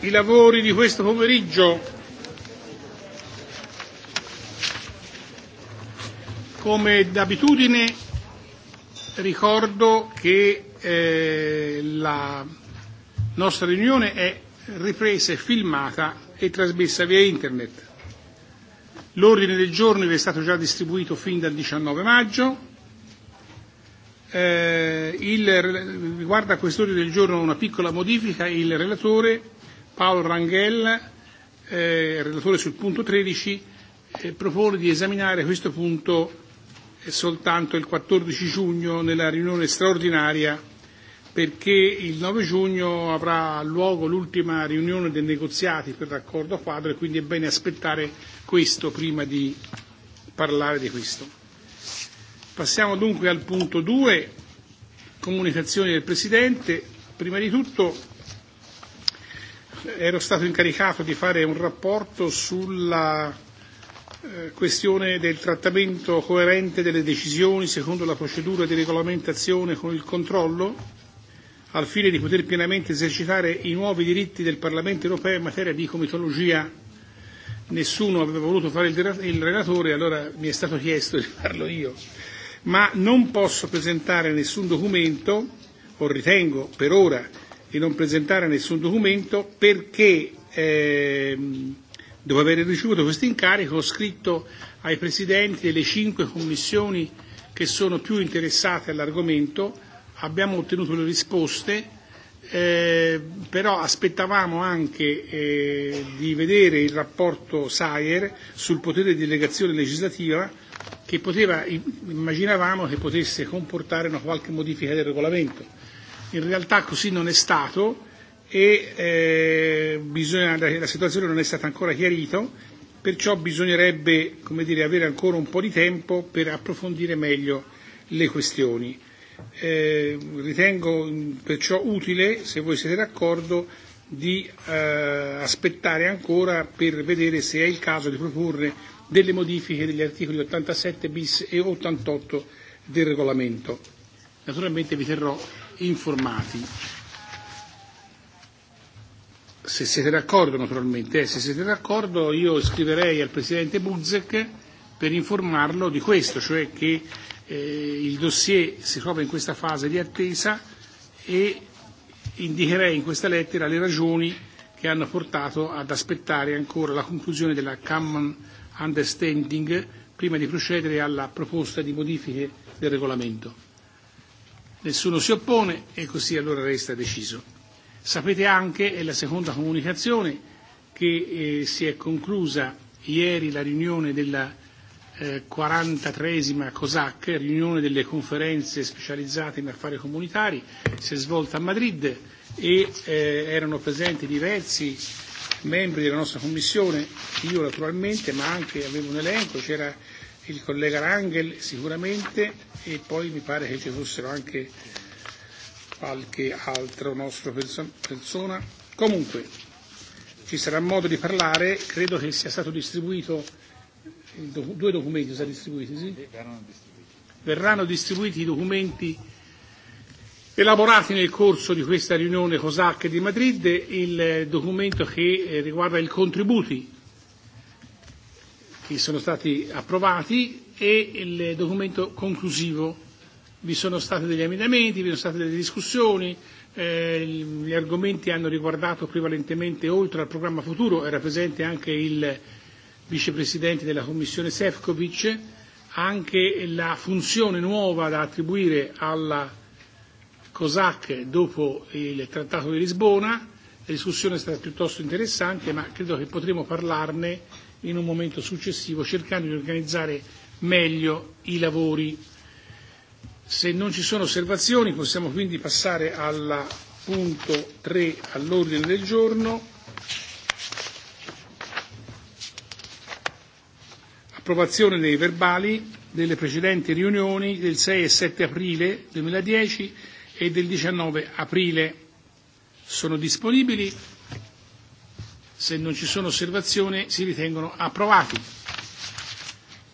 I lavori di questo pomeriggio come d'abitudine ricordo che eh, la nostra riunione è ripresa e filmata e trasmessa via internet. L'ordine del giorno vi è stato già distribuito fin dal 19 maggio Eh, il, riguarda a quest'ordine del giorno una piccola modifica, il relatore Paolo Rangel, eh, relatore sul punto 13, eh, propone di esaminare questo punto eh, soltanto il 14 giugno nella riunione straordinaria perché il 9 giugno avrà luogo l'ultima riunione dei negoziati per l'accordo quadro e quindi è bene aspettare questo prima di parlare di questo. Passiamo dunque al punto 2, comunicazioni del Presidente. Prima di tutto ero stato incaricato di fare un rapporto sulla eh, questione del trattamento coerente delle decisioni secondo la procedura di regolamentazione con il controllo, al fine di poter pienamente esercitare i nuovi diritti del Parlamento europeo in materia di comitologia. Nessuno aveva voluto fare il, il relatore, allora mi è stato chiesto di farlo io ma non posso presentare nessun documento, o ritengo per ora di non presentare nessun documento, perché ehm, dopo aver ricevuto questo incarico ho scritto ai presidenti delle cinque commissioni che sono più interessate all'argomento, abbiamo ottenuto le risposte, eh, però aspettavamo anche eh, di vedere il rapporto Sayer sul potere di delegazione legislativa che poteva, immaginavamo che potesse comportare una qualche modifica del regolamento. In realtà così non è stato e eh, bisogna, la, la situazione non è stata ancora chiarita, perciò bisognerebbe come dire, avere ancora un po' di tempo per approfondire meglio le questioni. Eh, ritengo mm, perciò utile, se voi siete d'accordo, di eh, aspettare ancora per vedere se è il caso di proporre delle modifiche degli articoli 87 bis e 88 del regolamento. Naturalmente vi terrò informati, se siete d'accordo naturalmente, eh, se siete d'accordo io scriverei al Presidente Buzek per informarlo di questo, cioè che eh, il dossier si trova in questa fase di attesa e indicherei in questa lettera le ragioni che hanno portato ad aspettare ancora la conclusione della Common understanding prima di procedere alla proposta di modifiche del regolamento. Nessuno si oppone e così allora resta deciso. Sapete anche, è la seconda comunicazione, che eh, si è conclusa ieri la riunione della eh, 43esima COSAC, riunione delle conferenze specializzate in affari comunitari, si è svolta a Madrid e eh, erano presenti diversi membri della nostra Commissione, io naturalmente, ma anche avevo un elenco, c'era il collega Rangel sicuramente e poi mi pare che ci fossero anche qualche altro nostro perso- persona. Comunque, ci sarà modo di parlare, credo che sia stato distribuito, docu- due documenti sono stati distribuiti, sì? Verranno distribuiti i documenti Elaborati nel corso di questa riunione COSAC di Madrid il eh, documento che eh, riguarda i contributi che sono stati approvati e il documento conclusivo. Vi sono stati degli emendamenti, vi sono state delle discussioni, eh, gli argomenti hanno riguardato prevalentemente oltre al programma futuro, era presente anche il vicepresidente della Commissione Sefcovic, anche la funzione nuova da attribuire alla COSAC dopo il Trattato di Lisbona, la discussione è stata piuttosto interessante, ma credo che potremo parlarne in un momento successivo cercando di organizzare meglio i lavori. Se non ci sono osservazioni possiamo quindi passare al punto 3 all'ordine del giorno. Approvazione dei verbali delle precedenti riunioni del 6 e 7 aprile 2010 e del 19 aprile. Sono disponibili. Se non ci sono osservazioni si ritengono approvati.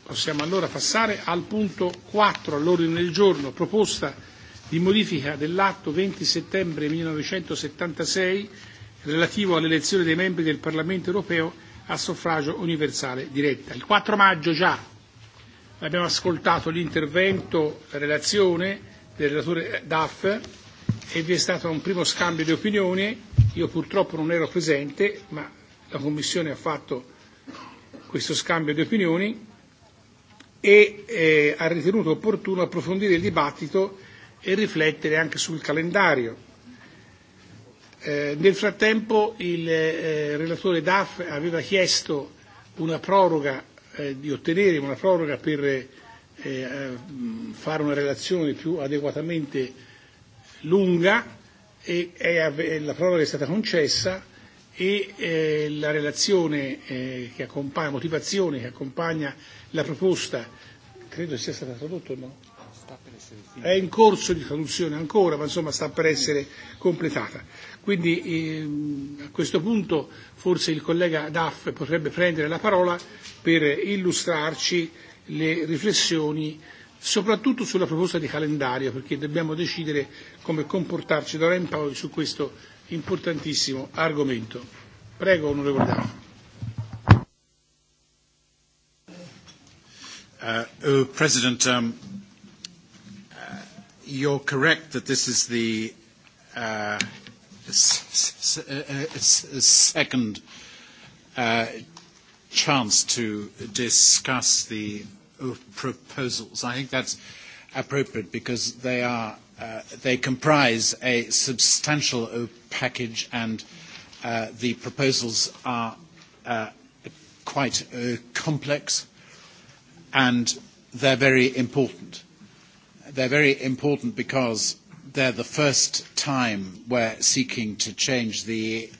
Possiamo allora passare al punto 4 all'ordine del giorno, proposta di modifica dell'atto 20 settembre 1976 relativo all'elezione dei membri del Parlamento europeo a suffragio universale diretta. Il 4 maggio già abbiamo ascoltato l'intervento, la relazione del relatore Duff e vi è stato un primo scambio di opinioni. Io purtroppo non ero presente, ma la Commissione ha fatto questo scambio di opinioni e eh, ha ritenuto opportuno approfondire il dibattito e riflettere anche sul calendario. Eh, nel frattempo il eh, relatore Duff aveva chiesto una proroga, eh, di ottenere una proroga per eh, E, eh, fare una relazione più adeguatamente lunga e è, e e la proroga è stata concessa e eh, la relazione eh, che accompagna, motivazione che accompagna la proposta, credo sia stata tradotta o no? È in corso di traduzione ancora, ma insomma sta per essere completata. Quindi ehm, a questo punto forse il collega Daff potrebbe prendere la parola per illustrarci le riflessioni soprattutto sulla proposta di calendario, perché dobbiamo decidere come comportarci d'ora in poi su questo importantissimo argomento. Prego, onorevole Dano. Uh, oh, President, um, uh, you're correct that this is the uh, s- s- uh, uh, s- uh, second uh, chance to discuss the proposals. I think that's appropriate because they are uh, they comprise a substantial uh, package and uh, the proposals are uh, quite uh, complex and they're very important. They're very important because they're the first time we're seeking to change the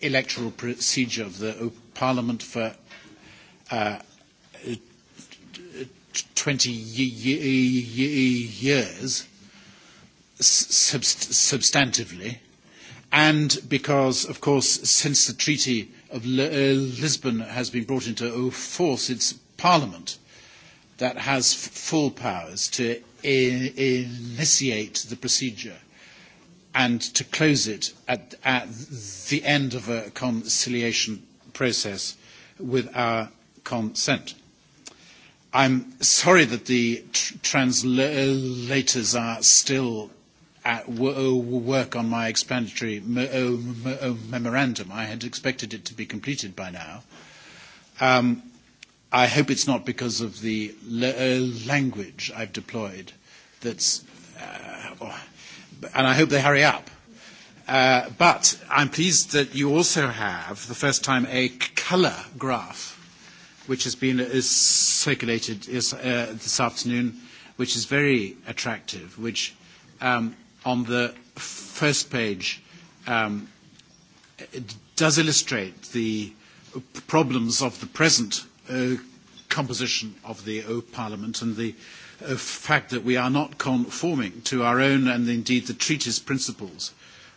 electoral procedure of the Parliament for uh, 20 years substantively, and because, of course, since the Treaty of uh, Lisbon has been brought into force, it's Parliament that has full powers to initiate the procedure and to close it at, at the end of a conciliation process with our consent. I'm sorry that the tr- translators are still at w- uh, work on my explanatory me- oh, me- oh, memorandum. I had expected it to be completed by now. Um, I hope it's not because of the l- uh, language I've deployed that's. Uh, oh, and I hope they hurry up. Uh, but I'm pleased that you also have, the first time, a colour graph which has been is circulated is, uh, this afternoon, which is very attractive, which um, on the first page um, it does illustrate the problems of the present uh, composition of the uh, Parliament and the uh, fact that we are not conforming to our own and indeed the treaty's principles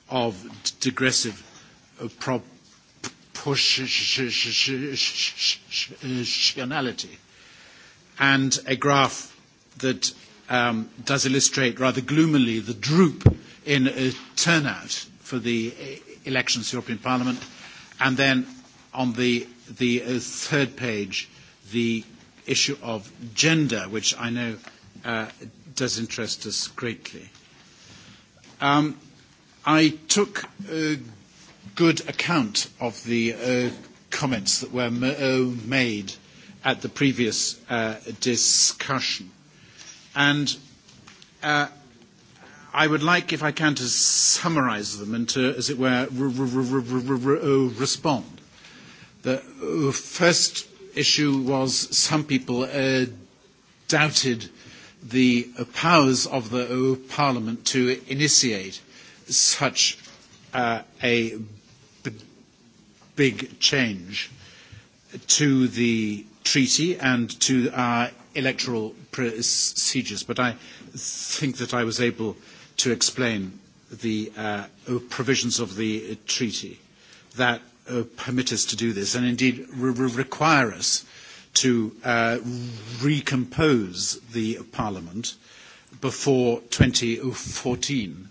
of d- digressive uh, pro- proportionality. And a graph that um, does illustrate rather gloomily the droop in uh, turnout for the elections to European Parliament. And then on the, the uh, third page, the issue of gender, which I know uh, does interest us greatly. Um, I took uh, good account of the uh, comments that were m- uh, made at the previous uh, discussion. And uh, I would like, if I can, to summarize them and to, as it were, uh, respond. The uh, first issue was some people uh, doubted the powers of the uh, Parliament to initiate such uh, a big change to the treaty and to our electoral procedures, but I think that I was able to explain the uh, provisions of the treaty that uh, permit us to do this and indeed re- require us to uh, recompose the parliament before 2014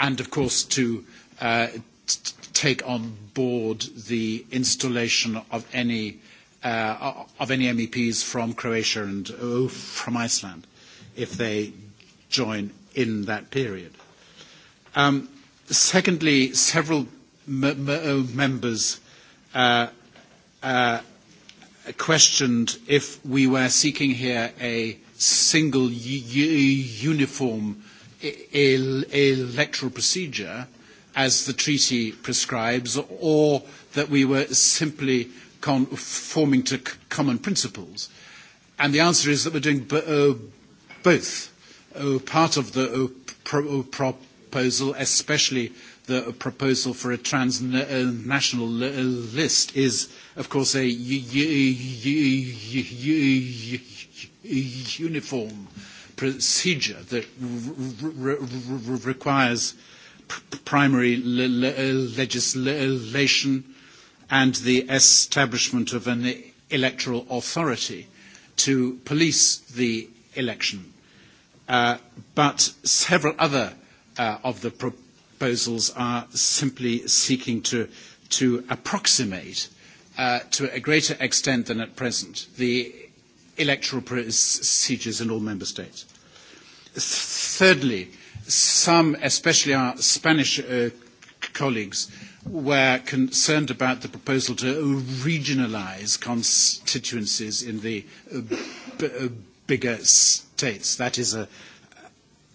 and of course to uh, t- take on board the installation of any uh, of any MEPs from Croatia and oh, from Iceland if they join in that period. Um, secondly, several m- m- uh, members uh, uh, questioned if we were seeking here a single u- u- uniform e-, e- electoral procedure as the treaty prescribes, or that we were simply conforming to common principles. And the answer is that we're doing b- uh, both. Uh, part of the uh, pro- uh, proposal, especially the uh, proposal for a transnational uh, uh, list, is, of course, a uniform procedure that requires uh, primary le- le- legislation and the establishment of an electoral authority to police the election. Uh, but several other uh, of the proposals are simply seeking to, to approximate uh, to a greater extent than at present the electoral procedures in all member states. Thirdly, some, especially our Spanish uh, colleagues, were concerned about the proposal to regionalize constituencies in the uh, b- uh, bigger states. That is a,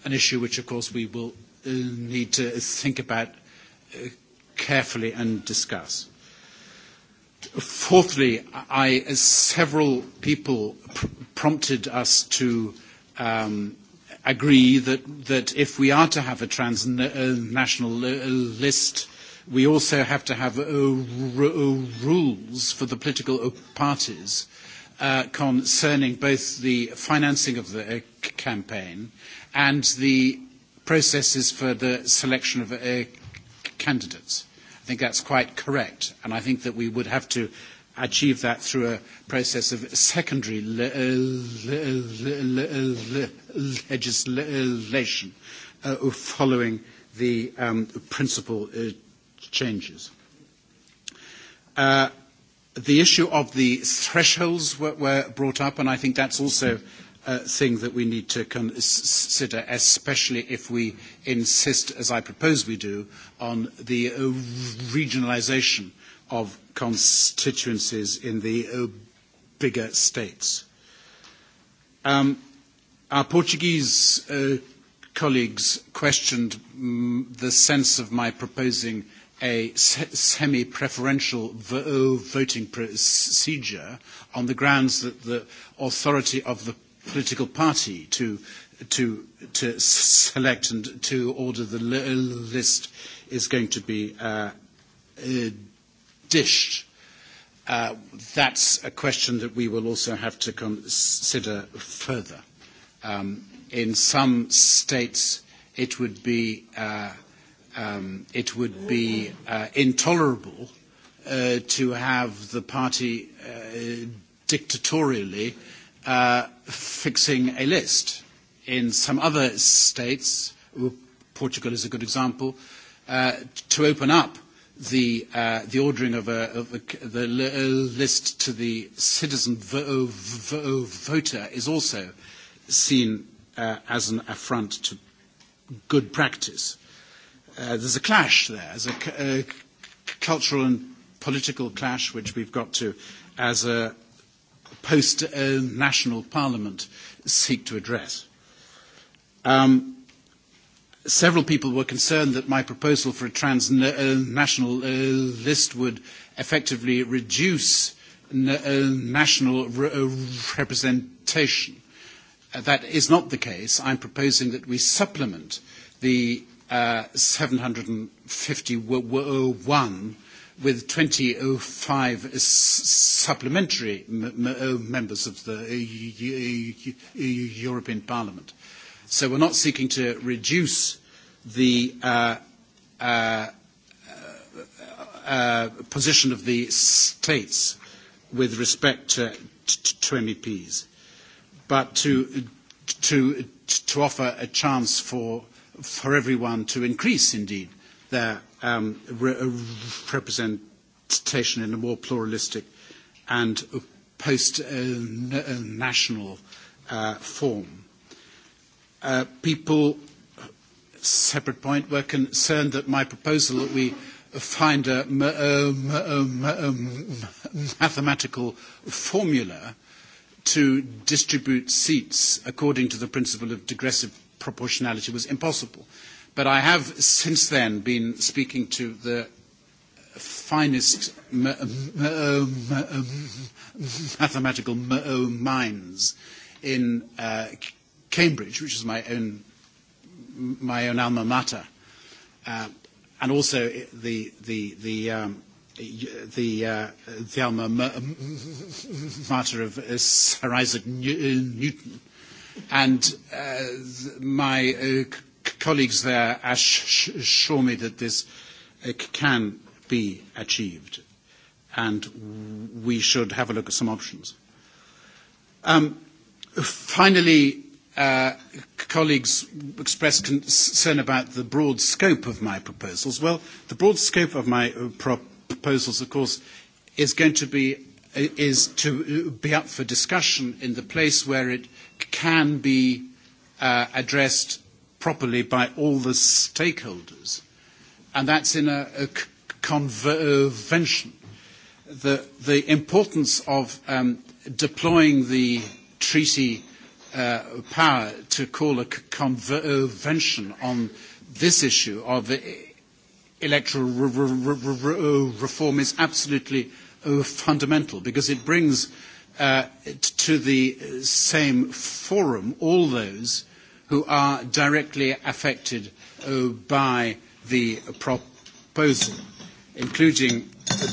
an issue which, of course, we will uh, need to think about uh, carefully and discuss. Fourthly, I, as several people pr- prompted us to um, agree that, that if we are to have a transnational uh, list, we also have to have uh, r- uh, rules for the political parties uh, concerning both the financing of the uh, campaign and the processes for the selection of uh, candidates. I think that's quite correct, and I think that we would have to uh, achieve that through a process of secondary le- le- le- le- legislation uh, following the um, principal uh, changes. Uh, the issue of the thresholds were, were brought up, and I think that's also a thing that we need to consider, especially if we insist, as I propose we do, on the uh, regionalization uh, of constituencies in the uh, bigger states. Um, our Portuguese uh, colleagues questioned mm, the sense of my proposing a se- semi-preferential vo- uh, voting procedure on the grounds that the authority of the political party to to to select and to order the li- list is going to be uh, uh, dished. Uh, that's a question that we will also have to consider further. Um, in some states, it would be, uh, um, it would be uh, intolerable uh, to have the party uh, dictatorially uh, fixing a list. In some other states, Portugal is a good example, uh, to open up the, uh, the ordering of, a, of a, the uh, list to the citizen vo- vo- voter is also seen uh, as an affront to good practice. Uh, there's a clash there, there's a, a cultural and political clash which we've got to, as a post-national uh, parliament, seek to address. Um, several people were concerned that my proposal for a transnational uh, uh, list would effectively reduce na- uh, national re- uh, representation. Uh, that is not the case. I'm proposing that we supplement the uh, 751 uh, with 25 s- supplementary m- m- uh, members of the uh, European Parliament. Uh, So we're not seeking to reduce the uh, uh, uh, uh position of the states with respect to, to, to MEPs, but to, to, to offer a chance for, for everyone to increase, indeed, their um, re- uh, representation in a more pluralistic and post-national uh, uh, form. Uh, people, separate point, were concerned that my proposal that we find a m- um, uh, um, uh, um, mathematical formula to distribute seats according to the principle of digressive proportionality was impossible. But I have since then been speaking to the finest m- m- m- m- mathematical m- uh, minds in uh, Cambridge, which is my own, my own alma mater, uh, and also the, the, the, um, the, uh, the alma mater of uh, Sir Isaac uh, Newton. And uh, my uh, colleagues there assure me that this uh, can be achieved, and we should have a look at some options. Um, finally, uh, colleagues expressed concern about the broad scope of my proposals. Well, the broad scope of my pro- uh, proposals, of course, is going to be uh, is to uh, be up for discussion in the place where it can be uh, addressed properly by all the stakeholders, and that's in a, a convention. The, the importance of um, deploying the treaty uh, power to call a convention on this issue of electoral oh, reform is absolutely oh, fundamental because it brings uh, to the same forum all those who are directly affected uh, by the proposal, including uh,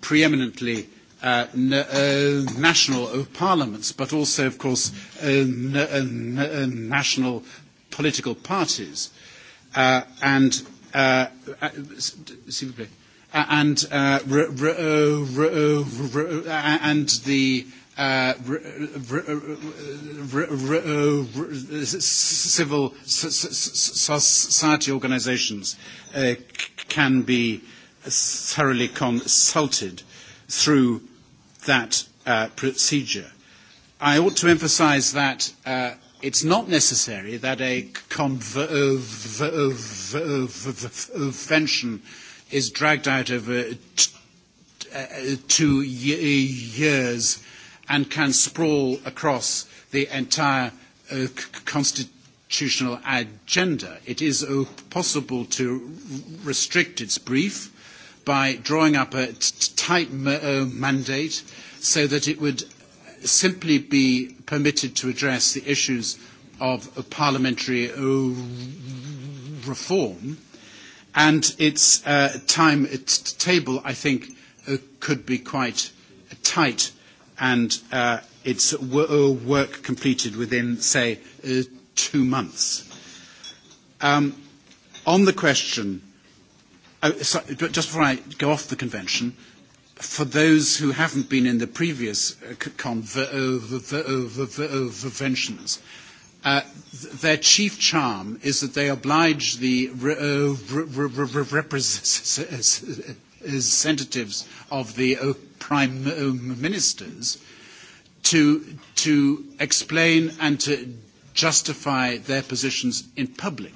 preeminently uh, uh, n- uh, national uh, parliaments, but also, of course, uh, n- uh, n- uh, national political parties. Uh, and uh, uh, s'il vous plaît, uh, and uh, r- r- uh, r- uh, r- uh, and the uh, r- r- r- r- r- uh, civil society organizations uh, can be thoroughly consulted through that uh, procedure. I ought to emphasize that uh, it's not necessary that a convention is dragged out over t- uh, two y- years and can sprawl across the entire uh, constitutional agenda. It is uh, possible to restrict its brief by drawing up a t- tight m- uh, mandate so that it would simply be permitted to address the issues of uh, parliamentary uh, reform. And its uh, time uh, t- table, I think, uh, could be quite tight and uh, its w- uh, work completed within, say, uh, two months. Um, on the question oh, so, just before I go off the convention, for those who haven't been in the previous conventions, uh, their chief charm is that they oblige the oh, representatives of the oh, prime oh, ministers to, to explain and to justify their positions in public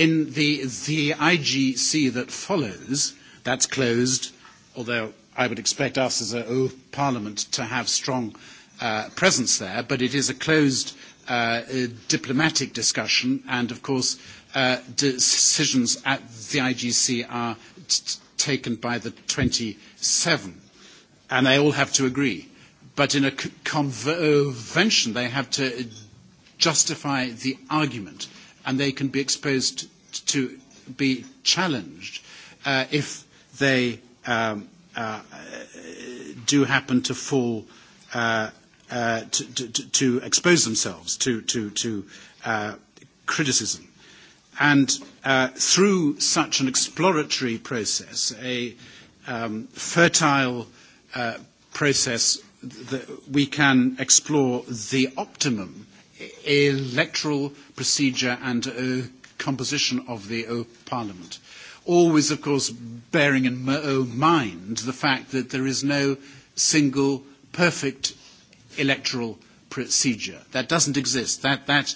In the, the IGC that follows, that's closed, although I would expect us as a oh, Parliament to have strong uh, presence there, but it is a closed uh, uh diplomatic discussion, and of course, uh, decisions at the IGC are t- taken by the 27, and they all have to agree. But in a c- convention, they have to justify the argument and they can be exposed to be challenged uh, if they um, uh, do happen to fall uh, uh, to, to, to expose themselves to, to, to uh, criticism. And uh, through such an exploratory process, a um, fertile uh, process, that we can explore the optimum E-, electoral procedure and uh, composition of the uh, Parliament. Always, of course, bearing in uh, mind the fact that there is no single perfect electoral procedure. That doesn't exist. That, that,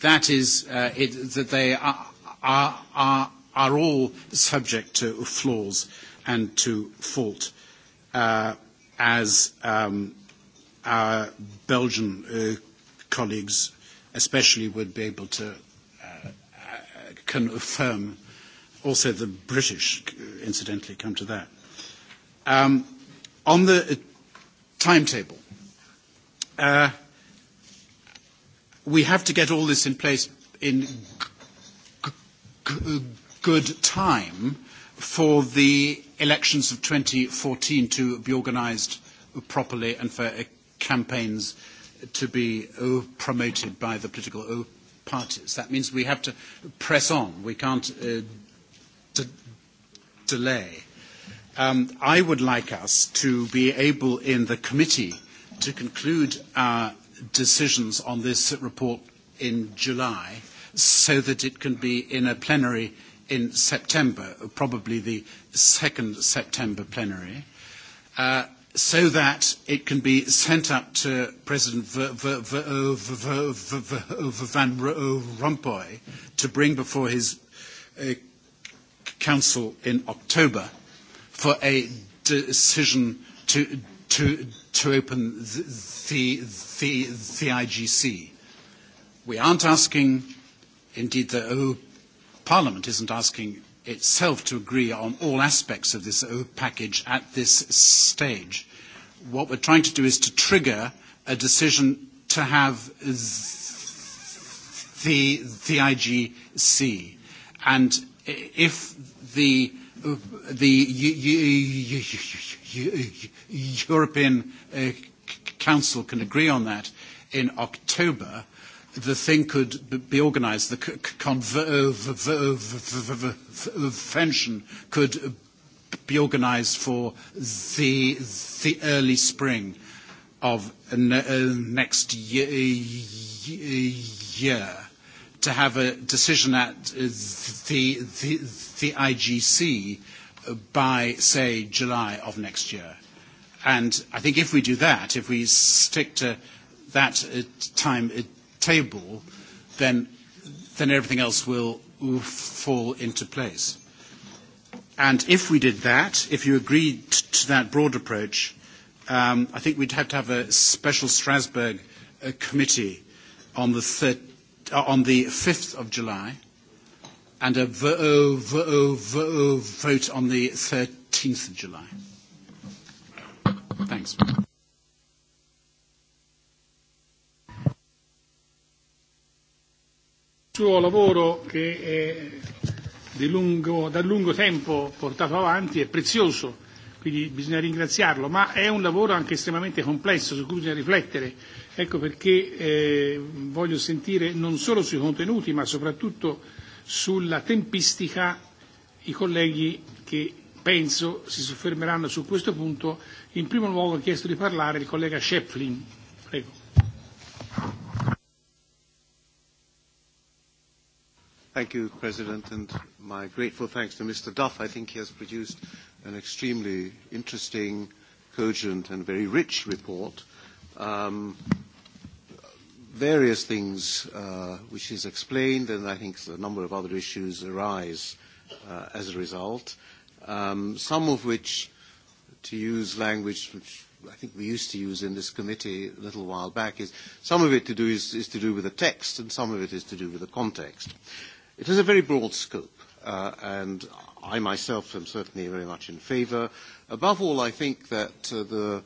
that is, uh, it, that they are, are, are, are all subject to flaws and to fault, uh, as um, our Belgian uh, colleagues especially would be able to uh, uh confirm. Also, the British, incidentally, come to that. Um, on the uh, timetable, uh, we have to get all this in place in g- g- good time for the elections of 2014 to be organised properly and for uh, campaigns uh, to be oh, promoted by the political oh, parties. That means we have to press on. We can't uh, de- delay. Um, I would like us to be able in the committee to conclude our decisions on this report in July so that it can be in a plenary in September, probably the second September plenary. Uh, so that it can be sent up to President Van Rompuy to bring before his uh, council in October for a decision to, to, to open the, the, the IGC. We aren't asking, indeed the oh, Parliament isn't asking itself to agree on all aspects of this package at this stage. What we're trying to do is to trigger a decision to have the, the IGC. And if the, the European uh, Council can agree on that in October, the thing could be organized, the convention uh, could uh, be organized for the, the early spring of uh, next year to have a decision at the, the, the IGC by, say, July of next year. And I think if we do that, if we stick to that time table, then, then everything else will, will fall into place. And if we did that, if you agreed to that broad approach, um, I think we'd have to have a special Strasbourg uh, committee on the, thir- uh, on the 5th of July and a v- oh, v- oh, v- oh, vote on the 13th of July. Thanks. suo lavoro che è di lungo, da lungo tempo portato avanti è prezioso, quindi bisogna ringraziarlo, ma è un lavoro anche estremamente complesso su cui bisogna riflettere. Ecco perché eh, voglio sentire non solo sui contenuti ma soprattutto sulla tempistica i colleghi che penso si soffermeranno su questo punto. In primo luogo ha chiesto di parlare il collega Shepflin. Thank you, President, and my grateful thanks to Mr. Duff. I think he has produced an extremely interesting, cogent, and very rich report. Um, various things uh, which is explained, and I think a number of other issues arise uh, as a result, um, some of which, to use language which I think we used to use in this committee a little while back, is some of it to do is, is to do with the text, and some of it is to do with the context. Uh, It has a very broad scope, uh, and I myself am certainly very much in favour. Above all, I think that uh, the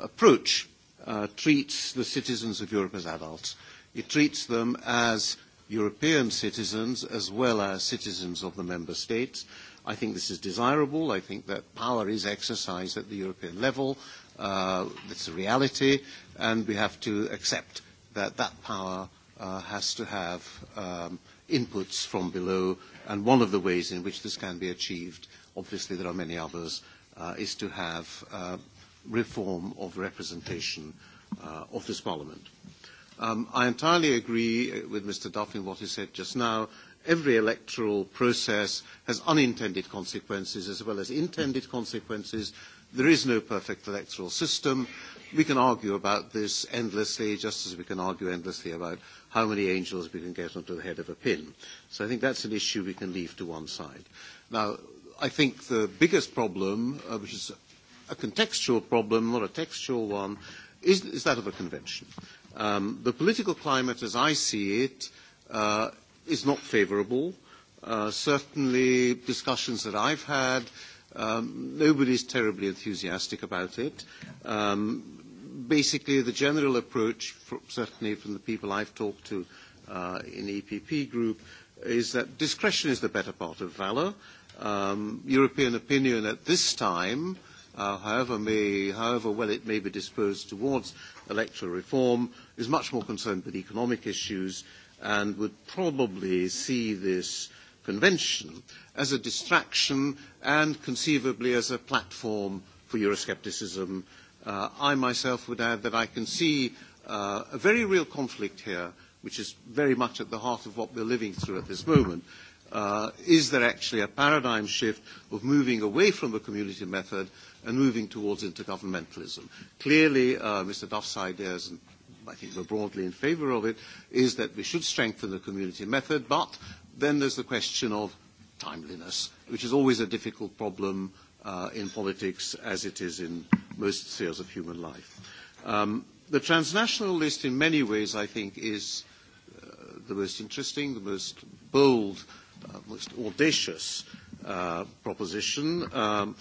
approach uh, treats the citizens of Europe as adults. It treats them as European citizens as well as citizens of the member states. I think this is desirable. I think that power is exercised at the European level. Uh, it's a reality, and we have to accept that that power uh, has to have um, uh, inputs from below, and one of the ways in which this can be achieved, obviously there are many others, uh, is to have uh, reform of representation uh, of this Parliament. Um, I entirely agree uh, with Mr. Duffin what he said just now. Every electoral process has unintended consequences as well as intended consequences. There is no perfect electoral system. Uh, we can argue about this endlessly, just as we can argue endlessly about how many angels we can get onto the head of a pin. So I think that's an issue we can leave to one side. Now, I think the biggest problem, uh, which is a contextual problem, not a textual one, is, is that of a convention. Um, the political climate, as I see it, uh, is not favourable. Uh, certainly, discussions that I've had, um, nobody's terribly enthusiastic about it. Um, basically the general approach, for, certainly from the people I've talked to uh, in the EPP group, is that discretion is the better part of valour. Um, European opinion at this time, uh, however, may, however well it may be disposed towards electoral reform, is much more concerned with economic issues and would probably see this convention as a distraction and conceivably as a platform for Euroscepticism uh, Uh, I myself would add that I can see uh, a very real conflict here, which is very much at the heart of what we're living through at this moment. Uh, is there actually a paradigm shift of moving away from the community method and moving towards intergovernmentalism? Clearly, uh, Mr. Duff's ideas and I think we're broadly in favour of it, is that we should strengthen the community method, but then there's the question of timeliness, which is always a difficult problem uh, in politics as it is in most spheres of human life. Um, the transnational list, in many ways, I think, is uh, the most interesting, the most bold, uh, most audacious uh, proposition. Um,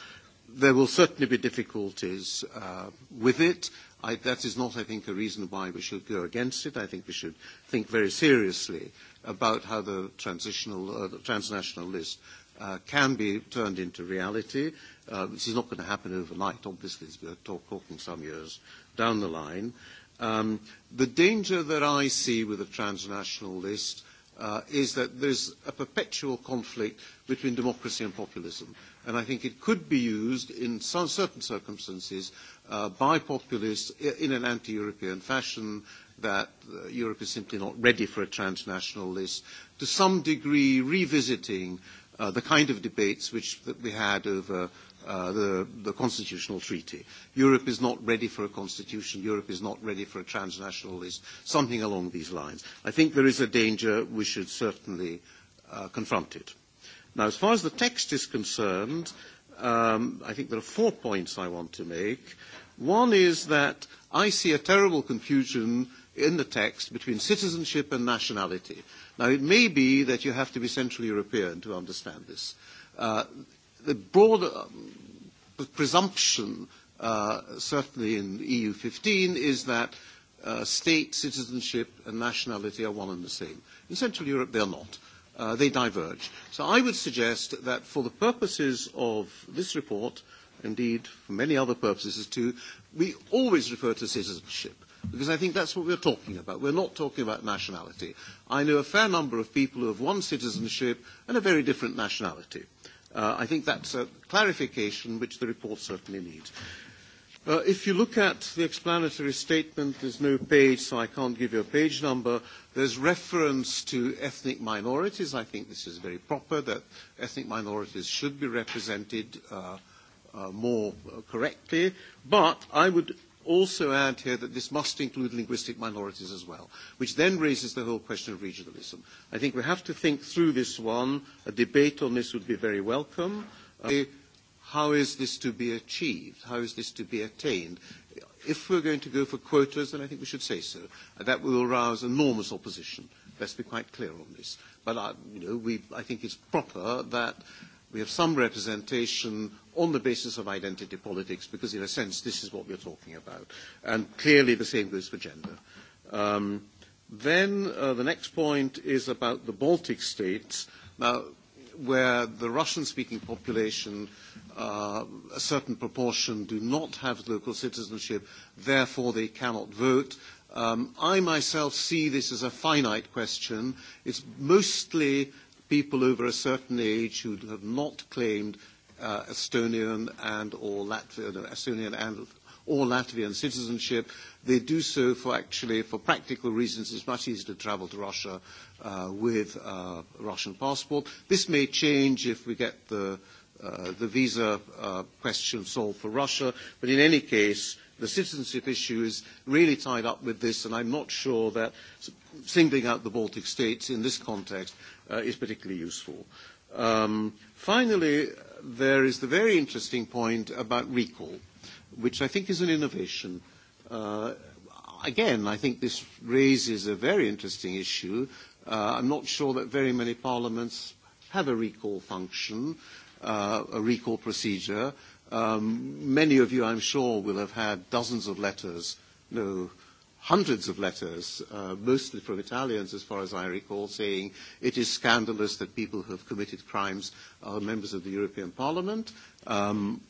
there will certainly be difficulties uh, with it. I, that is not, I think, a reason why we should go against it. I think we should think very seriously about how the, transitional, uh, the transnational list uh, can be turned into reality uh, um, which is not going to happen overnight, obviously, as we're talking some years down the line. Um, the danger that I see with a transnational list uh, is that there's a perpetual conflict between democracy and populism. And I think it could be used in some certain circumstances uh, by populists in an anti-European fashion that uh, Europe is simply not ready for a transnational list, to some degree revisiting uh, the kind of debates which that we had over uh, the, the constitutional treaty. Europe is not ready for a constitution. Europe is not ready for a transnational list. Something along these lines. I think there is a danger. We should certainly uh, confront it. Now, as far as the text is concerned, um, I think there are four points I want to make. One is that I see a terrible confusion in the text between citizenship and nationality. Now, it may be that you have to be Central European to understand this. Uh, the broad um, presumption, uh, certainly in EU 15, is that uh, state, citizenship, and nationality are one and the same. In Central Europe, they're not. Uh, they diverge. So I would suggest that for the purposes of this report, indeed for many other purposes too, we always refer to citizenship because I think that's what we're talking about. We're not talking about nationality. I know a fair number of people who have one citizenship and a very different nationality. Uh, I think that's a clarification which the report certainly needs. Uh, if you look at the explanatory statement, there's no page, so I can't give you a page number. There's reference to ethnic minorities. I think this is very proper that ethnic minorities should be represented uh, uh, more uh, correctly. But I would also add here that this must include linguistic minorities as well, which then raises the whole question of regionalism. I think we have to think through this one. A debate on this would be very welcome. Uh, how is this to be achieved? How is this to be attained? If we're going to go for quotas, then I think we should say so. Uh, that will arouse enormous opposition. Let's be quite clear on this. But I, uh, you know, we, I think it's proper that we have some representation on the basis of identity politics, because in a sense this is what we're talking about. And clearly the same goes for gender. Um, then uh, the next point is about the Baltic states, now, where the Russian-speaking population, uh, a certain proportion, do not have local citizenship, therefore they cannot vote. Um, I myself see this as a finite question. It's mostly people over a certain age who have not claimed uh, Estonian and or Latvian, no, Estonian and or Latvian citizenship. They do so for actually, for practical reasons, it's much easier to travel to Russia uh, with a uh, Russian passport. This may change if we get the, uh, the visa uh, question solved for Russia, but in any case, the citizenship issue is really tied up with this, and I'm not sure that singling out the Baltic states in this context uh, is particularly useful. Um, finally, there is the very interesting point about recall, which I think is an innovation. Uh, again, I think this raises a very interesting issue. Uh, I'm not sure that very many parliaments have a recall function, uh, a recall procedure. Um, many of you, I'm sure, will have had dozens of letters, no, hundreds of letters, uh, mostly from Italians, as far as I recall, saying it is scandalous that people who have committed crimes are members of the European Parliament. Um,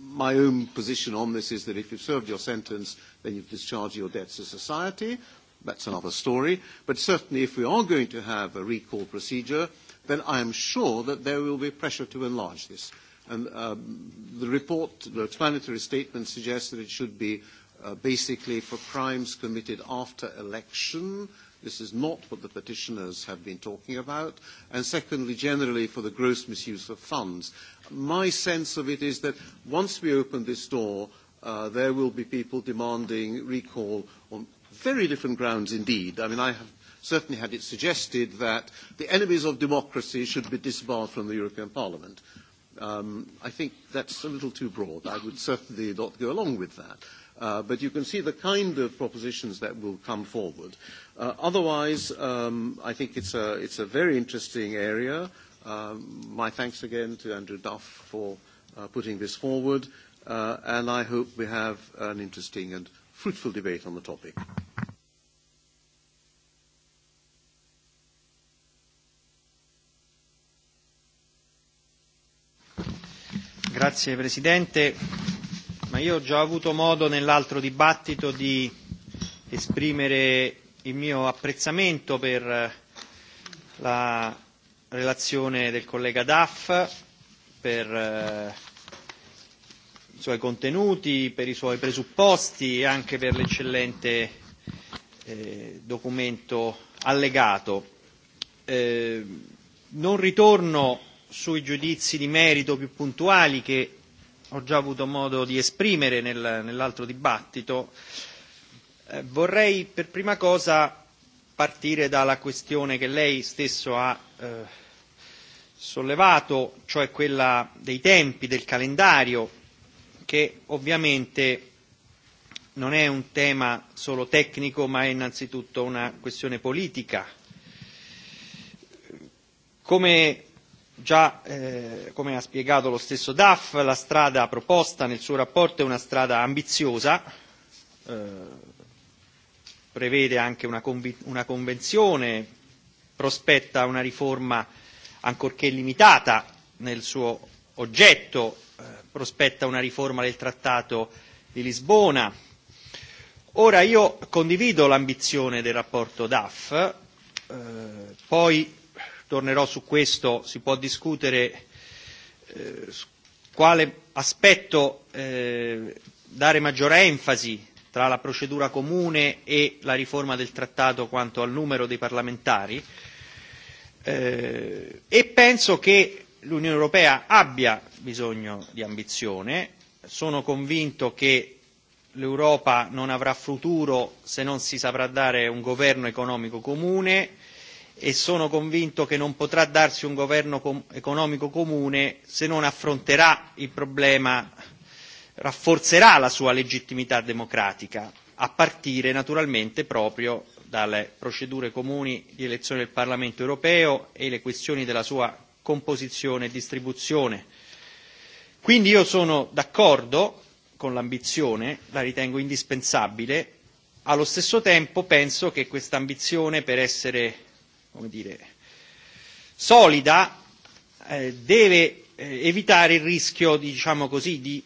my own position on this is that if you've served your sentence, then you've discharged your debts to society. That's another story. But certainly, if we are going to have a recall procedure, then I am sure that there will be pressure to enlarge this. And um, the report, the explanatory statement suggests that it should be uh, basically for crimes committed after election. This is not what the petitioners have been talking about. And secondly, generally for the gross misuse of funds. My sense of it is that once we open this door, uh, there will be people demanding recall on very different grounds indeed. I mean, I have certainly had it suggested that the enemies of democracy should be disbarred from the European Parliament. Um, I think that's a little too broad. I would certainly not go along with that. Uh, but you can see the kind of propositions that will come forward. Uh, otherwise, um, I think it's a, it's a very interesting area. Um, my thanks again to Andrew Duff for uh, putting this forward, uh, and I hope we have an interesting and fruitful debate on the topic. Grazie Presidente. Io ho già avuto modo nell'altro dibattito di esprimere il mio apprezzamento per eh, la relazione del collega Duff, per eh, i suoi contenuti, per i suoi presupposti e anche per l'eccellente eh, documento allegato. Eh, non ritorno sui giudizi di merito più puntuali che ho già avuto modo di esprimere nel, nell'altro dibattito. Eh, vorrei per prima cosa partire dalla questione che lei stesso ha eh, sollevato, cioè quella dei tempi, del calendario, che ovviamente non è un tema solo tecnico, ma è innanzitutto una questione politica. Come Già, eh, come ha spiegato lo stesso DAF, la strada proposta nel suo rapporto è una strada ambiziosa, eh, prevede anche una, convi- una convenzione, prospetta una riforma ancorché limitata nel suo oggetto, eh, prospetta una riforma del Trattato di Lisbona. Ora io condivido l'ambizione del rapporto DAF, eh, poi tornerò su questo, si può discutere eh, quale aspetto eh, dare maggiore enfasi tra la procedura comune e la riforma del trattato quanto al numero dei parlamentari eh, e penso che l'Unione Europea abbia bisogno di ambizione. Sono convinto che l'Europa non avrà futuro se non si saprà dare un governo economico comune e sono convinto che non potrà darsi un governo com- economico comune se non affronterà il problema, rafforzerà la sua legittimità democratica, a partire naturalmente proprio dalle procedure comuni di elezione del Parlamento europeo e le questioni della sua composizione e distribuzione. Quindi io sono d'accordo con l'ambizione, la ritengo indispensabile, allo stesso tempo penso che questa ambizione per essere come dire, solida eh, deve eh, evitare il rischio, diciamo così, di,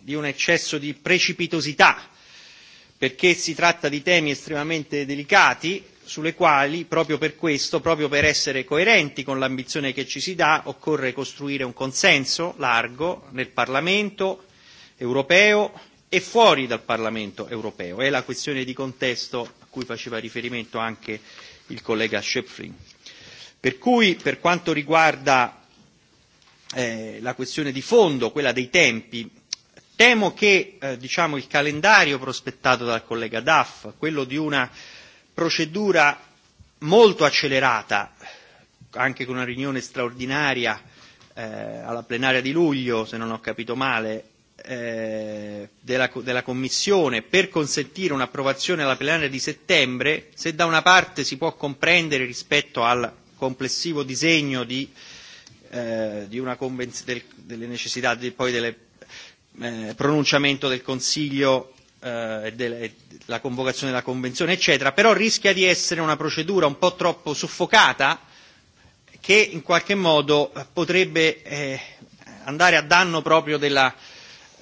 di un eccesso di precipitosità, perché si tratta di temi estremamente delicati sulle quali, proprio per questo, proprio per essere coerenti con l'ambizione che ci si dà, occorre costruire un consenso largo nel Parlamento europeo e fuori dal Parlamento europeo. È la questione di contesto a cui faceva riferimento anche il collega Schöpfling. Per cui, per quanto riguarda eh, la questione di fondo, quella dei tempi, temo che eh, diciamo, il calendario prospettato dal collega Duff, quello di una procedura molto accelerata, anche con una riunione straordinaria eh, alla plenaria di luglio, se non ho capito male, eh, della, della Commissione per consentire un'approvazione alla plenaria di settembre, se da una parte si può comprendere rispetto al complessivo disegno di, eh, di una convenz- del, delle necessità di, poi del eh, pronunciamento del Consiglio eh, e delle, la convocazione della Convenzione, eccetera, però rischia di essere una procedura un po' troppo soffocata che in qualche modo potrebbe eh, andare a danno proprio della, eh,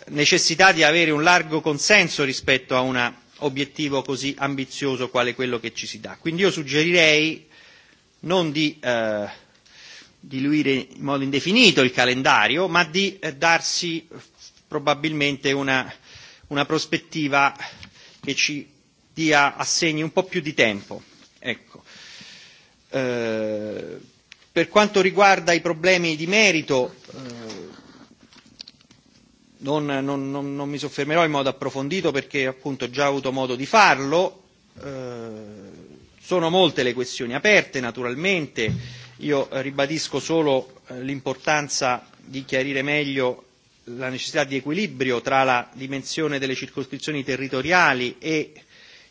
necessità di avere un largo consenso rispetto a un obiettivo così ambizioso quale quello che ci si dà. Quindi io suggerirei non di eh, diluire in modo indefinito il calendario, ma di eh, darsi probabilmente una, una prospettiva che ci dia assegni un po' più di tempo. Ecco. Eh, per quanto riguarda i problemi di merito, eh, non, non, non, non mi soffermerò in modo approfondito perché appunto ho già avuto modo di farlo. Eh, sono molte le questioni aperte, naturalmente. Io ribadisco solo eh, l'importanza di chiarire meglio la necessità di equilibrio tra la dimensione delle circoscrizioni territoriali e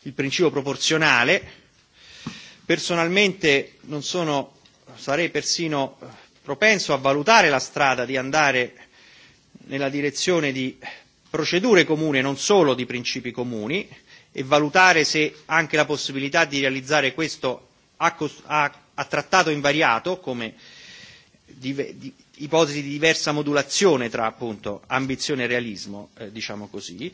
il principio proporzionale. Personalmente non sono, sarei persino eh, propenso a valutare la strada di andare nella direzione di procedure comuni e non solo di principi comuni e valutare se anche la possibilità di realizzare questo a, a, a trattato invariato come di, di, ipotesi di diversa modulazione tra appunto ambizione e realismo, eh, diciamo così.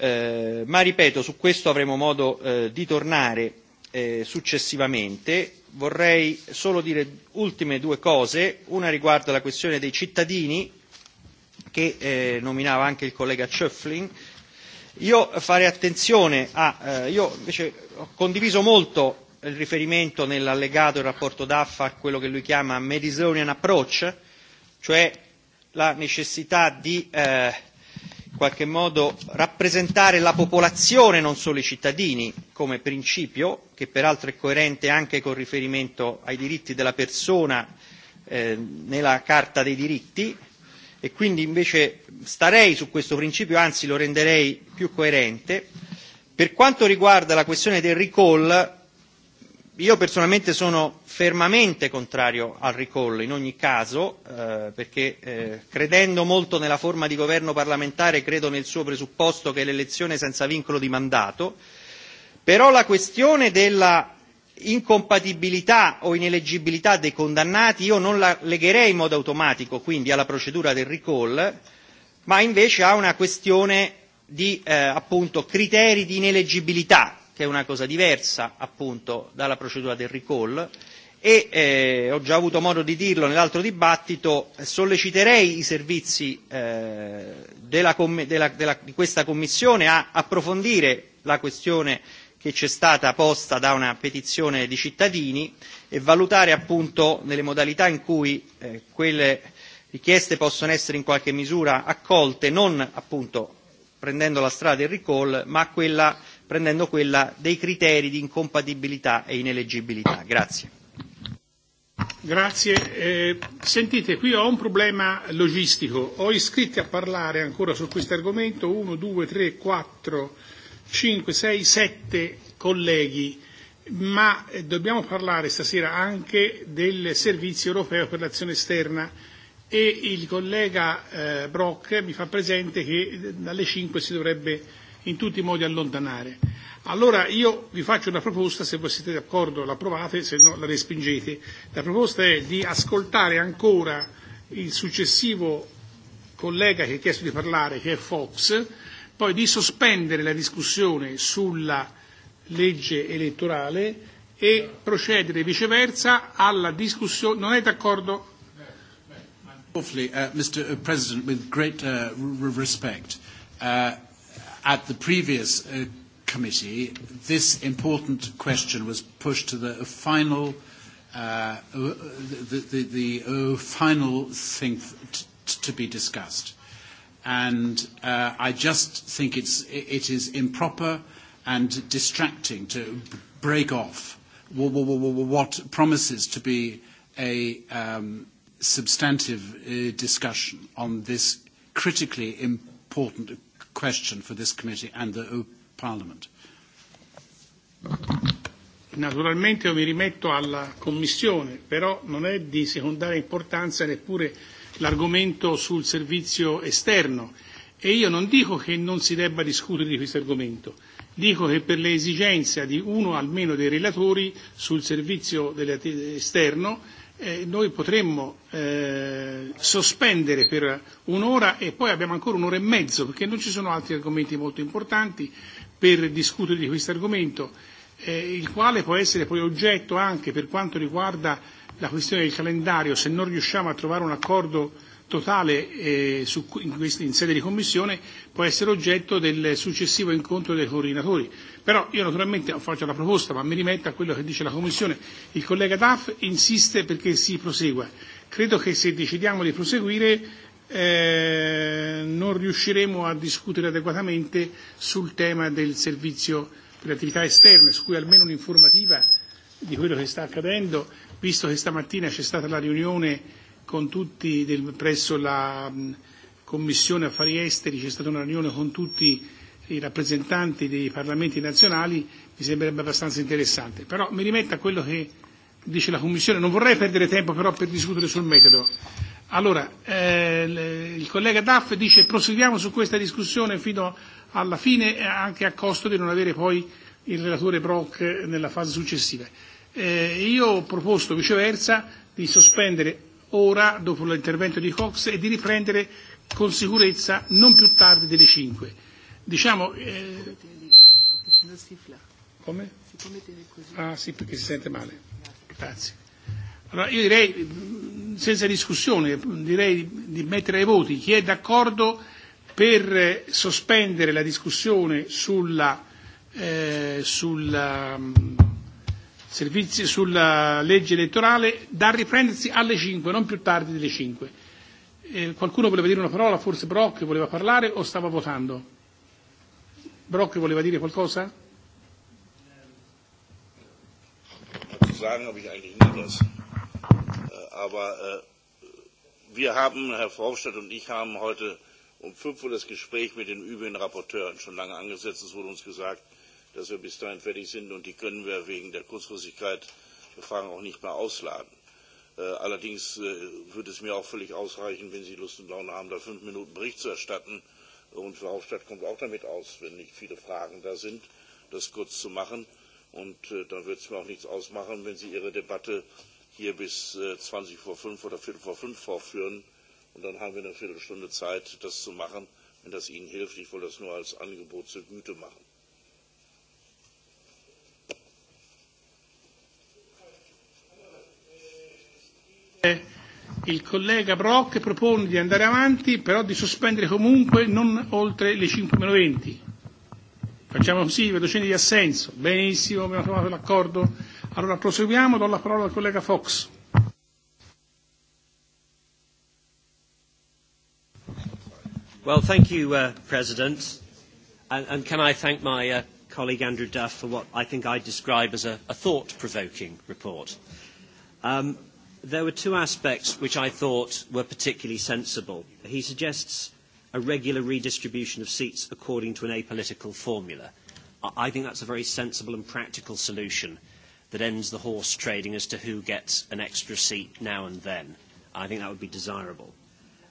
Eh, ma ripeto, su questo avremo modo eh, di tornare eh, successivamente. Vorrei solo dire ultime due cose. Una riguarda la questione dei cittadini che eh, nominava anche il collega Schöffling, io farei attenzione a, eh, io invece ho condiviso molto il riferimento nell'allegato del rapporto DAFA a quello che lui chiama Mediterranean approach, cioè la necessità di eh, in qualche modo rappresentare la popolazione, non solo i cittadini, come principio, che peraltro è coerente anche con riferimento ai diritti della persona eh, nella Carta dei diritti, e quindi invece starei su questo principio, anzi lo renderei più coerente. Per quanto riguarda la questione del recall, io personalmente sono fermamente contrario al recall in ogni caso, eh, perché eh, credendo molto nella forma di governo parlamentare credo nel suo presupposto che è l'elezione senza vincolo di mandato, però la questione della incompatibilità o ineleggibilità dei condannati io non la legherei in modo automatico quindi alla procedura del recall, ma invece a una questione di eh, appunto criteri di ineleggibilità, che è una cosa diversa appunto dalla procedura del recall, e eh, ho già avuto modo di dirlo nell'altro dibattito, solleciterei i servizi eh, della, della, della, di questa Commissione a approfondire la questione che c'è stata posta da una petizione di cittadini e valutare appunto nelle modalità in cui eh, quelle richieste possono essere in qualche misura accolte, non appunto prendendo la strada del recall, ma quella, prendendo quella dei criteri di incompatibilità e ineleggibilità. Grazie. Grazie. Eh, sentite, qui ho un problema logistico. Ho iscritti a parlare ancora su questo argomento 1, 2, 3, 4, 5, 6, 7 colleghi, ma eh, dobbiamo parlare stasera anche del Servizio europeo per l'azione esterna e il collega eh, Brock mi fa presente che eh, dalle 5 si dovrebbe in tutti i modi allontanare. Allora io vi faccio una proposta, se voi siete d'accordo l'approvate, se no la respingete. La proposta è di ascoltare ancora il successivo collega che ha chiesto di parlare, che è Fox, poi di sospendere la discussione sulla legge elettorale e procedere viceversa alla discussione. Non è d'accordo? Awfully, uh, Mr. Uh, President, with great uh, respect, uh, at the previous uh, committee, this important question was pushed to the final, uh, uh the, the, the uh, final thing to, to be discussed and uh, I just think it's, it is improper and distracting to break off what promises to be a um, substantive uh, discussion on this critically important question for this committee and the uh, Parliament. Naturalmente io mi rimetto alla Commissione, però non è di secondaria importanza neppure l'argomento sul servizio esterno e io non dico che non si debba discutere di questo argomento, dico che per l'esigenza di uno almeno dei relatori sul servizio esterno eh, noi potremmo eh, sospendere per un'ora e poi abbiamo ancora un'ora e mezzo perché non ci sono altri argomenti molto importanti per discutere di questo argomento, eh, il quale può essere poi oggetto anche per quanto riguarda la questione del calendario, se non riusciamo a trovare un accordo totale eh, su, in, questa, in sede di Commissione, può essere oggetto del successivo incontro dei coordinatori. Però io naturalmente faccio la proposta, ma mi rimetto a quello che dice la Commissione. Il collega Daff insiste perché si prosegua. Credo che se decidiamo di proseguire eh, non riusciremo a discutere adeguatamente sul tema del servizio per le attività esterne, su cui almeno un'informativa di quello che sta accadendo, visto che stamattina c'è stata la riunione con tutti del, presso la mh, Commissione Affari Esteri, c'è stata una riunione con tutti i rappresentanti dei parlamenti nazionali, mi sembrerebbe abbastanza interessante. Però mi rimetto a quello che dice la Commissione, non vorrei perdere tempo però per discutere sul metodo. Allora, eh, il collega Daff dice proseguiamo su questa discussione fino alla fine eh, anche a costo di non avere poi il relatore Brock nella fase successiva. Eh, io ho proposto viceversa di sospendere ora, dopo l'intervento di Cox, e di riprendere con sicurezza non più tardi delle 5. Diciamo. Eh, come? Ah sì, perché si sente male. Grazie. Allora io direi, senza discussione, direi di mettere ai voti chi è d'accordo per sospendere la discussione sulla eh, sulla, mh, mm, servizi, sulla legge elettorale da riprendersi alle 5, non più tardi delle 5. Eh, qualcuno voleva dire una parola, forse Brock voleva parlare o stava votando? Brock voleva dire qualcosa? Zu sagen habe ich eigentlich nie was. Äh, aber äh, wir haben, Herr Verhofstadt und ich haben heute um 5 Uhr das Gespräch mit den übrigen Rapporteuren schon lange angesetzt. Es wurde uns gesagt, äh, dass wir bis dahin fertig sind und die können wir wegen der Kurzfristigkeit der Fragen auch nicht mehr ausladen. Äh, allerdings äh, würde es mir auch völlig ausreichen, wenn Sie Lust und Laune haben, da fünf Minuten Bericht zu erstatten. Und Frau Hofstadt kommt auch damit aus, wenn nicht viele Fragen da sind, das kurz zu machen. Und äh, dann wird es mir auch nichts ausmachen, wenn Sie Ihre Debatte hier bis äh, 20 vor 5 oder Viertel vor 5 vorführen. Und dann haben wir eine Viertelstunde Zeit, das zu machen, wenn das Ihnen hilft. Ich wollte das nur als Angebot zur Güte machen. Eh, il collega Brock propone di andare avanti, però di sospendere comunque non oltre le 5 meno 20. Facciamo così, votazione di assenso. Benissimo, abbiamo trovato l'accordo. Allora proseguiamo, do la parola al collega Fox. Well, thank you, uh, President. And, and can I thank my uh, colleague Andrew Duff for what I think I describe as a, a thought-provoking report. Um, there were two aspects which I thought were particularly sensible. He suggests a regular redistribution of seats according to an apolitical formula. I think that's a very sensible and practical solution that ends the horse trading as to who gets an extra seat now and then. I think that would be desirable.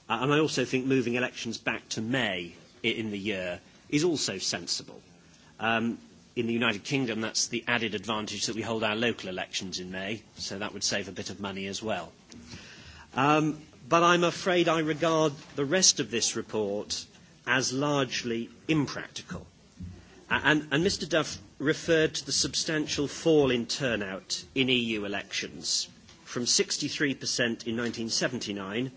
Uh, and I also think moving elections back to May in the year is also sensible. Um, in the United Kingdom, that's the added advantage that we hold our local elections in May, so that would save a bit of money as well. Um, but I'm afraid I regard the rest of this report as largely impractical. And, and Mr Duff referred to the substantial fall in turnout in EU elections from 63% in 1979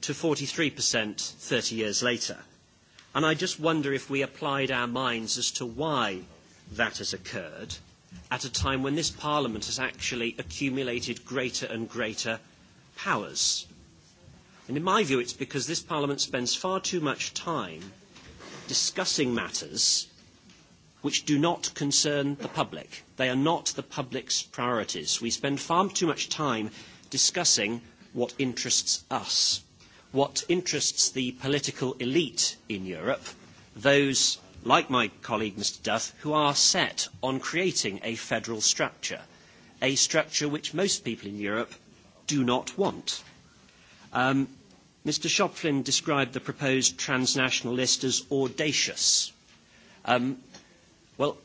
to 43% 30 years later. And I just wonder if we applied our minds as to why that has occurred at a time when this Parliament has actually accumulated greater and greater powers. And in my view, it's because this Parliament spends far too much time discussing matters which do not concern the public. They are not the public's priorities. We spend far too much time discussing what interests us, what interests the political elite in Europe, those like my colleague Mr Duff, who are set on creating a federal structure, a structure which most people in Europe do not want. Um, Mr Shopflin described the proposed transnational list as audacious. Um, well,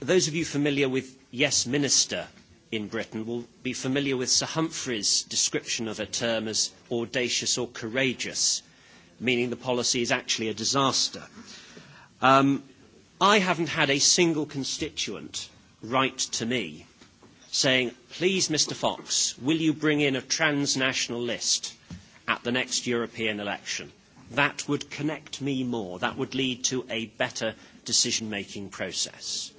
those of you familiar with Yes Minister in Britain will be familiar with Sir Humphrey's description of a term as audacious or courageous, meaning the policy is actually a disaster. Um, I haven't had a single constituent write to me saying, please, Mr Fox, will you bring in a transnational list at the next European election? That would connect me more. That would lead to a better decision-making process.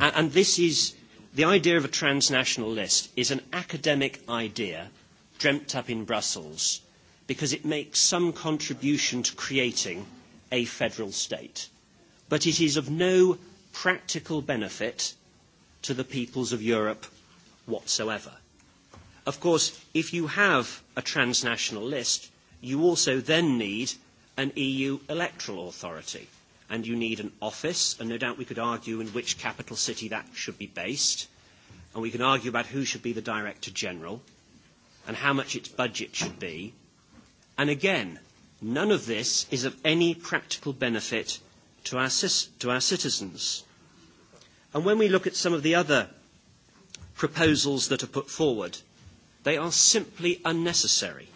And, and this is, the idea of a transnational list is an academic idea dreamt up in Brussels because it makes some contribution to creating a federal state but it is of no practical benefit to the peoples of Europe whatsoever. Of course, if you have a transnational list, you also then need an EU electoral authority, and you need an office, and no doubt we could argue in which capital city that should be based, and we can argue about who should be the Director General, and how much its budget should be. And again, none of this is of any practical benefit to our, to our citizens. And when we look at some of the other proposals that are put forward, they are simply unnecessary.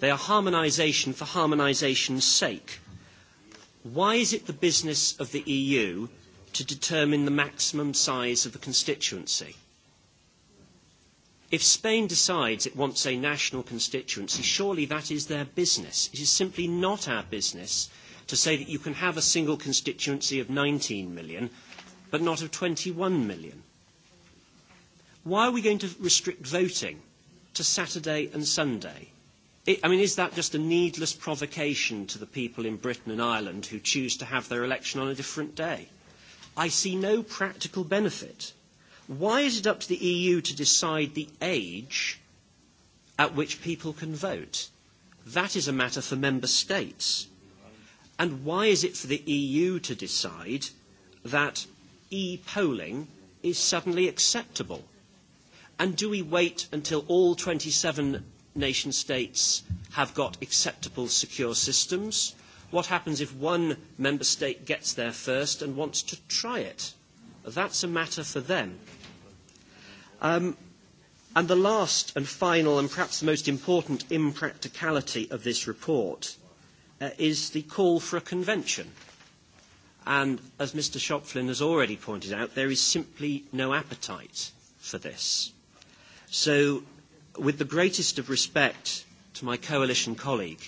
They are harmonisation for harmonisation's sake. Why is it the business of the EU to determine the maximum size of a constituency? If Spain decides it wants a national constituency, surely that is their business. It is simply not our business to say that you can have a single constituency of 19 million, but not of 21 million? Why are we going to restrict voting to Saturday and Sunday? It, I mean, is that just a needless provocation to the people in Britain and Ireland who choose to have their election on a different day? I see no practical benefit. Why is it up to the EU to decide the age at which people can vote? That is a matter for member states. And why is it for the EU to decide that e-polling is suddenly acceptable? And do we wait until all 27 nation states have got acceptable secure systems? What happens if one member state gets there first and wants to try it? That's a matter for them. Um, and the last and final and perhaps the most important impracticality of this report uh, is the call for a convention. And as Mr Shopflin has already pointed out, there is simply no appetite for this. So, with the greatest of respect to my coalition colleague,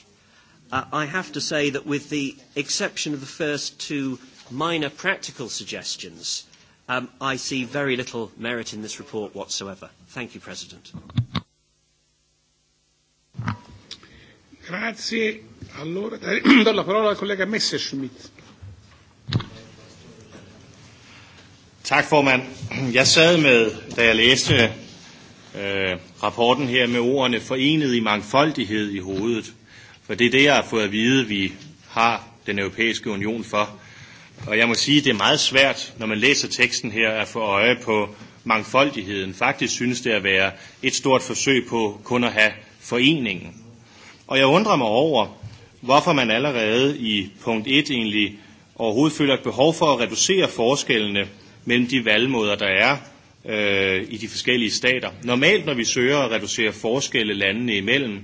uh, I have to say that with the exception of the first two minor practical suggestions, um, I see very little merit in this report whatsoever. Thank you, President. Thank you. Grazie. Allora do la parola al collega Messerschmidt. Tak formand. Jeg sad med, da jeg læste øh, rapporten her med ordene forenet i mangfoldighed i hovedet. For det er det, jeg har fået at vide, vi har den europæiske union for. Og jeg må sige, det er meget svært, når man læser teksten her, at få øje på mangfoldigheden. Faktisk synes det at være et stort forsøg på kun at have foreningen. Og jeg undrer mig over, hvorfor man allerede i punkt 1 egentlig overhovedet føler et behov for at reducere forskellene mellem de valgmåder, der er øh, i de forskellige stater. Normalt, når vi søger at reducere forskelle landene imellem,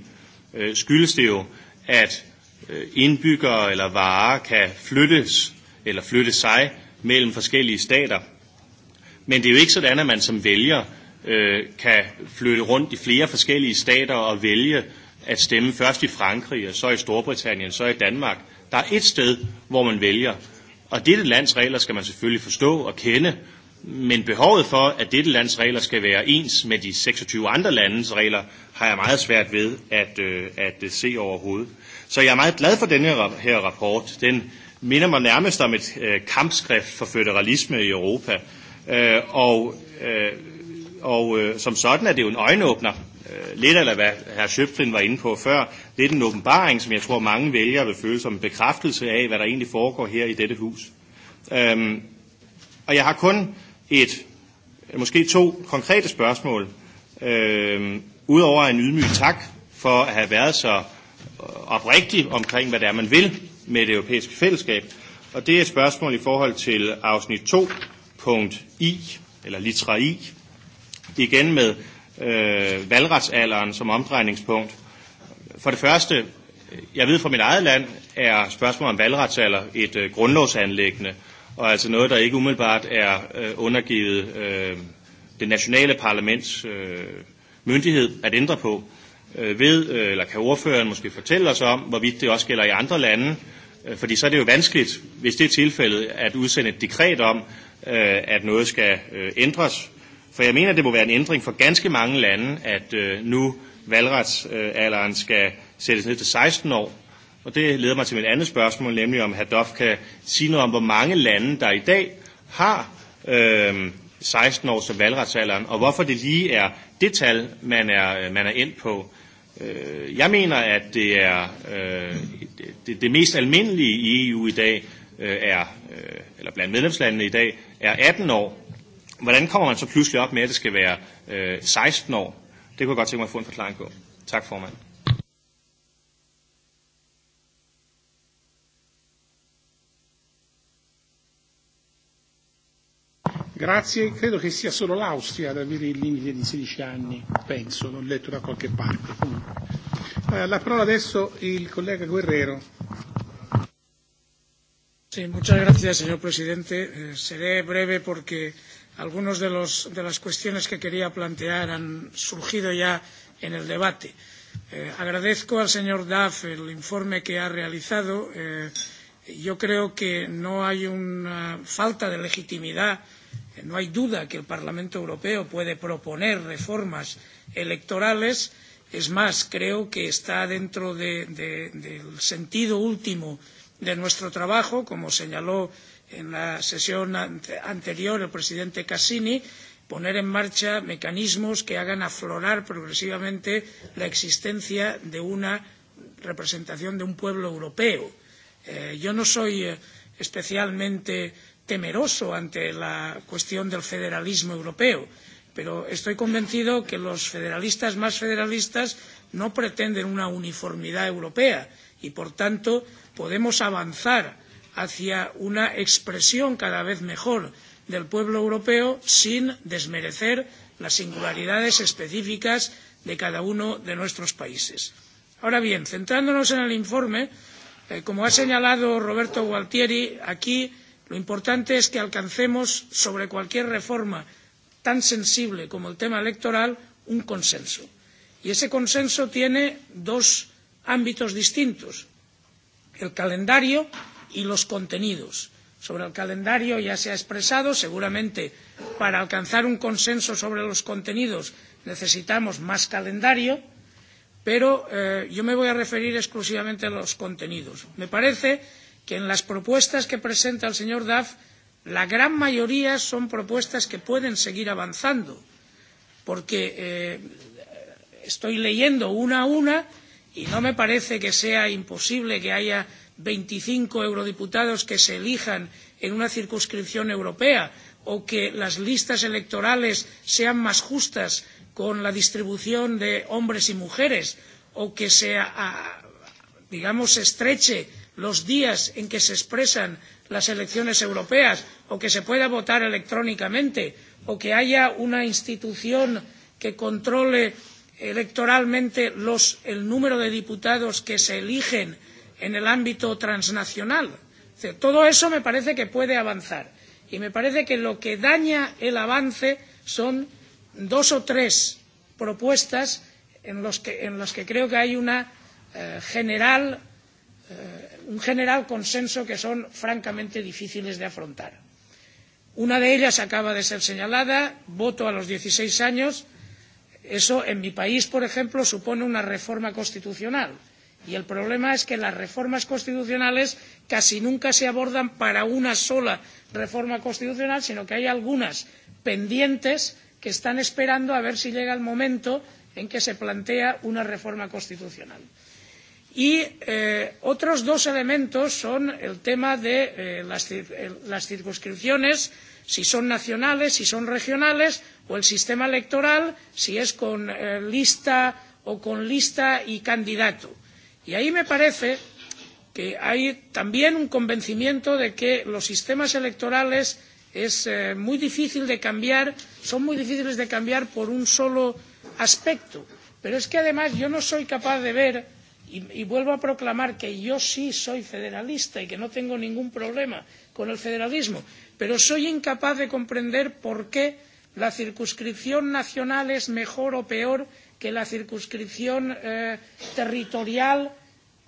øh, skyldes det jo, at øh, indbyggere eller varer kan flyttes eller flytte sig mellem forskellige stater. Men det er jo ikke sådan, at man som vælger øh, kan flytte rundt i flere forskellige stater og vælge, at stemme først i Frankrig, og så i Storbritannien, så i Danmark. Der er et sted, hvor man vælger. Og dette lands regler skal man selvfølgelig forstå og kende, men behovet for, at dette lands regler skal være ens med de 26 andre landes regler, har jeg meget svært ved at, øh, at øh, se overhovedet. Så jeg er meget glad for denne her rapport. Den minder mig nærmest om et øh, kampskrift for federalisme i Europa. Øh, og øh, og øh, som sådan er det jo en øjenåbner Øh, lidt eller hvad hr. Schøpflin var inde på før, lidt en er åbenbaring, som jeg tror mange vælgere vil føle som en bekræftelse af, hvad der egentlig foregår her i dette hus. Øhm, og jeg har kun et, måske to konkrete spørgsmål, øhm, udover en ydmyg tak for at have været så oprigtig omkring, hvad det er, man vil med det europæiske fællesskab. Og det er et spørgsmål i forhold til afsnit 2, punkt I, eller litra I, igen med øh, valgretsalderen som omdrejningspunkt. For det første, jeg ved fra mit eget land, er spørgsmålet om valgretsalder et øh, grundlovsanlæggende, og altså noget, der ikke umiddelbart er øh, undergivet øh, det nationale parlaments øh, myndighed at ændre på. Øh, ved, øh, eller kan ordføreren måske fortælle os om, hvorvidt det også gælder i andre lande, øh, fordi så er det jo vanskeligt, hvis det er tilfældet, at udsende et dekret om, øh, at noget skal øh, ændres, For jeg mener, det må være en ændring for ganske mange lande, at øh, nu valgretsalderen skal sættes ned til 16 år. Og det leder mig til mit andet spørgsmål, nemlig om Hadoff kan sige noget om, hvor mange lande, der i dag har øh, 16 år som valgretsalderen, og hvorfor det lige er det tal, man er, øh, man er endt på. Øh, jeg mener, at det er øh, det, det mest almindelige i EU i dag øh, er, øh, eller blandt medlemslandene i dag, er 18 år Hvordan kommer man så pludselig op med, at det skal være øh, 16 år? Det kunne jeg godt tænke mig at få en forklaring på. Tak, formand. Grazie, credo che sia solo l'Austria ad avere il limite di 16 anni, penso, l'ho letto da qualche parte. Eh, la parola adesso il collega Guerrero. Sí, muchas gracias, señor presidente. Eh, seré breve porque eh, algunas de, los, de las cuestiones que quería plantear han surgido ya en el debate. Eh, agradezco al señor Duff el informe que ha realizado. Eh, yo creo que no hay una falta de legitimidad, eh, no hay duda que el Parlamento Europeo puede proponer reformas electorales. Es más, creo que está dentro de, de, del sentido último de nuestro trabajo, como señaló en la sesión anterior el presidente Cassini, poner en marcha mecanismos que hagan aflorar progresivamente la existencia de una representación de un pueblo europeo. Eh, yo no soy eh, especialmente temeroso ante la cuestión del federalismo europeo, pero estoy convencido de que los federalistas más federalistas no pretenden una uniformidad europea y, por tanto, podemos avanzar hacia una expresión cada vez mejor del pueblo europeo sin desmerecer las singularidades específicas de cada uno de nuestros países. ahora bien centrándonos en el informe eh, como ha señalado roberto gualtieri aquí lo importante es que alcancemos sobre cualquier reforma tan sensible como el tema electoral un consenso y ese consenso tiene dos ámbitos distintos el calendario y y los contenidos. Sobre el calendario ya se ha expresado, seguramente para alcanzar un consenso sobre los contenidos necesitamos más calendario, pero eh, yo me voy a referir exclusivamente a los contenidos. Me parece que en las propuestas que presenta el señor Duff, la gran mayoría son propuestas que pueden seguir avanzando, porque eh, estoy leyendo una a una y no me parece que sea imposible que haya veinticinco eurodiputados que se elijan en una circunscripción europea o que las listas electorales sean más justas con la distribución de hombres y mujeres o que se a, digamos se estrechen los días en que se expresan las elecciones europeas o que se pueda votar electrónicamente o que haya una institución que controle electoralmente los, el número de diputados que se eligen en el ámbito transnacional. Es decir, todo eso me parece que puede avanzar y me parece que lo que daña el avance son dos o tres propuestas en las que, en los que creo que hay una, eh, general, eh, un general consenso que son francamente difíciles de afrontar. Una de ellas acaba de ser señalada, voto a los 16 años. Eso en mi país, por ejemplo, supone una reforma constitucional Y el problema es que las reformas constitucionales casi nunca se abordan para una sola reforma constitucional, sino que hay algunas pendientes que están esperando a ver si llega el momento en que se plantea una reforma constitucional. Y eh, otros dos elementos son el tema de eh, las, eh, las circunscripciones, si son nacionales, si son regionales, o el sistema electoral, si es con eh, lista o con lista y candidato. Eh, y ahí me parece que hay también un convencimiento de que los sistemas electorales es eh, muy difícil de cambiar, son muy difíciles de cambiar por un solo aspecto. Pero es que además yo no soy capaz de ver, y, y vuelvo a proclamar que yo sí soy federalista y que no tengo ningún problema con el federalismo, pero soy incapaz de comprender por qué la circunscripción nacional es mejor o peor que la circunscripción eh, territorial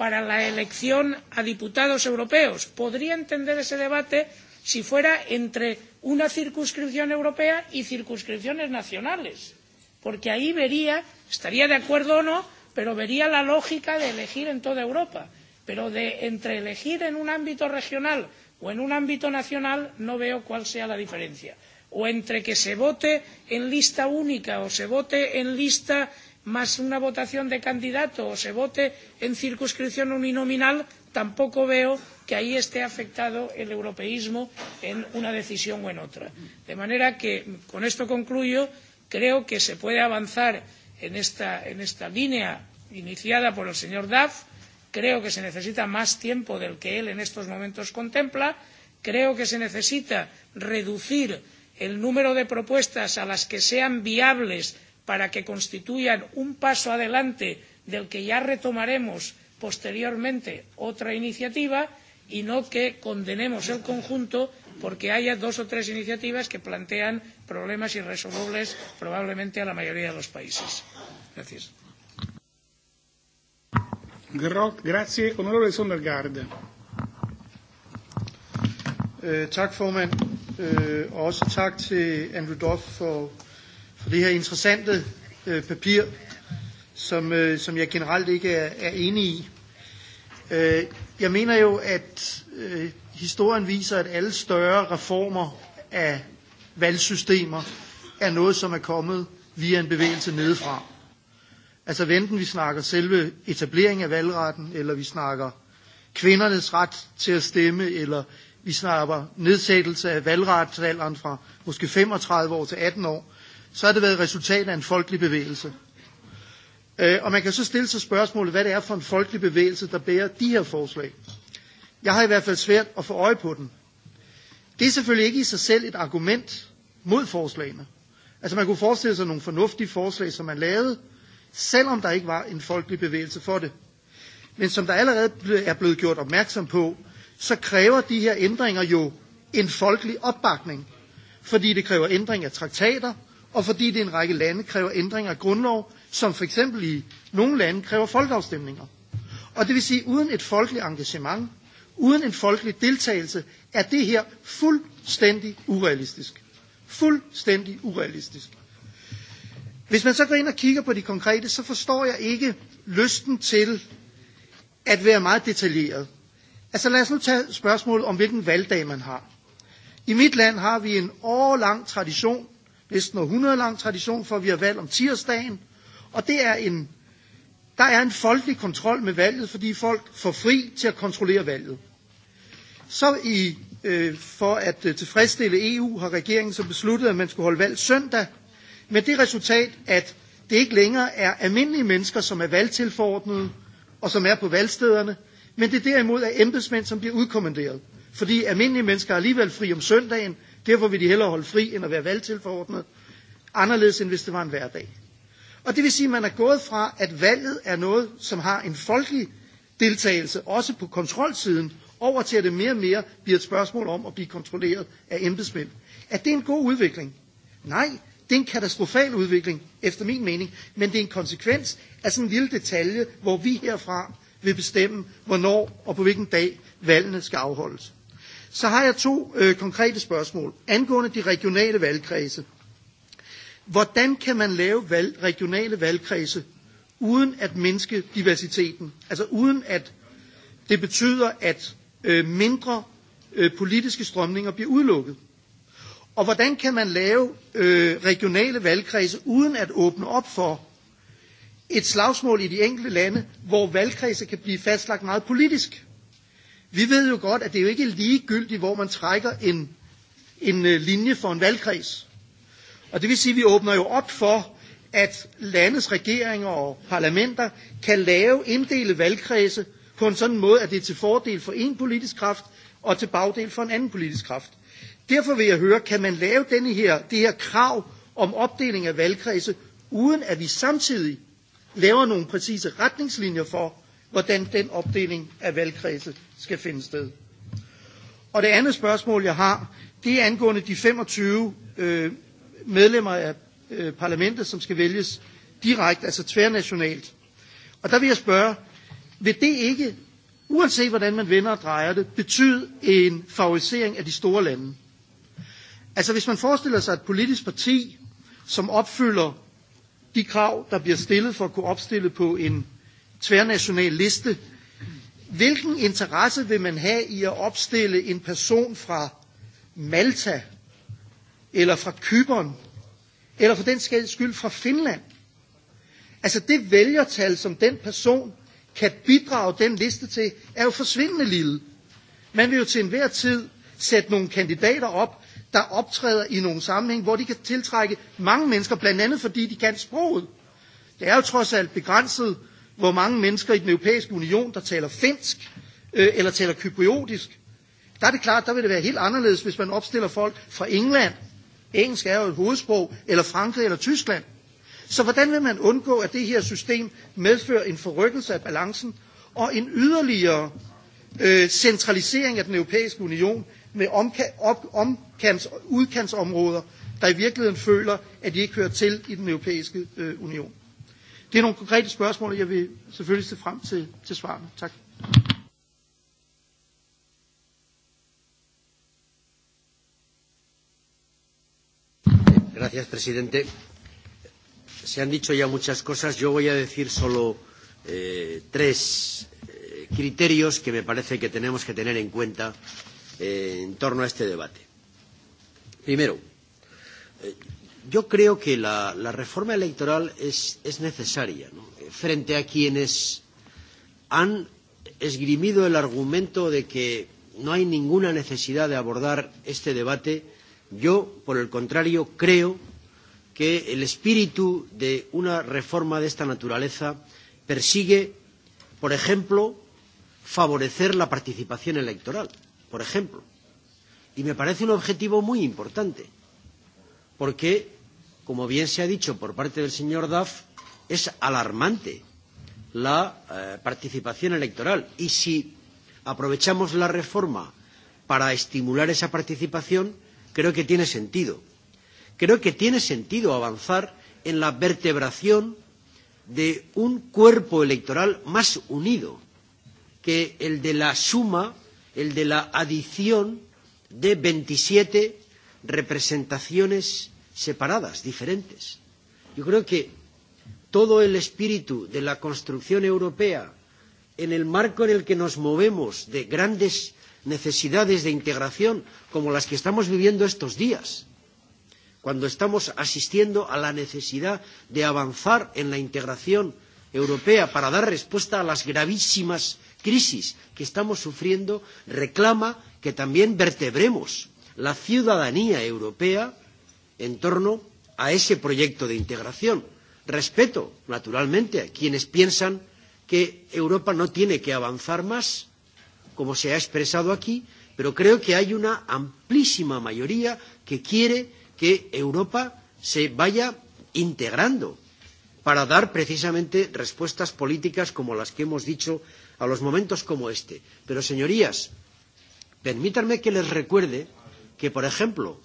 para la elección a diputados europeos. podría entender ese debate si fuera entre una circunscripción europea y circunscripciones nacionales porque ahí vería estaría de acuerdo o no pero vería la lógica de elegir en toda europa pero de entre elegir en un ámbito regional o en un ámbito nacional no veo cuál sea la diferencia o entre que se vote en lista única o se vote en lista más una votación de candidato o se vote en circunscripción uninominal tampoco veo que ahí esté afectado el europeísmo en una decisión o en otra. de manera que con esto concluyo creo que se puede avanzar en esta, en esta línea iniciada por el señor duff creo que se necesita más tiempo del que él en estos momentos contempla creo que se necesita reducir el número de propuestas a las que sean viables para que constituyan un paso adelante del que ya retomaremos posteriormente otra iniciativa y no que condenemos el conjunto porque haya dos o tres iniciativas que plantean problemas irresolubles probablemente a la mayoría de los países. Gracias. Grazie, onorevole Sondergaard. Øh, tak, formand. Øh, og også tak til Andrew Duff for for det her interessante øh, papir, som, øh, som jeg generelt ikke er, er enig i. Øh, jeg mener jo, at øh, historien viser, at alle større reformer af valgsystemer er noget, som er kommet via en bevægelse nedefra. Altså enten vi snakker selve etableringen af valgretten, eller vi snakker kvindernes ret til at stemme, eller vi snakker nedsættelse af valgretsalderen fra måske 35 år til 18 år så har det været resultat af en folkelig bevægelse. Øh, og man kan så stille sig spørgsmålet, hvad det er for en folkelig bevægelse, der bærer de her forslag. Jeg har i hvert fald svært at få øje på den. Det er selvfølgelig ikke i sig selv et argument mod forslagene. Altså man kunne forestille sig nogle fornuftige forslag, som man lavede, selvom der ikke var en folkelig bevægelse for det. Men som der allerede er blevet gjort opmærksom på, så kræver de her ændringer jo en folkelig opbakning, fordi det kræver ændring af traktater, og fordi det i er en række lande kræver ændring af grundlov, som for eksempel i nogle lande kræver folkeafstemninger. Og det vil sige, at uden et folkeligt engagement, uden en folkelig deltagelse, er det her fuldstændig urealistisk. Fuldstændig urealistisk. Hvis man så går ind og kigger på de konkrete, så forstår jeg ikke lysten til at være meget detaljeret. Altså lad os nu tage spørgsmålet om, hvilken valgdag man har. I mit land har vi en årlang tradition næsten århundrede lang tradition for, at vi har valg om tirsdagen, og det er en, der er en folkelig kontrol med valget, fordi folk får fri til at kontrollere valget. Så i, øh, for at øh, tilfredsstille EU har regeringen så besluttet, at man skulle holde valg søndag, med det resultat, at det ikke længere er almindelige mennesker, som er valgtilforordnede og som er på valgstederne, men det er derimod er embedsmænd, som bliver udkommanderet. Fordi almindelige mennesker er alligevel fri om søndagen, Derfor vil de hellere holde fri, end at være valgtilforordnet. Anderledes, end hvis det var en hverdag. Og det vil sige, at man er gået fra, at valget er noget, som har en folkelig deltagelse, også på kontrolsiden, over til at det mere og mere bliver et spørgsmål om at blive kontrolleret af embedsmænd. Er det en god udvikling? Nej, det er en katastrofal udvikling, efter min mening, men det er en konsekvens af sådan en lille detalje, hvor vi herfra vil bestemme, hvornår og på hvilken dag valgene skal afholdes. Så har jeg to øh, konkrete spørgsmål angående de regionale valgkredse. Hvordan kan man lave valg, regionale valgkredse uden at mindske diversiteten? Altså uden at det betyder, at øh, mindre øh, politiske strømninger bliver udelukket. Og hvordan kan man lave øh, regionale valgkredse uden at åbne op for et slagsmål i de enkelte lande, hvor valgkredse kan blive fastlagt meget politisk? Vi ved jo godt, at det er jo ikke er ligegyldigt, hvor man trækker en, en øh, linje for en valgkreds. Og det vil sige, at vi åbner jo op for, at landets regeringer og parlamenter kan lave inddele valgkredse på en sådan måde, at det er til fordel for en politisk kraft og til bagdel for en anden politisk kraft. Derfor vil jeg høre, kan man lave denne her, det her krav om opdeling af valgkredse, uden at vi samtidig laver nogle præcise retningslinjer for, hvordan den opdeling af valgkredse skal finde sted. Og det andet spørgsmål, jeg har, det er angående de 25 øh, medlemmer af øh, parlamentet, som skal vælges direkte, altså tværnationalt. Og der vil jeg spørge, vil det ikke, uanset hvordan man vender og drejer det, betyde en favorisering af de store lande? Altså hvis man forestiller sig et politisk parti, som opfylder de krav, der bliver stillet for at kunne opstille på en tværnational liste. Hvilken interesse vil man have i at opstille en person fra Malta, eller fra Kyberen, eller for den skyld fra Finland? Altså det vælgertal, som den person kan bidrage den liste til, er jo forsvindende lille. Man vil jo til enhver tid sætte nogle kandidater op, der optræder i nogle sammenhæng, hvor de kan tiltrække mange mennesker, blandt andet fordi de kan sproget. Det er jo trods alt begrænset, hvor mange mennesker i den europæiske union, der taler finsk øh, eller taler kypriotisk. Der er det klart, der vil det være helt anderledes, hvis man opstiller folk fra England. Engelsk er jo et hovedsprog, eller Frankrig eller Tyskland. Så hvordan vil man undgå, at det her system medfører en forrykkelse af balancen og en yderligere øh, centralisering af den europæiske union med omka- op- omkants- udkantsområder, der i virkeligheden føler, at de ikke hører til i den europæiske øh, union? Det er nogle konkrete spørgsmål, og jeg vil selvfølgelig se frem til, til svarene. Tak. Gracias, presidente. Se han dicho ya muchas cosas. Yo voy a decir solo eh, tres eh, criterios que me parece que tenemos que tener en cuenta eh, en torno a este debate. Primero, eh, yo creo que la, la reforma electoral es, es necesaria ¿no? frente a quienes han esgrimido el argumento de que no hay ninguna necesidad de abordar este debate. Yo, por el contrario, creo que el espíritu de una reforma de esta naturaleza persigue, por ejemplo, favorecer la participación electoral, por ejemplo. Y me parece un objetivo muy importante porque, como bien se ha dicho por parte del señor Duff, es alarmante la eh, participación electoral. Y si aprovechamos la reforma para estimular esa participación, creo que tiene sentido. Creo que tiene sentido avanzar en la vertebración de un cuerpo electoral más unido que el de la suma, el de la adición de 27 representaciones separadas, diferentes. Yo creo que todo el espíritu de la construcción europea, en el marco en el que nos movemos de grandes necesidades de integración como las que estamos viviendo estos días, cuando estamos asistiendo a la necesidad de avanzar en la integración europea para dar respuesta a las gravísimas crisis que estamos sufriendo, reclama que también vertebremos la ciudadanía europea en torno a ese proyecto de integración. Respeto, naturalmente, a quienes piensan que Europa no tiene que avanzar más, como se ha expresado aquí, pero creo que hay una amplísima mayoría que quiere que Europa se vaya integrando para dar precisamente respuestas políticas como las que hemos dicho a los momentos como este. Pero, señorías, permítanme que les recuerde que, por ejemplo,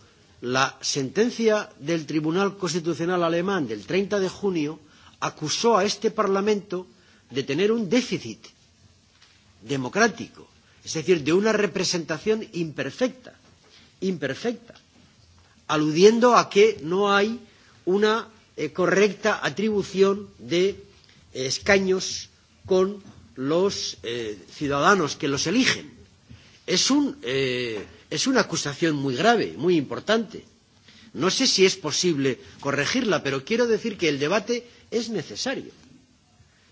La sentencia del Tribunal Constitucional Alemán del 30 de junio acusó a este Parlamento de tener un déficit democrático, es decir, de una representación imperfecta, imperfecta, aludiendo a que no hay una eh, correcta atribución de eh, escaños con los eh, ciudadanos que los eligen. Es un eh, es una acusación muy grave, muy importante. No sé si es posible corregirla, pero quiero decir que el debate es necesario.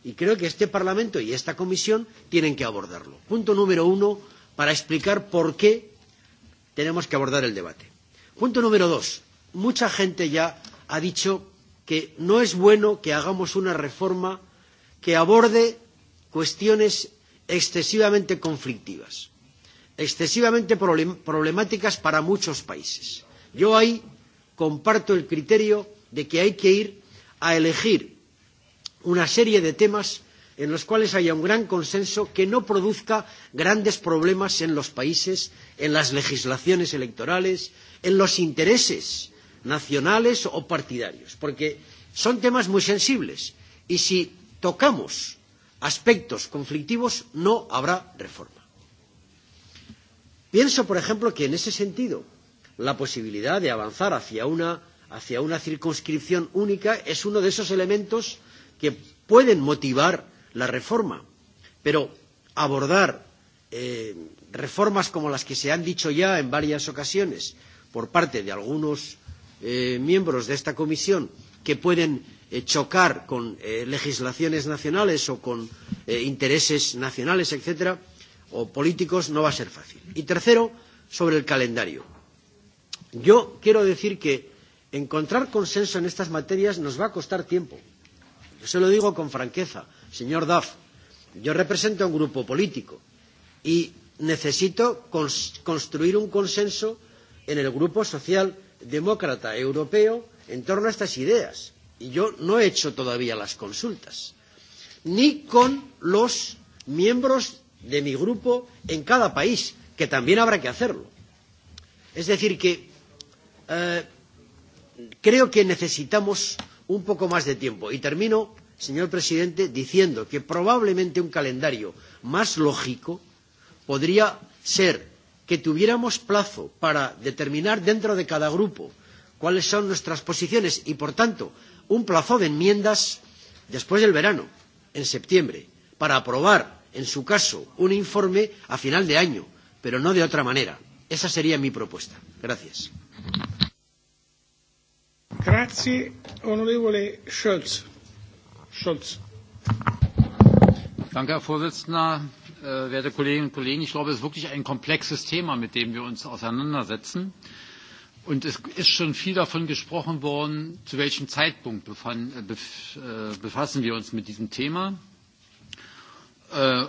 Y creo que este Parlamento y esta Comisión tienen que abordarlo. Punto número uno, para explicar por qué tenemos que abordar el debate. Punto número dos. Mucha gente ya ha dicho que no es bueno que hagamos una reforma que aborde cuestiones excesivamente conflictivas excesivamente problemáticas para muchos países. Yo ahí comparto el criterio de que hay que ir a elegir una serie de temas en los cuales haya un gran consenso que no produzca grandes problemas en los países, en las legislaciones electorales, en los intereses nacionales o partidarios, porque son temas muy sensibles y si tocamos aspectos conflictivos no habrá reforma. Pienso, por ejemplo, que en ese sentido la posibilidad de avanzar hacia una, hacia una circunscripción única es uno de esos elementos que pueden motivar la reforma. Pero abordar eh, reformas como las que se han dicho ya en varias ocasiones por parte de algunos eh, miembros de esta comisión que pueden eh, chocar con eh, legislaciones nacionales o con eh, intereses nacionales, etcétera, o políticos no va a ser fácil. Y tercero, sobre el calendario. Yo quiero decir que encontrar consenso en estas materias nos va a costar tiempo. Yo se lo digo con franqueza, señor Duff. Yo represento a un grupo político y necesito cons construir un consenso en el grupo socialdemócrata europeo en torno a estas ideas. Y yo no he hecho todavía las consultas, ni con los miembros de mi grupo en cada país, que también habrá que hacerlo. Es decir, que eh, creo que necesitamos un poco más de tiempo. Y termino, señor presidente, diciendo que probablemente un calendario más lógico podría ser que tuviéramos plazo para determinar dentro de cada grupo cuáles son nuestras posiciones y, por tanto, un plazo de enmiendas después del verano, en septiembre, para aprobar en su caso, un informe a final de año, pero no de otra manera. Esa sería mi propuesta. Gracias. Grazie, onorevole Scholz. Scholz. Danke, Herr Vorsitzender, äh, werte Kolleginnen und Kollegen. Ich glaube, es ist wirklich ein komplexes Thema, mit dem wir uns auseinandersetzen. Und es ist schon viel davon gesprochen worden, zu welchem Zeitpunkt befand, äh, bef, äh, befassen wir uns mit diesem Thema äh,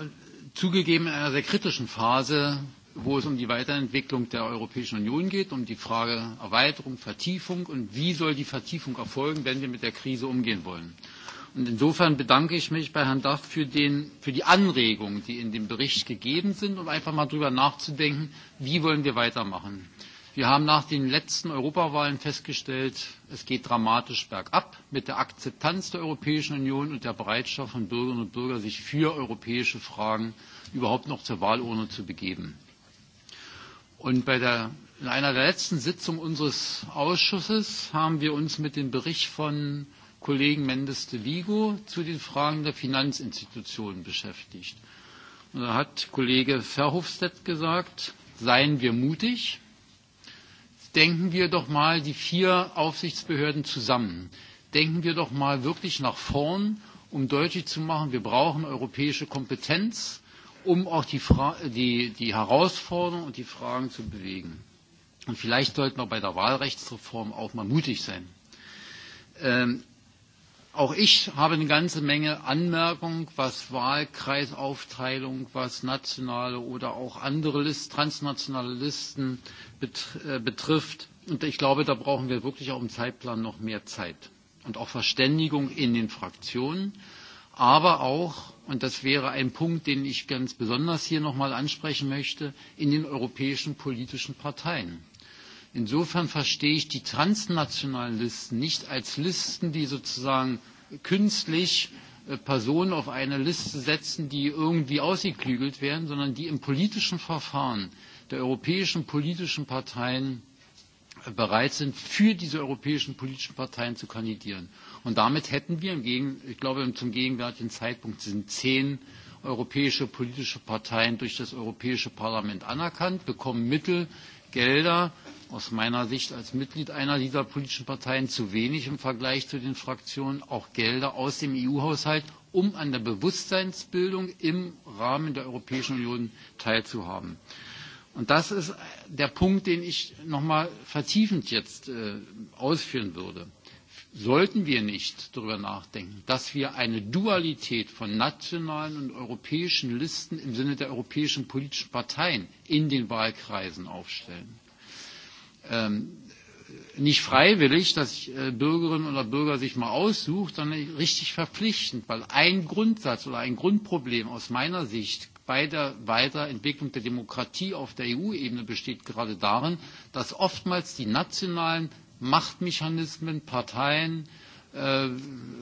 zugegeben in einer sehr kritischen Phase, wo es um die Weiterentwicklung der Europäischen Union geht, um die Frage Erweiterung, Vertiefung und wie soll die Vertiefung erfolgen, wenn wir mit der Krise umgehen wollen. Und insofern bedanke ich mich bei Herrn Duff für, den, für die Anregungen, die in dem Bericht gegeben sind, um einfach mal darüber nachzudenken, wie wollen wir weitermachen. Wir haben nach den letzten Europawahlen festgestellt, es geht dramatisch bergab mit der Akzeptanz der Europäischen Union und der Bereitschaft von Bürgerinnen und Bürgern, sich für europäische Fragen überhaupt noch zur Wahlurne zu begeben. Und bei der, in einer der letzten Sitzungen unseres Ausschusses haben wir uns mit dem Bericht von Kollegen Mendes de Vigo zu den Fragen der Finanzinstitutionen beschäftigt. Und da hat Kollege Verhofstadt gesagt, seien wir mutig, denken wir doch mal die vier Aufsichtsbehörden zusammen. Denken wir doch mal wirklich nach vorn, um deutlich zu machen, wir brauchen europäische Kompetenz, um auch die, Fra die, die Herausforderungen und die Fragen zu bewegen. Und vielleicht sollten wir bei der Wahlrechtsreform auch mal mutig sein. Ähm, auch ich habe eine ganze Menge Anmerkungen, was Wahlkreisaufteilung, was nationale oder auch andere List, transnationale Listen äh, Äh, betrifft. Und ich glaube, da brauchen wir wirklich auch im Zeitplan noch mehr Zeit und auch Verständigung in den Fraktionen, aber auch, und das wäre ein Punkt, den ich ganz besonders hier nochmal ansprechen möchte, in den europäischen politischen Parteien. Insofern verstehe ich die transnationalen Listen nicht als Listen, die sozusagen künstlich äh, Personen auf eine Liste setzen, die irgendwie ausgeklügelt werden, sondern die im politischen Verfahren der europäischen politischen Parteien bereit sind, für diese europäischen politischen Parteien zu kandidieren. Und damit hätten wir, im Gegen, ich glaube, zum gegenwärtigen Zeitpunkt sind zehn europäische politische Parteien durch das Europäische Parlament anerkannt, bekommen Mittel, Gelder, aus meiner Sicht als Mitglied einer dieser politischen Parteien zu wenig im Vergleich zu den Fraktionen, auch Gelder aus dem EU-Haushalt, um an der Bewusstseinsbildung im Rahmen der Europäischen Union teilzuhaben. Und das ist der Punkt, den ich nochmal vertiefend jetzt äh, ausführen würde. Sollten wir nicht darüber nachdenken, dass wir eine Dualität von nationalen und europäischen Listen im Sinne der europäischen politischen Parteien in den Wahlkreisen aufstellen? Ähm, nicht freiwillig, dass äh, Bürgerinnen oder Bürger sich mal aussucht, sondern richtig verpflichtend, weil ein Grundsatz oder ein Grundproblem aus meiner Sicht bei der Weiterentwicklung der Demokratie auf der EU-Ebene besteht gerade darin, dass oftmals die nationalen Machtmechanismen, Parteien, äh,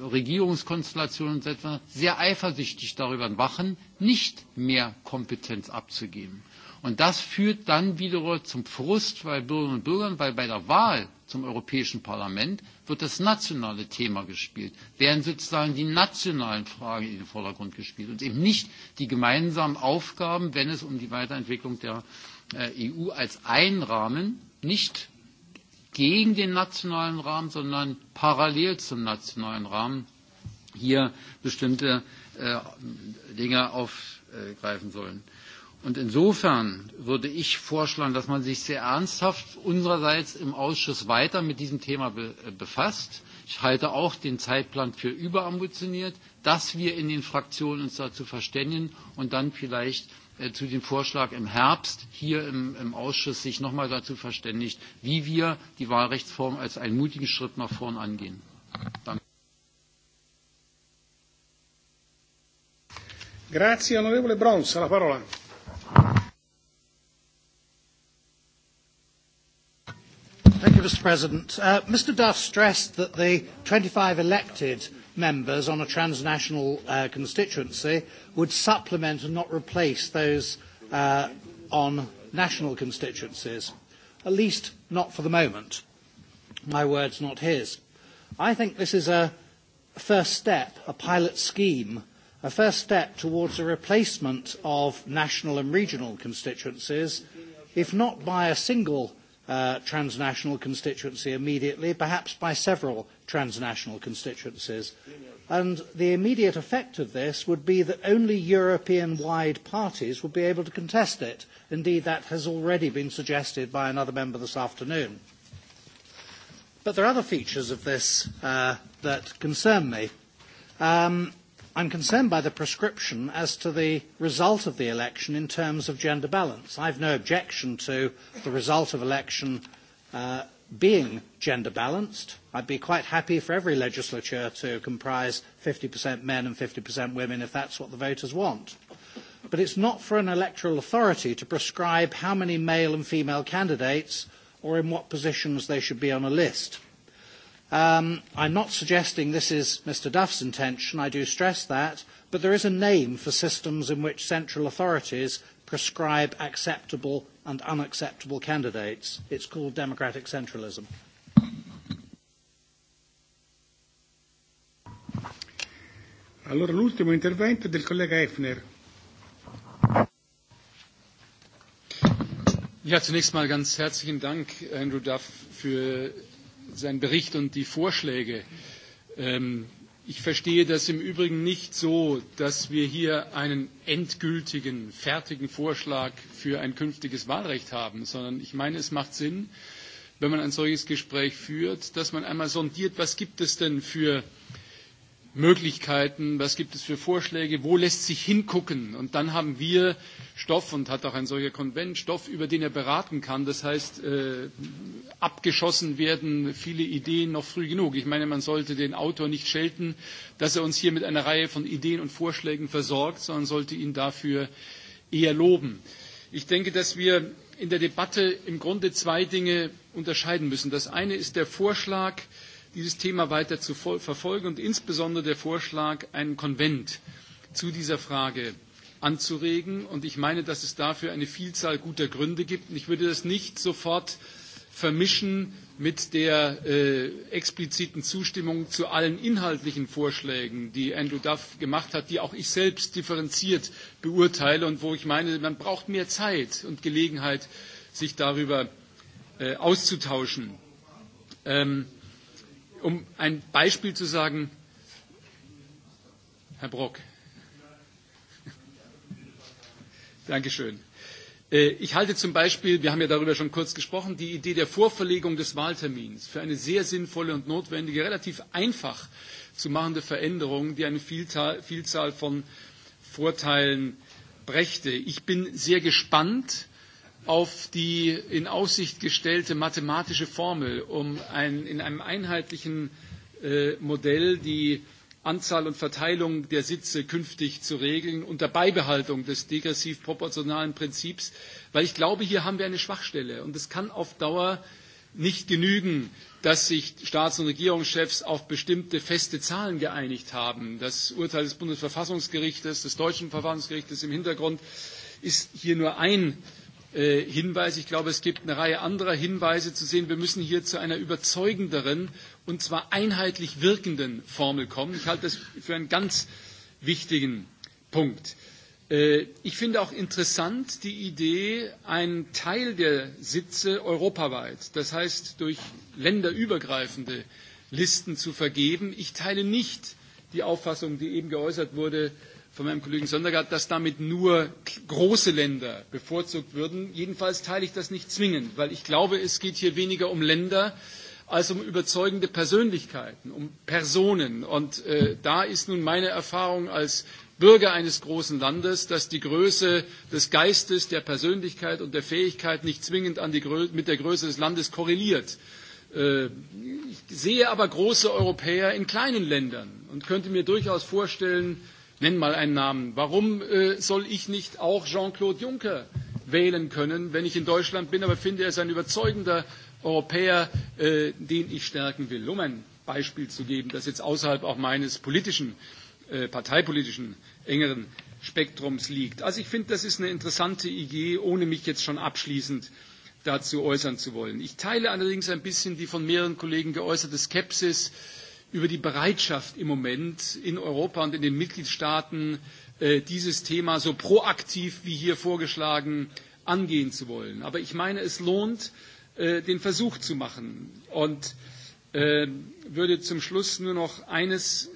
Regierungskonstellationen und so etwa sehr eifersüchtig darüber wachen, nicht mehr Kompetenz abzugeben. Und das führt dann wiederum zum Frust bei Bürgerinnen und Bürgern, weil bei der Wahl zum Europäischen Parlament wird das nationale Thema gespielt, werden sozusagen die nationalen Fragen in den Vordergrund gespielt und eben nicht die gemeinsamen Aufgaben, wenn es um die Weiterentwicklung der äh, EU als einen Rahmen, nicht gegen den nationalen Rahmen, sondern parallel zum nationalen Rahmen hier bestimmte äh, Dinge aufgreifen sollen. Und insofern würde ich vorschlagen, dass man sich sehr ernsthaft unsererseits im Ausschuss weiter mit diesem Thema be äh, befasst. Ich halte auch den Zeitplan für überambitioniert, dass wir in den Fraktionen uns dazu verständigen und dann vielleicht äh, zu dem Vorschlag im Herbst hier im, im Ausschuss sich nochmal dazu verständigt, wie wir die Wahlrechtsform als einen mutigen Schritt nach vorn angehen. Danke. Grazie onorevole Brons, la parola. Mr. President. Uh, Mr. Duff stressed that the 25 elected members on a transnational uh, constituency would supplement and not replace those uh, on national constituencies, at least not for the moment. My word's not his. I think this is a first step, a pilot scheme, a first step towards a replacement of national and regional constituencies, if not by a single uh, transnational constituency immediately, perhaps by several transnational constituencies. And the immediate effect of this would be that only European-wide parties would be able to contest it. Indeed, that has already been suggested by another member this afternoon. But there are other features of this uh, that concern me. Um, I'm concerned by the prescription as to the result of the election in terms of gender balance. I've no objection to the result of election uh, being gender balanced. I'd be quite happy for every legislature to comprise 50% men and 50% women if that's what the voters want. But it's not for an electoral authority to prescribe how many male and female candidates or in what positions they should be on a list. Um, I'm not suggesting this is Mr. Duff's intention, I do stress that, but there is a name for systems in which central authorities prescribe acceptable and unacceptable candidates. It's called democratic centralism. Allora l'ultimo intervento del collega Effner. Ja, zunächst mal ganz herzlichen Dank, Andrew Duff, für sein Bericht und die Vorschläge. Ähm, ich verstehe das im Übrigen nicht so, dass wir hier einen endgültigen, fertigen Vorschlag für ein künftiges Wahlrecht haben, sondern ich meine, es macht Sinn, wenn man ein solches Gespräch führt, dass man einmal sondiert, was gibt es denn für äh, Möglichkeiten, was gibt es für Vorschläge, wo lässt sich hingucken. Und dann haben wir Stoff und hat auch ein solcher Konvent Stoff, über den er beraten kann. Das heißt, äh, abgeschossen werden viele Ideen noch früh genug. Ich meine, man sollte den Autor nicht schelten, dass er uns hier mit einer Reihe von Ideen und Vorschlägen versorgt, sondern sollte ihn dafür eher loben. Ich denke, dass wir in der Debatte im Grunde zwei Dinge unterscheiden müssen. Das eine ist der Vorschlag, äh, dieses Thema weiter zu verfolgen und insbesondere der Vorschlag, einen Konvent zu dieser Frage anzuregen. Und ich meine, dass es dafür eine Vielzahl guter Gründe gibt. Und ich würde das nicht sofort vermischen mit der äh, expliziten Zustimmung zu allen inhaltlichen Vorschlägen, die Andrew Duff gemacht hat, die auch ich selbst differenziert beurteile und wo ich meine, man braucht mehr Zeit und Gelegenheit, sich darüber äh, auszutauschen. Ähm, äh, Um ein Beispiel zu sagen, Herr Brock. Dankeschön. Äh, ich halte zum Beispiel, wir haben ja darüber schon kurz gesprochen, die Idee der Vorverlegung des Wahltermins für eine sehr sinnvolle und notwendige, relativ einfach zu machende Veränderung, die eine Vielzahl von Vorteilen brächte. Ich bin sehr gespannt, auf die in Aussicht gestellte mathematische Formel, um ein, in einem einheitlichen äh, Modell die Anzahl und Verteilung der Sitze künftig zu regeln unter Beibehaltung des degressiv proportionalen Prinzips, weil ich glaube, hier haben wir eine Schwachstelle und es kann auf Dauer nicht genügen, dass sich Staats- und Regierungschefs auf bestimmte feste Zahlen geeinigt haben. Das Urteil des Bundesverfassungsgerichtes, des deutschen Verfassungsgerichtes im Hintergrund ist hier nur ein äh, Äh, Hinweis. Ich glaube, es gibt eine Reihe anderer Hinweise zu sehen. Wir müssen hier zu einer überzeugenderen und zwar einheitlich wirkenden Formel kommen. Ich halte das für einen ganz wichtigen Punkt. Äh, ich finde auch interessant die Idee, einen Teil der Sitze europaweit, das heißt durch länderübergreifende Listen zu vergeben. Ich teile nicht die Auffassung, die eben geäußert wurde, äh, von meinem Kollegen Sondergaard, dass damit nur große Länder bevorzugt würden. Jedenfalls teile ich das nicht zwingend, weil ich glaube, es geht hier weniger um Länder als um überzeugende Persönlichkeiten, um Personen. Und äh, da ist nun meine Erfahrung als Bürger eines großen Landes, dass die Größe des Geistes, der Persönlichkeit und der Fähigkeit nicht zwingend an die Grö mit der Größe des Landes korreliert. Äh, ich sehe aber große Europäer in kleinen Ländern und könnte mir durchaus vorstellen, äh, nenne mal einen Namen. Warum äh, soll ich nicht auch Jean-Claude Juncker wählen können, wenn ich in Deutschland bin, aber finde, er ist ein überzeugender Europäer, äh, den ich stärken will? Um ein Beispiel zu geben, das jetzt außerhalb auch meines politischen, äh, parteipolitischen engeren Spektrums liegt. Also ich finde, das ist eine interessante Idee, ohne mich jetzt schon abschließend dazu äußern zu wollen. Ich teile allerdings ein bisschen die von mehreren Kollegen geäußerte Skepsis äh, über die Bereitschaft im Moment in Europa und in den Mitgliedstaaten, äh, dieses Thema so proaktiv wie hier vorgeschlagen angehen zu wollen. Aber ich meine, es lohnt, äh, den Versuch zu machen. Und äh, würde zum Schluss nur noch eines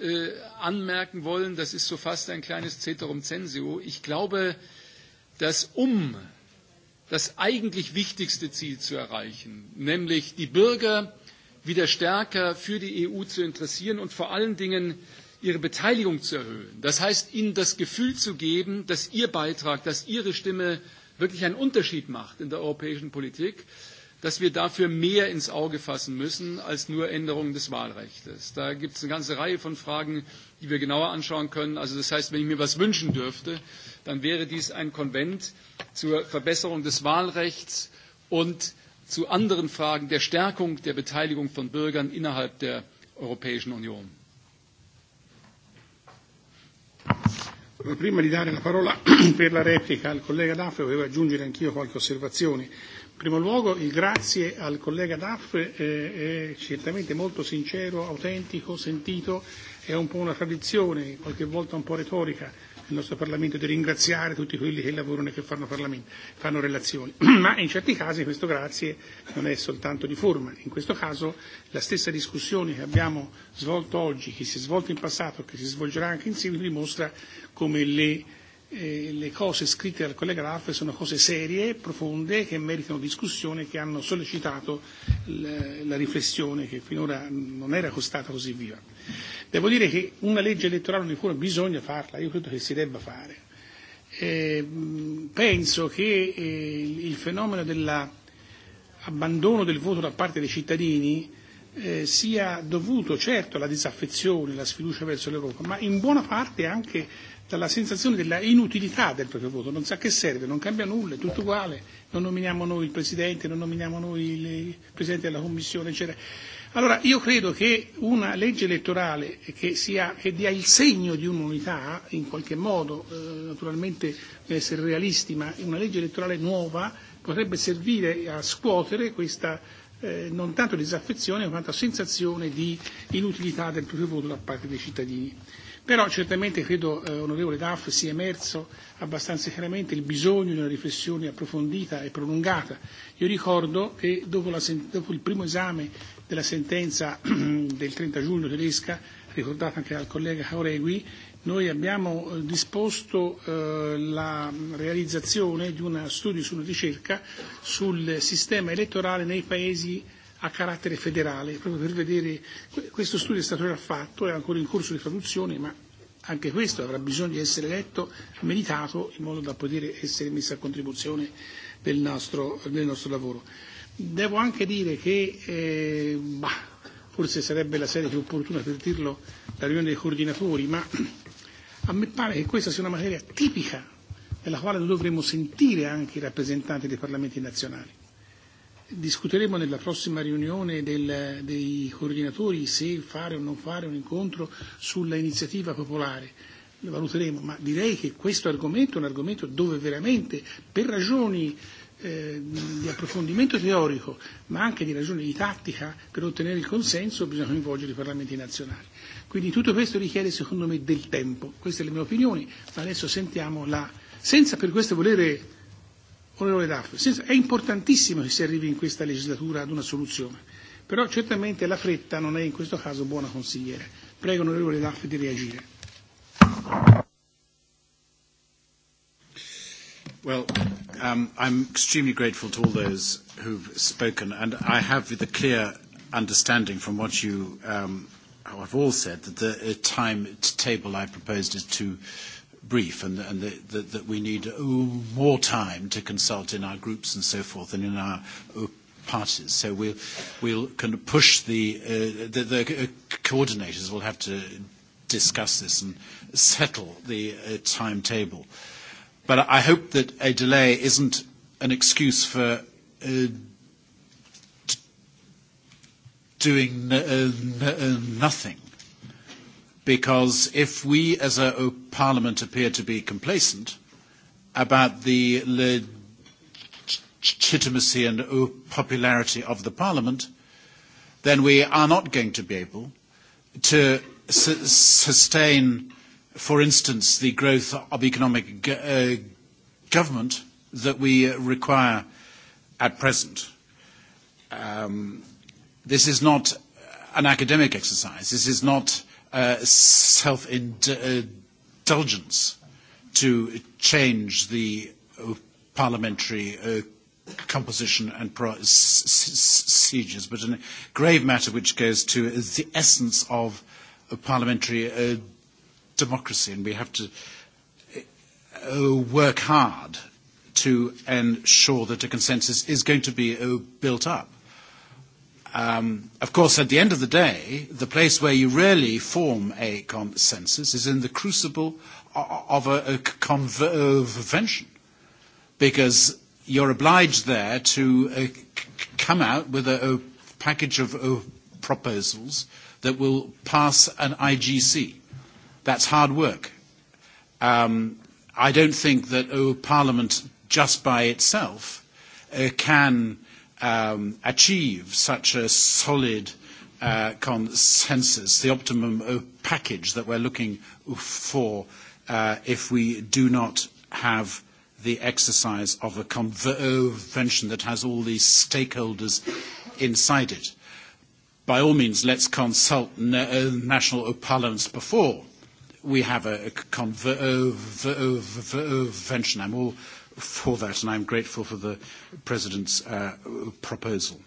anmerken wollen, das ist so fast ein kleines Ceterum censeo. Ich glaube, dass um das eigentlich wichtigste Ziel zu erreichen, nämlich die Bürger wieder stärker für die EU zu interessieren und vor allen Dingen ihre Beteiligung zu erhöhen. Das heißt, ihnen das Gefühl zu geben, dass ihr Beitrag, dass ihre Stimme wirklich einen Unterschied macht in der europäischen Politik, dass wir dafür mehr ins Auge fassen müssen als nur Änderungen des Wahlrechts. Da gibt es eine ganze Reihe von Fragen, die wir genauer anschauen können. Also das heißt, wenn ich mir was wünschen dürfte, dann wäre dies ein Konvent zur Verbesserung des Wahlrechts und zu anderen Fragen der Stärkung der Beteiligung von Bürgern innerhalb der Europäischen Union. Prima di dare la parola per la replica al collega Daff, volevo aggiungere anch'io qualche osservazione. In primo luogo il grazie al collega Daff, eh, è certamente molto sincero, autentico, sentito, è un po' una tradizione, qualche volta un po' retorica il nostro Parlamento, di ringraziare tutti quelli che lavorano e che fanno, parlamento, fanno relazioni, ma in certi casi questo grazie non è soltanto di forma. In questo caso la stessa discussione che abbiamo svolto oggi, che si è svolta in passato e che si svolgerà anche in seguito, dimostra come le eh, le cose scritte dal collega Raff sono cose serie, profonde, che meritano discussione, che hanno sollecitato l- la riflessione che finora non era costata così viva. Devo dire che una legge elettorale uniforme bisogna farla, io credo che si debba fare. Eh, penso che eh, il fenomeno dell'abbandono del voto da parte dei cittadini eh, sia dovuto certo alla disaffezione, alla sfiducia verso l'Europa, ma in buona parte anche dalla sensazione della inutilità del proprio voto, non sa che serve, non cambia nulla, è tutto uguale, non nominiamo noi il Presidente, non nominiamo noi il Presidente della Commissione, eccetera. Allora io credo che una legge elettorale che, sia, che dia il segno di un'unità, in qualche modo, eh, naturalmente deve essere realisti, ma una legge elettorale nuova potrebbe servire a scuotere questa eh, non tanto disaffezione quanto sensazione di inutilità del proprio voto da parte dei cittadini. Però certamente credo, eh, onorevole Daff, sia emerso abbastanza chiaramente il bisogno di una riflessione approfondita e prolungata. Io ricordo che dopo, la, dopo il primo esame della sentenza del 30 giugno tedesca, ricordata anche dal collega Cauregui, noi abbiamo eh, disposto eh, la realizzazione di uno studio su una ricerca sul sistema elettorale nei paesi a carattere federale, proprio per vedere, questo studio è stato già fatto, è ancora in corso di traduzione, ma anche questo avrà bisogno di essere letto, meditato, in modo da poter essere messo a contribuzione del nostro, del nostro lavoro. Devo anche dire che, eh, bah, forse sarebbe la sede più opportuna per dirlo, la riunione dei coordinatori, ma a me pare che questa sia una materia tipica nella quale dovremmo sentire anche i rappresentanti dei parlamenti nazionali. Discuteremo nella prossima riunione del, dei coordinatori se fare o non fare un incontro sulla iniziativa popolare. Lo valuteremo, ma direi che questo argomento è un argomento dove veramente, per ragioni eh, eh, di approfondimento teorico, ma anche di ragioni di tattica, per ottenere il consenso bisogna coinvolgere i parlamenti nazionali. Quindi tutto questo richiede, secondo me, del tempo. Queste le mie opinioni, ma adesso sentiamo la... Senza per questo volere, onorevole Daffo, senza... è importantissimo che si arrivi in questa legislatura ad una soluzione, però certamente la fretta non è in questo caso buona consigliera. Prego, onorevole Daffo, di reagire. Well, Um, I'm extremely grateful to all those who've spoken, and I have the clear understanding from what you um, have all said that the uh, timetable I proposed is too brief and, and the, the, that we need ooh, uh, more time to consult in our groups and so forth and in our ooh, uh, parties. So we'll, we'll kind of push the, uh, the, the uh, coordinators will have to discuss this and settle the uh, timetable. Uh, But I hope that a delay isn't an excuse for uh, doing uh, uh, nothing. Because if we as a, a parliament appear to be complacent about the legitimacy and uh, popularity of the parliament, then we are not going to be able to su- sustain for instance, the growth of economic go- uh, government that we uh, require at present. Um, this is not an academic exercise. This is not uh, self-indulgence to change the uh, parliamentary uh, composition and procedures, but a grave matter which goes to the essence of parliamentary uh, democracy, and we have to uh, work hard to ensure that a consensus is going to be uh, built up. Um, of course, at the end of the day, the place where you really form a consensus is in the crucible of a, a convention, because you're obliged there to uh, come out with a, a package of uh, proposals that will pass an IGC. That's hard work. Um, I don't think that oh, Parliament just by itself uh, can um, achieve such a solid uh, consensus, the optimum uh, package that we're looking oh, for uh, if we do not have the exercise of a convention that has all these stakeholders inside it. By all means, let's consult na- uh, national oh, parliaments before we have a convention. I'm all for that, and I'm grateful for the President's uh, proposal.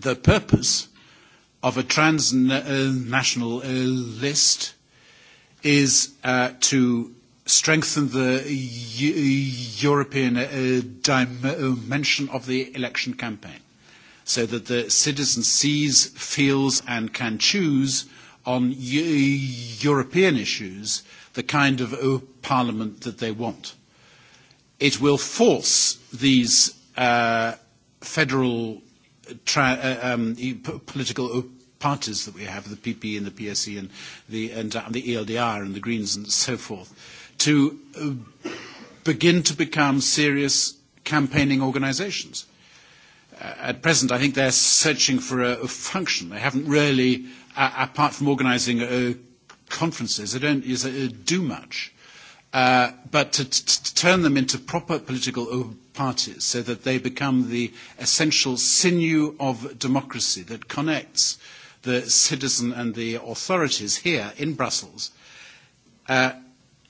The purpose of a transnational uh, list is uh, to strengthen the European uh, dimension of the election campaign so that the citizen sees, feels, and can choose uh, on European issues the kind of uh, parliament that they want. It will force these uh, federal tra- uh, um, e, political oh, parties that we have, the PP and the PSE and the, and, uh, the ELDR and the Greens and so forth, to uh, begin to become serious campaigning organizations. Uh, at present, I think they're searching for a, a function. They haven't really uh, uh, apart from organising uh, conferences, they don't is, uh, do much. Uh, but to, t- to turn them into proper political uh, parties so that they become the essential sinew of democracy that connects the citizen and the authorities here in Brussels, uh,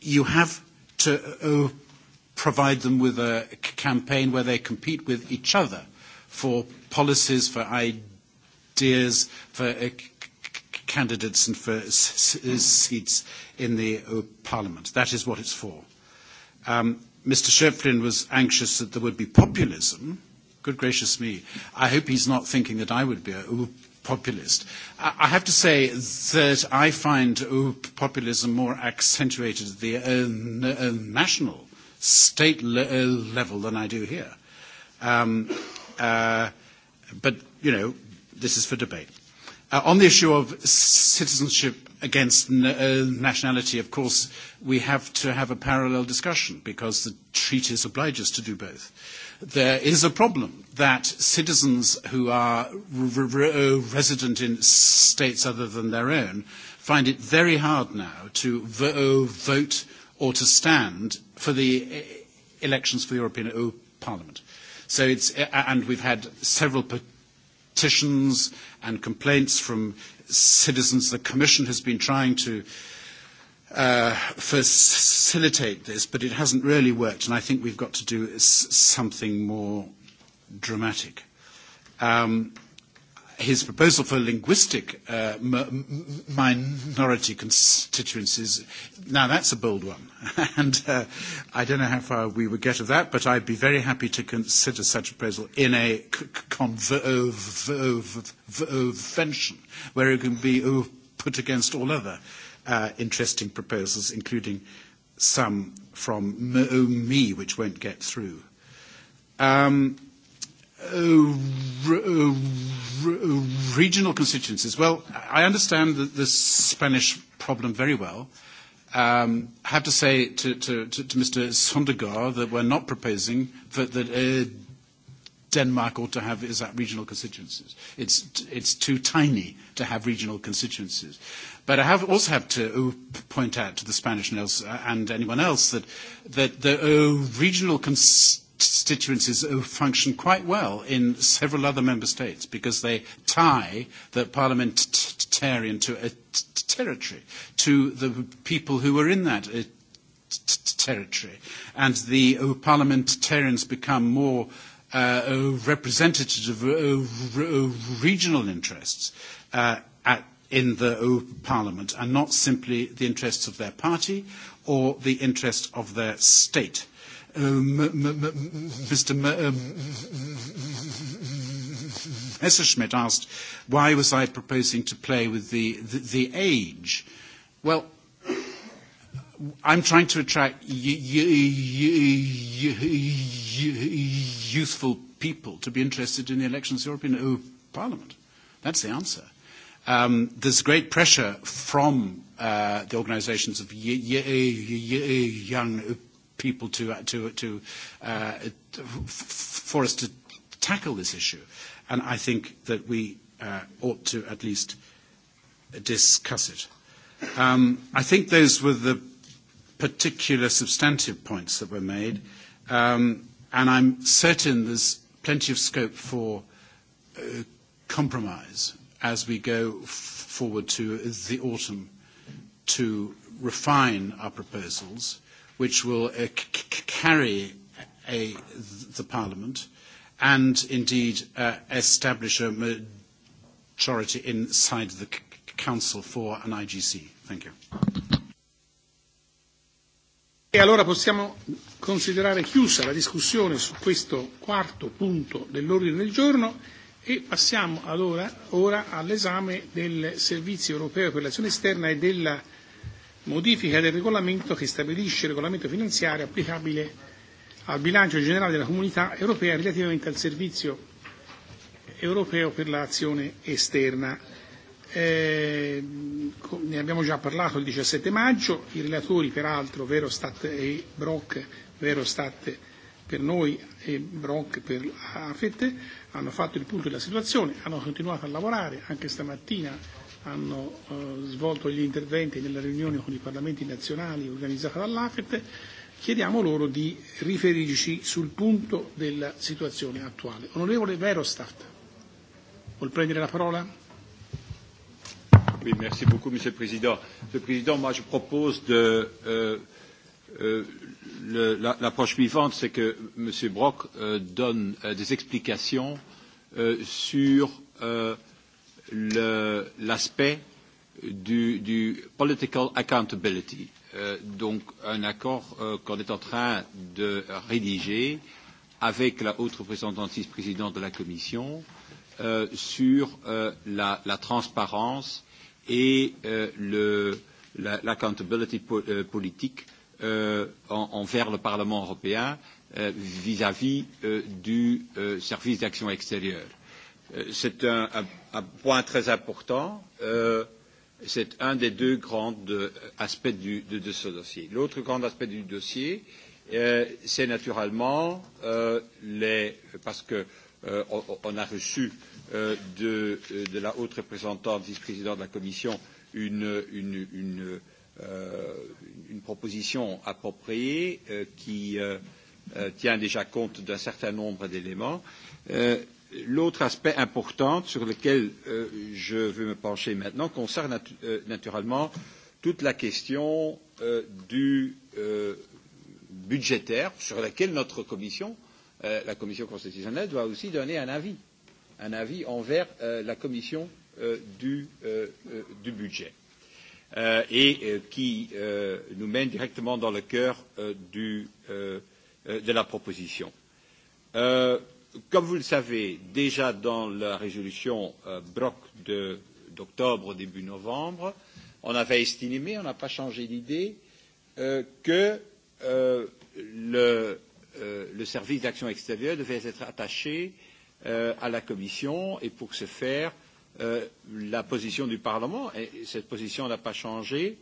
you have to uh, provide them with a campaign where they compete with each other for policies, for ideas, for uh, candidates and for s- s- seats in the uh, Parliament. That is what it's for. Um, Mr. Shevlin was anxious that there would be populism. Good gracious me. I hope he's not thinking that I would be a ooh, populist. I, I have to say that I find ooh, populism more accentuated at the uh, n- uh, national state le- uh, level than I do here. Um, uh, but, you know, this is for debate. Uh, on the issue of citizenship against n- uh, nationality, of course, we have to have a parallel discussion because the treaties oblige us to do both. There is a problem that citizens who are re- re- uh, resident in states other than their own find it very hard now to vo- uh, vote or to stand for the uh, elections for the European Parliament. So it's, and we've had several petitions and complaints from citizens. The Commission has been trying to uh, facilitate this, but it hasn't really worked, and I think we've got to do something more dramatic. Um, his proposal for linguistic uh, m- minority constituencies, now that's a bold one. and uh, I don't know how far we would get of that, but I'd be very happy to consider such a proposal in a c- convention where it can be oh, put against all other uh, interesting proposals, including some from me, which won't get through. Um, Uh, re, uh, re, uh, regional constituencies. Well, I understand the, the Spanish problem very well. Um, I have to say to, to, to, to Mr. Sondergaard that we're not proposing that, that uh, Denmark ought to have is that regional constituencies. It's, it's too tiny to have regional constituencies. But I have also have to uh, point out to the Spanish and, else, and anyone else that, that the uh, regional constituencies constituencies function quite well in several other member states because they tie the parliamentarian to a uh, territory, to the people who were in that uh, territory. And the uh, parliamentarians become more uh, representative of uh, regional interests uh, at, in the uh, parliament and not simply the interests of their party or the interests of their state um, Mr. Messerschmidt asked, why was I proposing to play with the, the, the age? Well, I'm trying to attract youthful people to be interested in the elections of the European oh, Parliament. That's the answer. Um, there's great pressure from uh, the organizations of young people to, uh, to, to, uh, for us to tackle this issue. And I think that we uh, ought to at least discuss it. Um, I think those were the particular substantive points that were made. Um, and I'm certain there's plenty of scope for uh, compromise as we go f- forward to the autumn to refine our proposals which will uh, c- c- carry a, the Parliament and indeed uh, establish a majority inside the c- Council for an IGC. Thank you. E allora possiamo considerare chiusa la discussione su questo quarto punto dell'ordine del giorno e passiamo allora, ora all'esame del Servizio europeo per l'azione esterna e della modifica del regolamento che stabilisce il regolamento finanziario applicabile al bilancio generale della comunità europea relativamente al servizio europeo per l'azione esterna. Eh, ne abbiamo già parlato il 17 maggio, i relatori peraltro Verostat e Brock, Verostat per noi e Brock per AFET, hanno fatto il punto della situazione, hanno continuato a lavorare anche stamattina hanno eh, svolto gli interventi nella riunione con i parlamenti nazionali organizzata dall'AFET, chiediamo loro di riferirci sul punto della situazione attuale. Onorevole Verostat, vuol prendere la parola? Oui, merci beaucoup, Monsieur le Président. Monsieur le Président, moi je propose de euh, euh, l'approche la, suivante, c'est que M. Brock euh, donne euh, des explications euh, sur euh, l'aspect du, du political accountability. Euh, donc un accord euh, qu'on est en train de rédiger avec la haute représentante vice-présidente de la Commission euh, sur euh, la, la transparence et euh, l'accountability la, po euh, politique euh, en, envers le Parlement européen euh, vis-à-vis euh, -vis, euh, du euh, service d'action extérieure. Euh, c'est un, un, un point très important. Euh, c'est un des deux grands de, aspects du, de, de ce dossier. L'autre grand aspect du dossier, euh, c'est naturellement euh, les, parce que euh, on, on a reçu euh, de, de la haute représentante, vice-présidente de la Commission, une, une, une, euh, une proposition appropriée euh, qui euh, euh, tient déjà compte d'un certain nombre d'éléments. Euh, L'autre aspect important sur lequel euh, je veux me pencher maintenant concerne natu euh, naturellement toute la question euh, du euh, budgétaire sur laquelle notre commission, euh, la commission constitutionnelle, doit aussi donner un avis, un avis envers euh, la commission euh, du, euh, euh, du budget euh, et euh, qui euh, nous mène directement dans le cœur euh, du, euh, euh de la proposition. Euh, Comme vous le savez, déjà dans la résolution euh, Brock d'octobre, début novembre, on avait estimé, on n'a pas changé d'idée, euh, que euh, le, euh, le service d'action extérieure devait être attaché euh, à la Commission et pour ce faire, euh, la position du Parlement, et cette position n'a pas changé,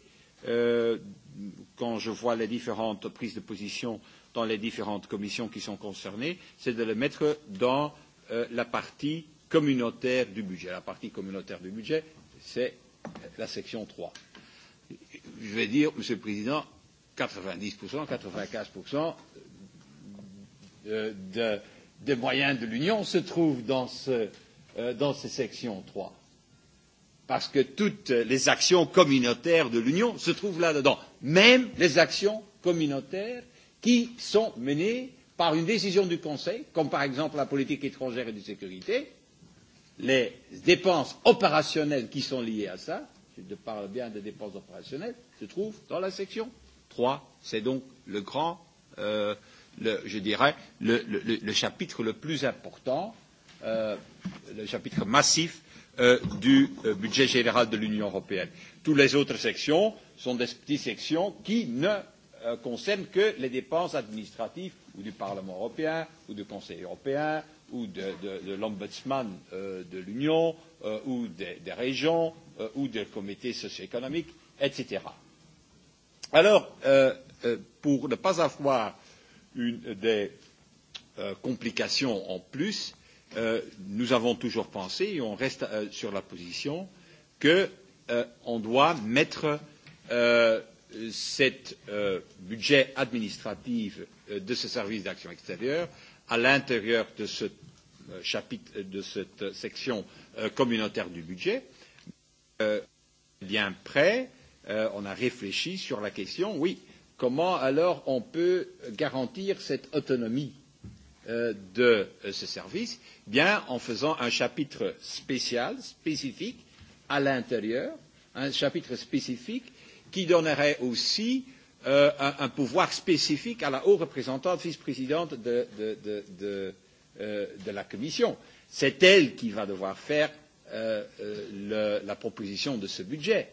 euh, quand je vois les différentes prises de position euh, dans les différentes commissions qui sont concernées, c'est de le mettre dans euh, la partie communautaire du budget. La partie communautaire du budget, c'est euh, la section 3. Je vais dire, Monsieur le Président, 90%, 95% de, de, des moyens de l'Union se trouvent dans, ce, euh, dans ces sections 3. Parce que toutes les actions communautaires de l'Union se trouvent là-dedans. Même les actions communautaires qui sont menées par une décision du Conseil, comme par exemple la politique étrangère et de sécurité, les dépenses opérationnelles qui sont liées à ça, je parle bien des dépenses opérationnelles, se trouvent dans la section 3. C'est donc le grand, euh, le, je dirais, le, le, le chapitre le plus important, euh, le chapitre massif euh, du euh, budget général de l'Union européenne. Toutes les autres sections sont des petites sections qui ne euh, concerne que les dépenses administratives ou du Parlement européen ou du Conseil européen ou de, de, de l'Ombudsman euh, de l'Union euh, ou des, des régions euh, ou des comités socio-économiques, etc. Alors, euh, euh, pour ne pas avoir une, des euh, complications en plus, euh, nous avons toujours pensé et on reste euh, sur la position que euh, on doit mettre euh, cet euh, budget administratif euh, de ce service d'action extérieure à l'intérieur de ce euh, chapitre, euh, de cette section euh, communautaire du budget. Euh, bien près, euh, on a réfléchi sur la question, oui, comment alors on peut garantir cette autonomie euh, de euh, ce service Bien en faisant un chapitre spécial, spécifique, à l'intérieur, un chapitre spécifique qui donnerait aussi euh, un, un pouvoir spécifique à la haute représentante vice-présidente de, de, de, de, euh, de la Commission. C'est elle qui va devoir faire euh, euh le, la proposition de ce budget,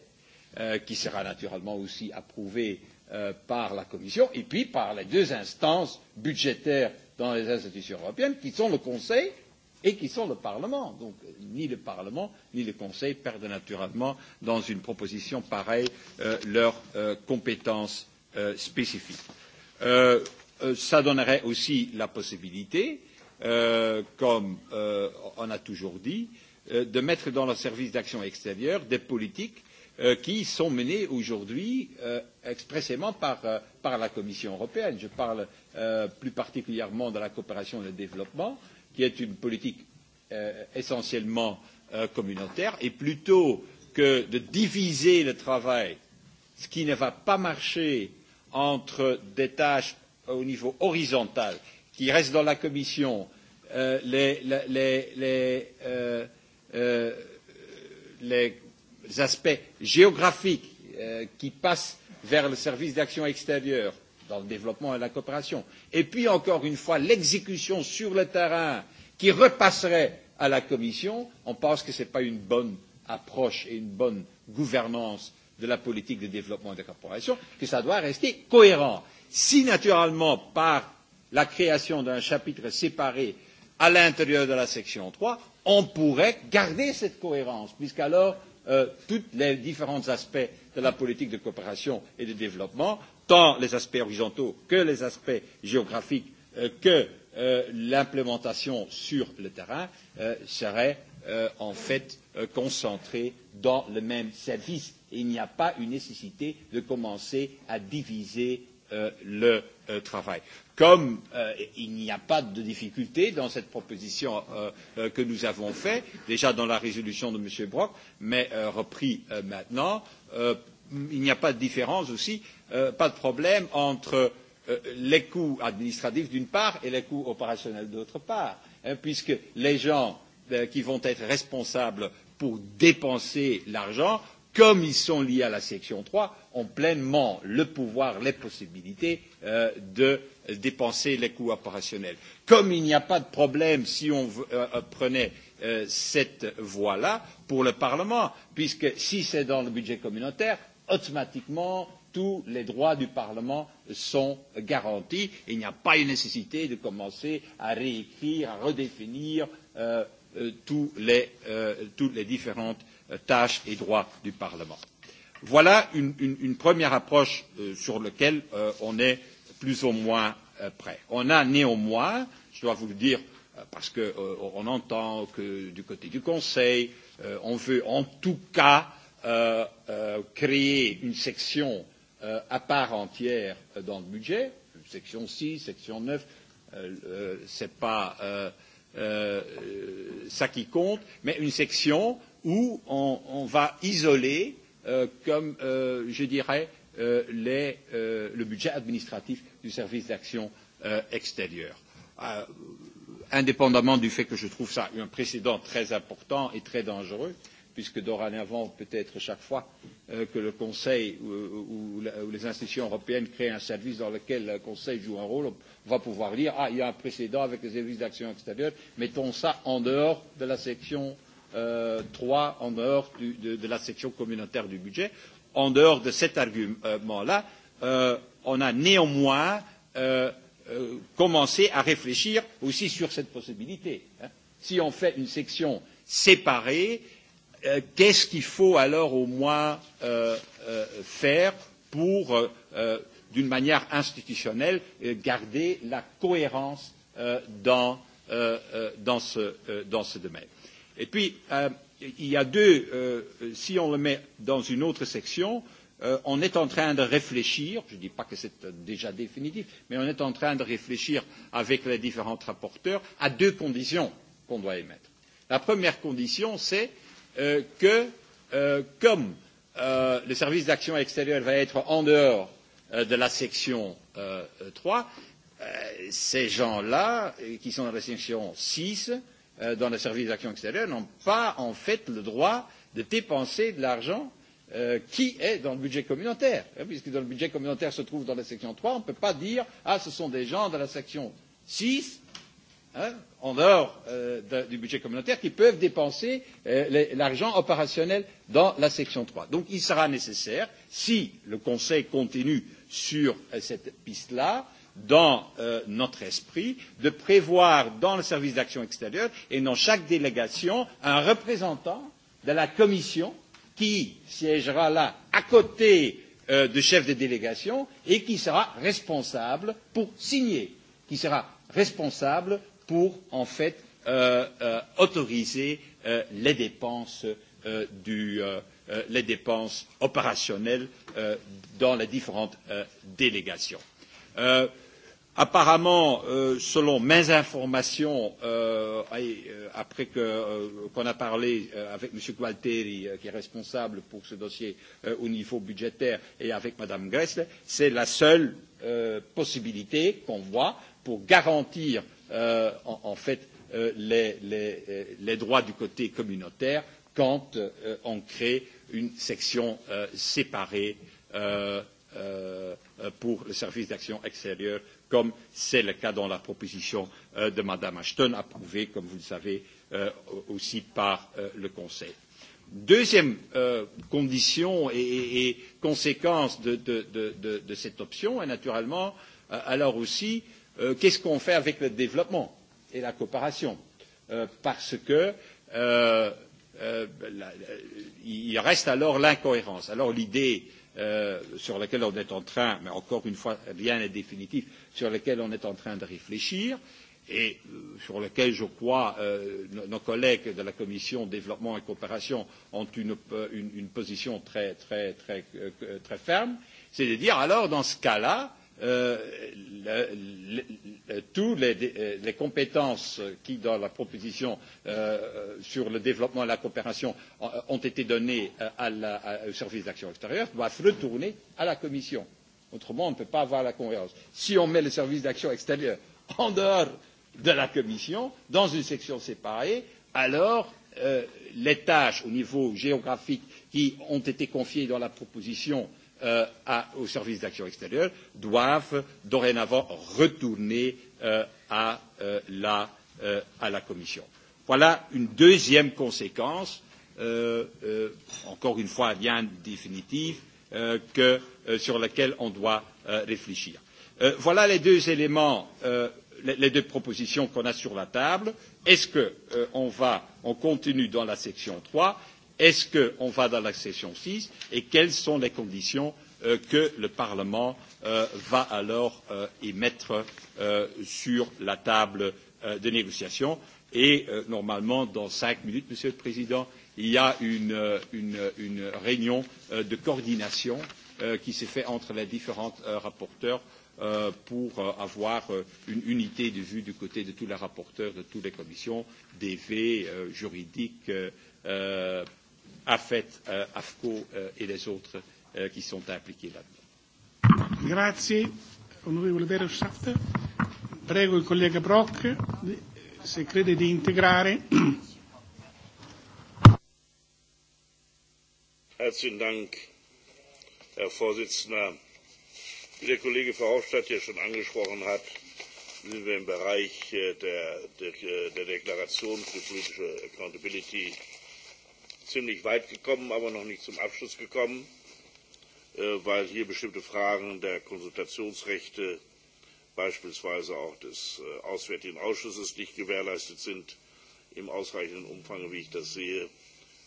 euh, qui sera naturellement aussi approuvé euh, par la Commission et puis par les deux instances budgétaires dans les institutions européennes, qui sont le Conseil et qui sont le Parlement. Donc euh, ni le Parlement ni le Conseil perdent naturellement dans une proposition pareille euh, leurs euh, compétences euh, spécifiques. Euh, euh, ça donnerait aussi la possibilité, euh, comme euh, on a toujours dit, euh, de mettre dans le service d'action extérieure des politiques euh, qui sont menées aujourd'hui euh, expressément par, euh, par la Commission européenne. Je parle euh, plus particulièrement de la coopération et le développement, euh, qui est une politique euh, essentiellement euh, communautaire, et plutôt que de diviser le travail, ce qui ne va pas marcher entre des tâches au niveau horizontal qui restent dans la Commission, euh, les, les, les, euh, euh, les aspects géographiques euh, qui passent vers le service d'action extérieure, dans le développement et la coopération. Et puis, encore une fois, l'exécution sur le terrain qui repasserait à la Commission, on pense que ce n'est pas une bonne approche et une bonne gouvernance de la politique de développement de la coopération, que ça doit rester cohérent. Si, naturellement, par la création d'un chapitre séparé à l'intérieur de la section 3, on pourrait garder cette cohérence, puisqu'alors euh, tous les différents aspects de la politique de coopération et de développement tant les aspects horizontaux que les aspects géographiques euh, que euh, l'implémentation sur le terrain euh, seraient euh, en fait euh, concentrées dans le même service. Et il n'y a pas une nécessité de commencer à diviser euh, le euh, travail. Comme euh, il n'y a pas de difficulté dans cette proposition euh, euh, que nous avons faite, déjà dans la résolution de M. Brock, mais euh, repris euh, maintenant, euh, il n'y a pas de différence aussi euh, pas de problème entre euh, les coûts administratifs d'une part et les coûts opérationnels d'autre part, hein, puisque les gens euh, qui vont être responsables pour dépenser l'argent, comme ils sont liés à la section 3, ont pleinement le pouvoir, les possibilités euh, de dépenser les coûts opérationnels. Comme il n'y a pas de problème si on euh, prenait euh, cette voie-là pour le Parlement, puisque si c'est dans le budget communautaire, automatiquement tous les droits du Parlement sont garantis et il n'y a pas une nécessité de commencer à réécrire, à redéfinir euh, euh, tous les, euh, toutes les différentes euh, tâches et droits du Parlement. Voilà une, une, une première approche euh, sur laquelle euh, on est plus ou moins euh, prêt. On a néanmoins, je dois vous le dire, euh, parce qu'on euh, entend que du côté du Conseil, euh, on veut en tout cas euh, euh, créer une section euh, euh, à part entière euh, dans le budget, section 6, section 9, euh, euh, c'est pas euh, euh, ça qui compte, mais une section où on, on va isoler, euh, comme euh, je dirais, euh, les, euh, le budget administratif du service d'action euh, extérieure. Euh, indépendamment du fait que je trouve ça un précédent très important et très dangereux, euh, puisque dorénavant, peut-être chaque fois euh, que le Conseil ou, ou, ou les institutions européennes créent un service dans lequel le Conseil joue un rôle, on va pouvoir dire Ah, il y a un précédent avec les services d'action extérieure, mettons ça en dehors de la section euh, 3, en dehors du, de, de la section communautaire du budget. En dehors de cet argument-là, euh, on a néanmoins euh, euh, commencé à réfléchir aussi sur cette possibilité. Hein. Si on fait une section séparée, euh, euh, qu'est-ce qu'il faut alors au moins euh, euh, faire pour, euh, euh d'une manière institutionnelle, euh, garder la cohérence euh, dans, euh, euh, dans, ce, euh, dans ce domaine Et puis, euh, il y a deux, euh, si on le met dans une autre section, euh, on est en train de réfléchir, je ne dis pas que c'est déjà définitif, mais on est en train de réfléchir avec les différents rapporteurs à deux conditions qu'on doit émettre. La première condition, c'est euh, euh, que euh, comme euh, le service d'action extérieure va être en dehors euh, de la section euh, 3, euh, ces gens-là, euh, qui sont dans la section 6, euh, dans le service d'action extérieure, n'ont pas en fait le droit de dépenser de l'argent euh, qui est dans le budget communautaire. Hein, puisque dans le budget communautaire se trouve dans la section 3, on ne peut pas dire Ah, ce sont des gens de la section 6 hein, en dehors euh, de, du budget communautaire qui peuvent dépenser euh, l'argent opérationnel dans la section. trois donc il sera nécessaire si le conseil continue sur euh, cette piste là dans euh, notre esprit de prévoir dans le service d'action extérieure et dans chaque délégation un représentant de la commission qui siégera là à côté euh, du chef de délégation et qui sera responsable pour signer qui sera responsable pour en fait euh, euh, autoriser euh, les dépenses euh, du euh, euh, les dépenses opérationnelles euh, dans les différentes euh, délégations. Euh, apparemment, euh, selon mes informations, euh, euh après euh, qu'on euh, qu a parlé euh, avec M. Gualteri, euh, qui est responsable pour ce dossier euh, au niveau budgétaire, et avec Mme Gressle, c'est la seule euh, possibilité qu'on voit pour garantir euh, euh, en, en fait euh, les, les, euh, les droits du côté communautaire quand euh, on crée une section euh, séparée euh, euh, pour le service d'action extérieure, comme c'est le cas dans la proposition euh, de Mme Ashton, approuvée, comme vous le savez, euh, aussi par euh, le Conseil. Deuxième euh, condition et, et, et conséquence de, de, de, de, de cette option est naturellement euh, alors aussi euh, euh, qu'est-ce qu'on fait avec le développement et la coopération euh, Parce que euh, euh, la, il reste alors l'incohérence. Alors l'idée euh, sur laquelle on est en train, mais encore une fois, rien n'est définitif, sur laquelle on est en train de réfléchir, et euh, sur lequel je crois euh, nos collègues de la commission développement et coopération ont une, une, une position très, très, très, euh, très ferme, c'est de dire alors dans ce cas là euh, le, le, toutes les, euh, les compétences qui, dans la proposition euh, euh sur le développement et la coopération, euh, ont été données à la, à, au service d'action extérieure doivent retourner à la Commission. Autrement, on ne peut pas avoir la cohérence. Si on met le service d'action extérieure en dehors de la Commission, dans une section séparée, alors euh, les tâches au niveau géographique qui ont été confiées dans la proposition euh, euh, à, au service d'action extérieure doivent dorénavant retourner euh, à, euh, la, euh, à la Commission. Voilà une deuxième conséquence, euh, euh, encore une fois rien de définitif, euh, que, euh, sur laquelle on doit euh, réfléchir. Euh, voilà les deux éléments, euh, les, les deux propositions qu'on a sur la table. Est-ce qu'on euh, on va, on continue dans la section 3 Est-ce qu'on va dans la section 6 et quelles sont les conditions euh, que le Parlement euh, va alors euh, émettre euh, sur la table euh, de négociation Et euh, normalement, dans cinq minutes, Monsieur le Président, il y a une, euh, une, une réunion euh, de coordination euh, qui s'est faite entre les différentes euh, rapporteurs euh, pour euh, avoir euh, une unité de vue du côté de tous les rapporteurs de toutes les commissions, DV, euh, juridique, euh, AFET, euh, AFCO euh, et les autres euh, qui sont impliqués là-dedans. Grazie, onorevole Verhofstadt. Prego il collega Brock se crede di integrare. Herzlichen Dank, Herr Vorsitzender. Wie der Kollege Verhofstadt ja er schon angesprochen hat, sind wir im Bereich äh, der, der, der Deklaration für politische Accountability äh, ziemlich weit gekommen, aber noch nicht zum Abschluss gekommen, äh, weil hier bestimmte Fragen der Konsultationsrechte beispielsweise auch des äh, Auswärtigen Ausschusses nicht gewährleistet sind im ausreichenden Umfang, wie ich das sehe, äh,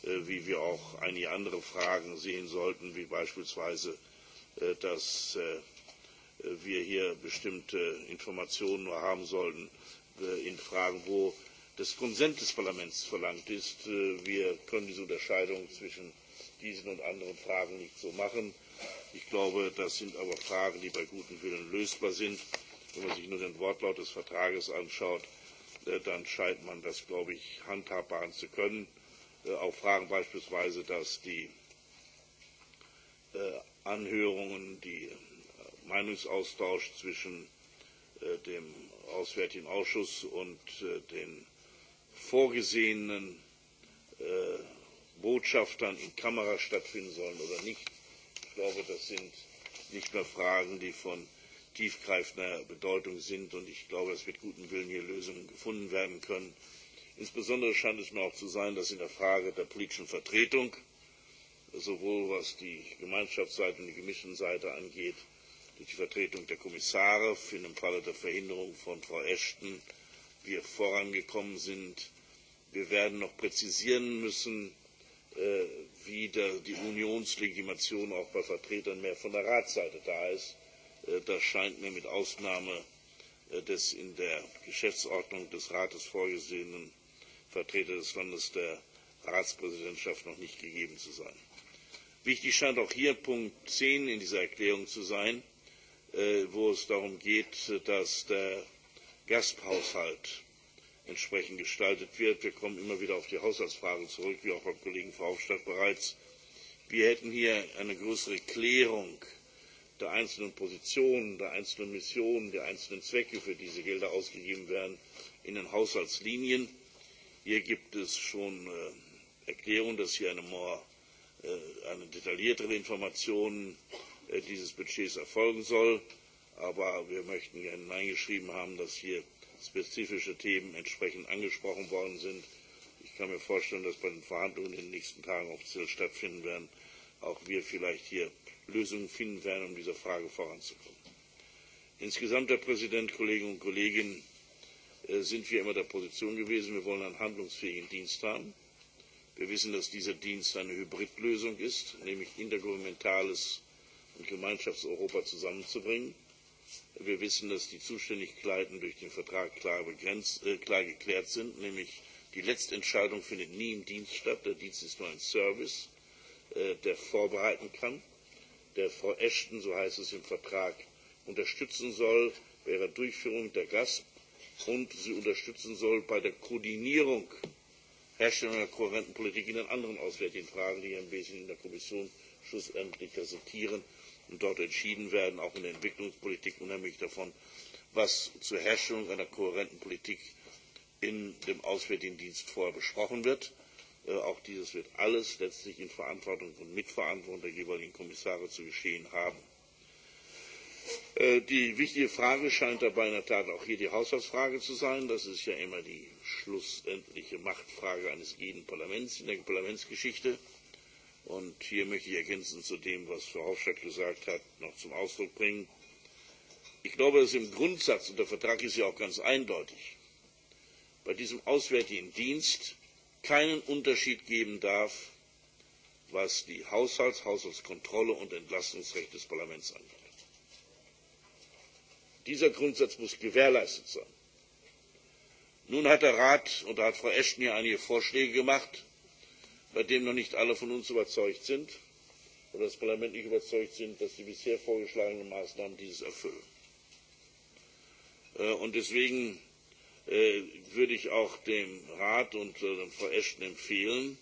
wie wir auch einige andere Fragen sehen sollten, wie beispielsweise, dass wir hier bestimmte Informationen nur haben sollten in Fragen, wo des Konsens des Parlaments verlangt ist. Äh, wir können diese Unterscheidung zwischen diesen und anderen Fragen nicht so machen. Ich glaube, das sind aber Fragen, die bei gutem Willen lösbar sind. Wenn man sich nur den Wortlaut des Vertrages anschaut, äh, dann scheint man das, glaube ich, handhabbar zu können. Äh, auch Fragen beispielsweise, dass die Anhörungen, die Meinungsaustausch zwischen dem Auswärtigen Ausschuss und den vorgesehenen äh, Botschaftern in Kamera stattfinden sollen oder nicht. Ich glaube, das sind nicht mehr Fragen, die von tiefgreifender Bedeutung sind. Und ich glaube, dass mit gutem Willen hier Lösungen gefunden werden können. Insbesondere scheint es mir auch zu sein, dass in der Frage der politischen Vertretung, sowohl was die Gemeinschaftsseite und die gemischten Seite angeht, durch die Vertretung der Kommissare für den Falle der Verhinderung von Frau Ashton wir vorangekommen sind Wir werden noch präzisieren müssen, äh, wie der, die Unionslegitimation auch bei Vertretern mehr von der Ratsseite da ist. Äh, das scheint mir mit Ausnahme äh, des in der Geschäftsordnung des Rates vorgesehenen Vertreter des Landes der Ratspräsidentschaft noch nicht gegeben zu sein. Wichtig scheint auch hier Punkt 10 in dieser Erklärung zu sein, äh, wo es darum geht, dass der Gasthaushalt entsprechend gestaltet wird. Wir kommen immer wieder auf die Haushaltsfragen zurück, wie auch beim Kollegen Verhofstadt bereits. Wir hätten hier eine größere Klärung der einzelnen Positionen, der einzelnen Missionen, der einzelnen Zwecke, für die diese Gelder ausgegeben werden, in den Haushaltslinien. Hier gibt es schon äh, Erklärungen, dass hier eine, more, äh, eine detailliertere Information äh, dieses Budgets erfolgen soll. Aber wir möchten gerne hineingeschrieben haben, dass hier spezifische Themen entsprechend angesprochen worden sind. Ich kann mir vorstellen, dass bei den Verhandlungen in den nächsten Tagen auch Ziel stattfinden werden, auch wir vielleicht hier Lösungen finden werden, um dieser Frage voranzukommen. Insgesamt, Herr Präsident, Kolleginnen und Kollegen, äh, sind wir immer der Position gewesen, wir wollen einen handlungsfähigen Dienst haben. Wir wissen, dass dieser Dienst eine Hybridlösung ist, nämlich intergouvernementales und Gemeinschaftseuropa zusammenzubringen. Wir wissen, dass die Zuständigkeiten durch den Vertrag klar, begrenzt, äh, klar geklärt sind, nämlich die Letztentscheidung findet nie im Dienst statt. Der Dienst ist nur ein Service, äh, der vorbereiten kann, der Frau Ashton, so heißt es im Vertrag, unterstützen soll bei ihrer Durchführung der GASP und sie unterstützen soll bei der Koordinierung Herstellung einer kohärenten Politik in den anderen auswärtigen Fragen, die ja im Wesentlichen in der Kommission schlussendlich resultieren und dort entschieden werden, auch in der Entwicklungspolitik, unabhängig davon, was zur Herstellung einer kohärenten Politik in dem Auswärtigen Dienst vorher besprochen wird. Äh, auch dieses wird alles letztlich in Verantwortung und Mitverantwortung der jeweiligen Kommissare zu geschehen haben. Äh, die wichtige Frage scheint dabei in der Tat auch hier die Haushaltsfrage zu sein. Das ist ja immer die schlussendliche Machtfrage eines jeden Parlaments in der Parlamentsgeschichte. Und hier möchte ich ergänzend zu dem, was Frau Hofstadt gesagt hat, noch zum Ausdruck bringen. Ich glaube, dass im Grundsatz, und der Vertrag ist ja auch ganz eindeutig, bei diesem Auswärtigen Dienst keinen Unterschied geben darf, was die Haushalts-, Haushaltskontrolle und Entlastungsrecht des Parlaments angeht. Dieser Grundsatz muss gewährleistet sein. Nun hat der Rat, und da hat Frau Ashton ja einige Vorschläge gemacht, bei dem noch nicht alle von uns überzeugt sind oder das Parlament nicht überzeugt sind, dass die bisher vorgeschlagenen Maßnahmen dieses erfüllen. Äh, und deswegen äh, würde ich auch dem Rat und äh, Frau Ashton empfehlen,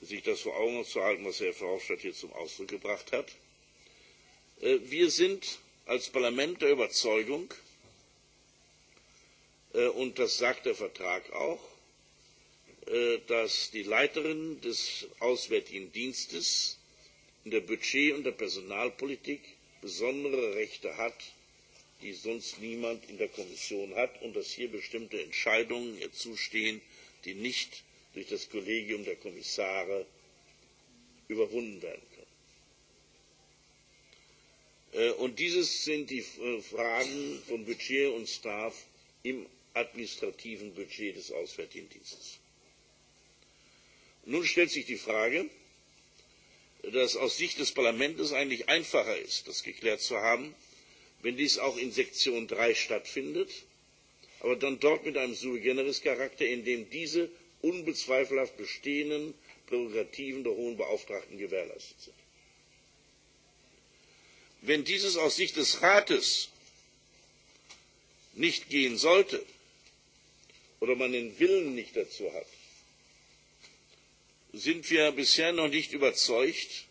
sich das vor Augen zu halten, was Herr Verhofstadt hier zum Ausdruck gebracht hat. Äh, wir sind als Parlament der Überzeugung, äh, und das sagt der Vertrag auch, Äh, dass die Leiterin des Auswärtigen Dienstes in der Budget- und der Personalpolitik besondere Rechte hat, die sonst niemand in der Kommission hat und dass hier bestimmte Entscheidungen ihr zustehen, die nicht durch das Kollegium der Kommissare überwunden werden können. Äh, und dieses sind die äh, Fragen von Budget und Staff im administrativen Budget des Auswärtigen Dienstes. Nun stellt sich die Frage, dass aus Sicht des Parlaments eigentlich einfacher ist, das geklärt zu haben, wenn dies auch in Sektion 3 stattfindet, aber dann dort mit einem sui generis Charakter, in dem diese unbezweifelhaft bestehenden Prärogativen der hohen Beauftragten gewährleistet sind. Wenn dieses aus Sicht des Rates nicht gehen sollte oder man den Willen nicht dazu hat, sind wir bisher noch nicht überzeugt,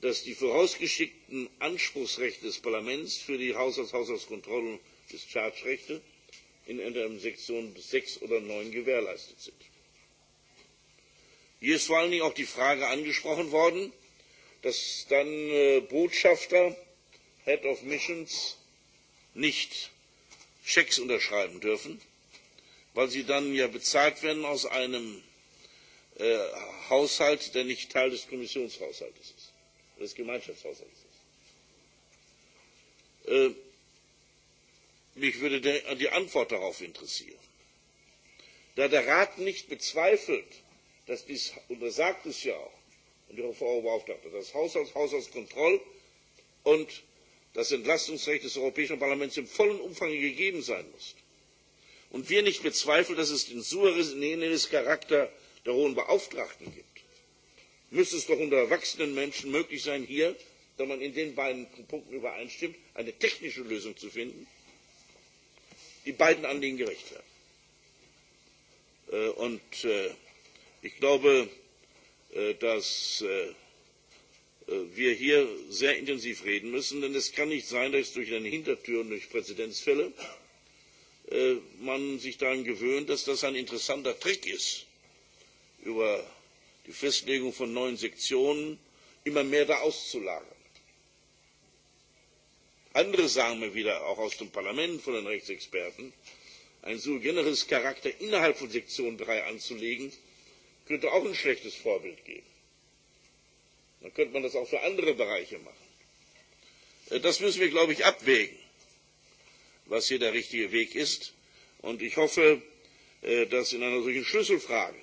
dass die vorausgeschickten Anspruchsrechte des Parlaments für die Haushalts, Haushaltskontrolle und Dischargerechte in entweder Sektion 6 oder 9 gewährleistet sind. Hier ist vor allen Dingen auch die Frage angesprochen worden, dass dann äh, Botschafter, Head of Missions, nicht Schecks unterschreiben dürfen, weil sie dann ja bezahlt werden aus einem äh, Haushalt, der nicht Teil des Kommissionshaushaltes ist, des Gemeinschaftshaushaltes ist. Äh, mich würde der, die Antwort darauf interessieren. Da der Rat nicht bezweifelt, dass dies, und er sagt es ja auch, und ihre Frau Beauftragte, das Haushalts, Haushaltskontroll und das Entlastungsrecht des Europäischen Parlaments im vollen Umfang gegeben sein muss. Und wir nicht bezweifeln, dass es den souveränen Charakter der hohen Beauftragten gibt, müsste es doch unter erwachsenen Menschen möglich sein, hier, da man in den beiden Punkten übereinstimmt, eine technische Lösung zu finden, die beiden Anliegen gerecht werden. Äh, und äh, ich glaube, äh, dass wir hier sehr intensiv reden müssen, denn es kann nicht sein, dass durch eine Hintertür und durch Präzedenzfälle man sich daran gewöhnt, dass das ein interessanter Trick ist, über die Festlegung von neuen Sektionen immer mehr da auszulagern. Andere sagen mir wieder, auch aus dem Parlament von den Rechtsexperten, ein sui generis Charakter innerhalb von Sektion 3 anzulegen, könnte auch ein schlechtes Vorbild geben. Dann könnte man das auch für andere Bereiche machen. Äh, das müssen wir, glaube ich, abwägen, was hier der richtige Weg ist. Und ich hoffe, äh, dass in einer solchen Schlüsselfrage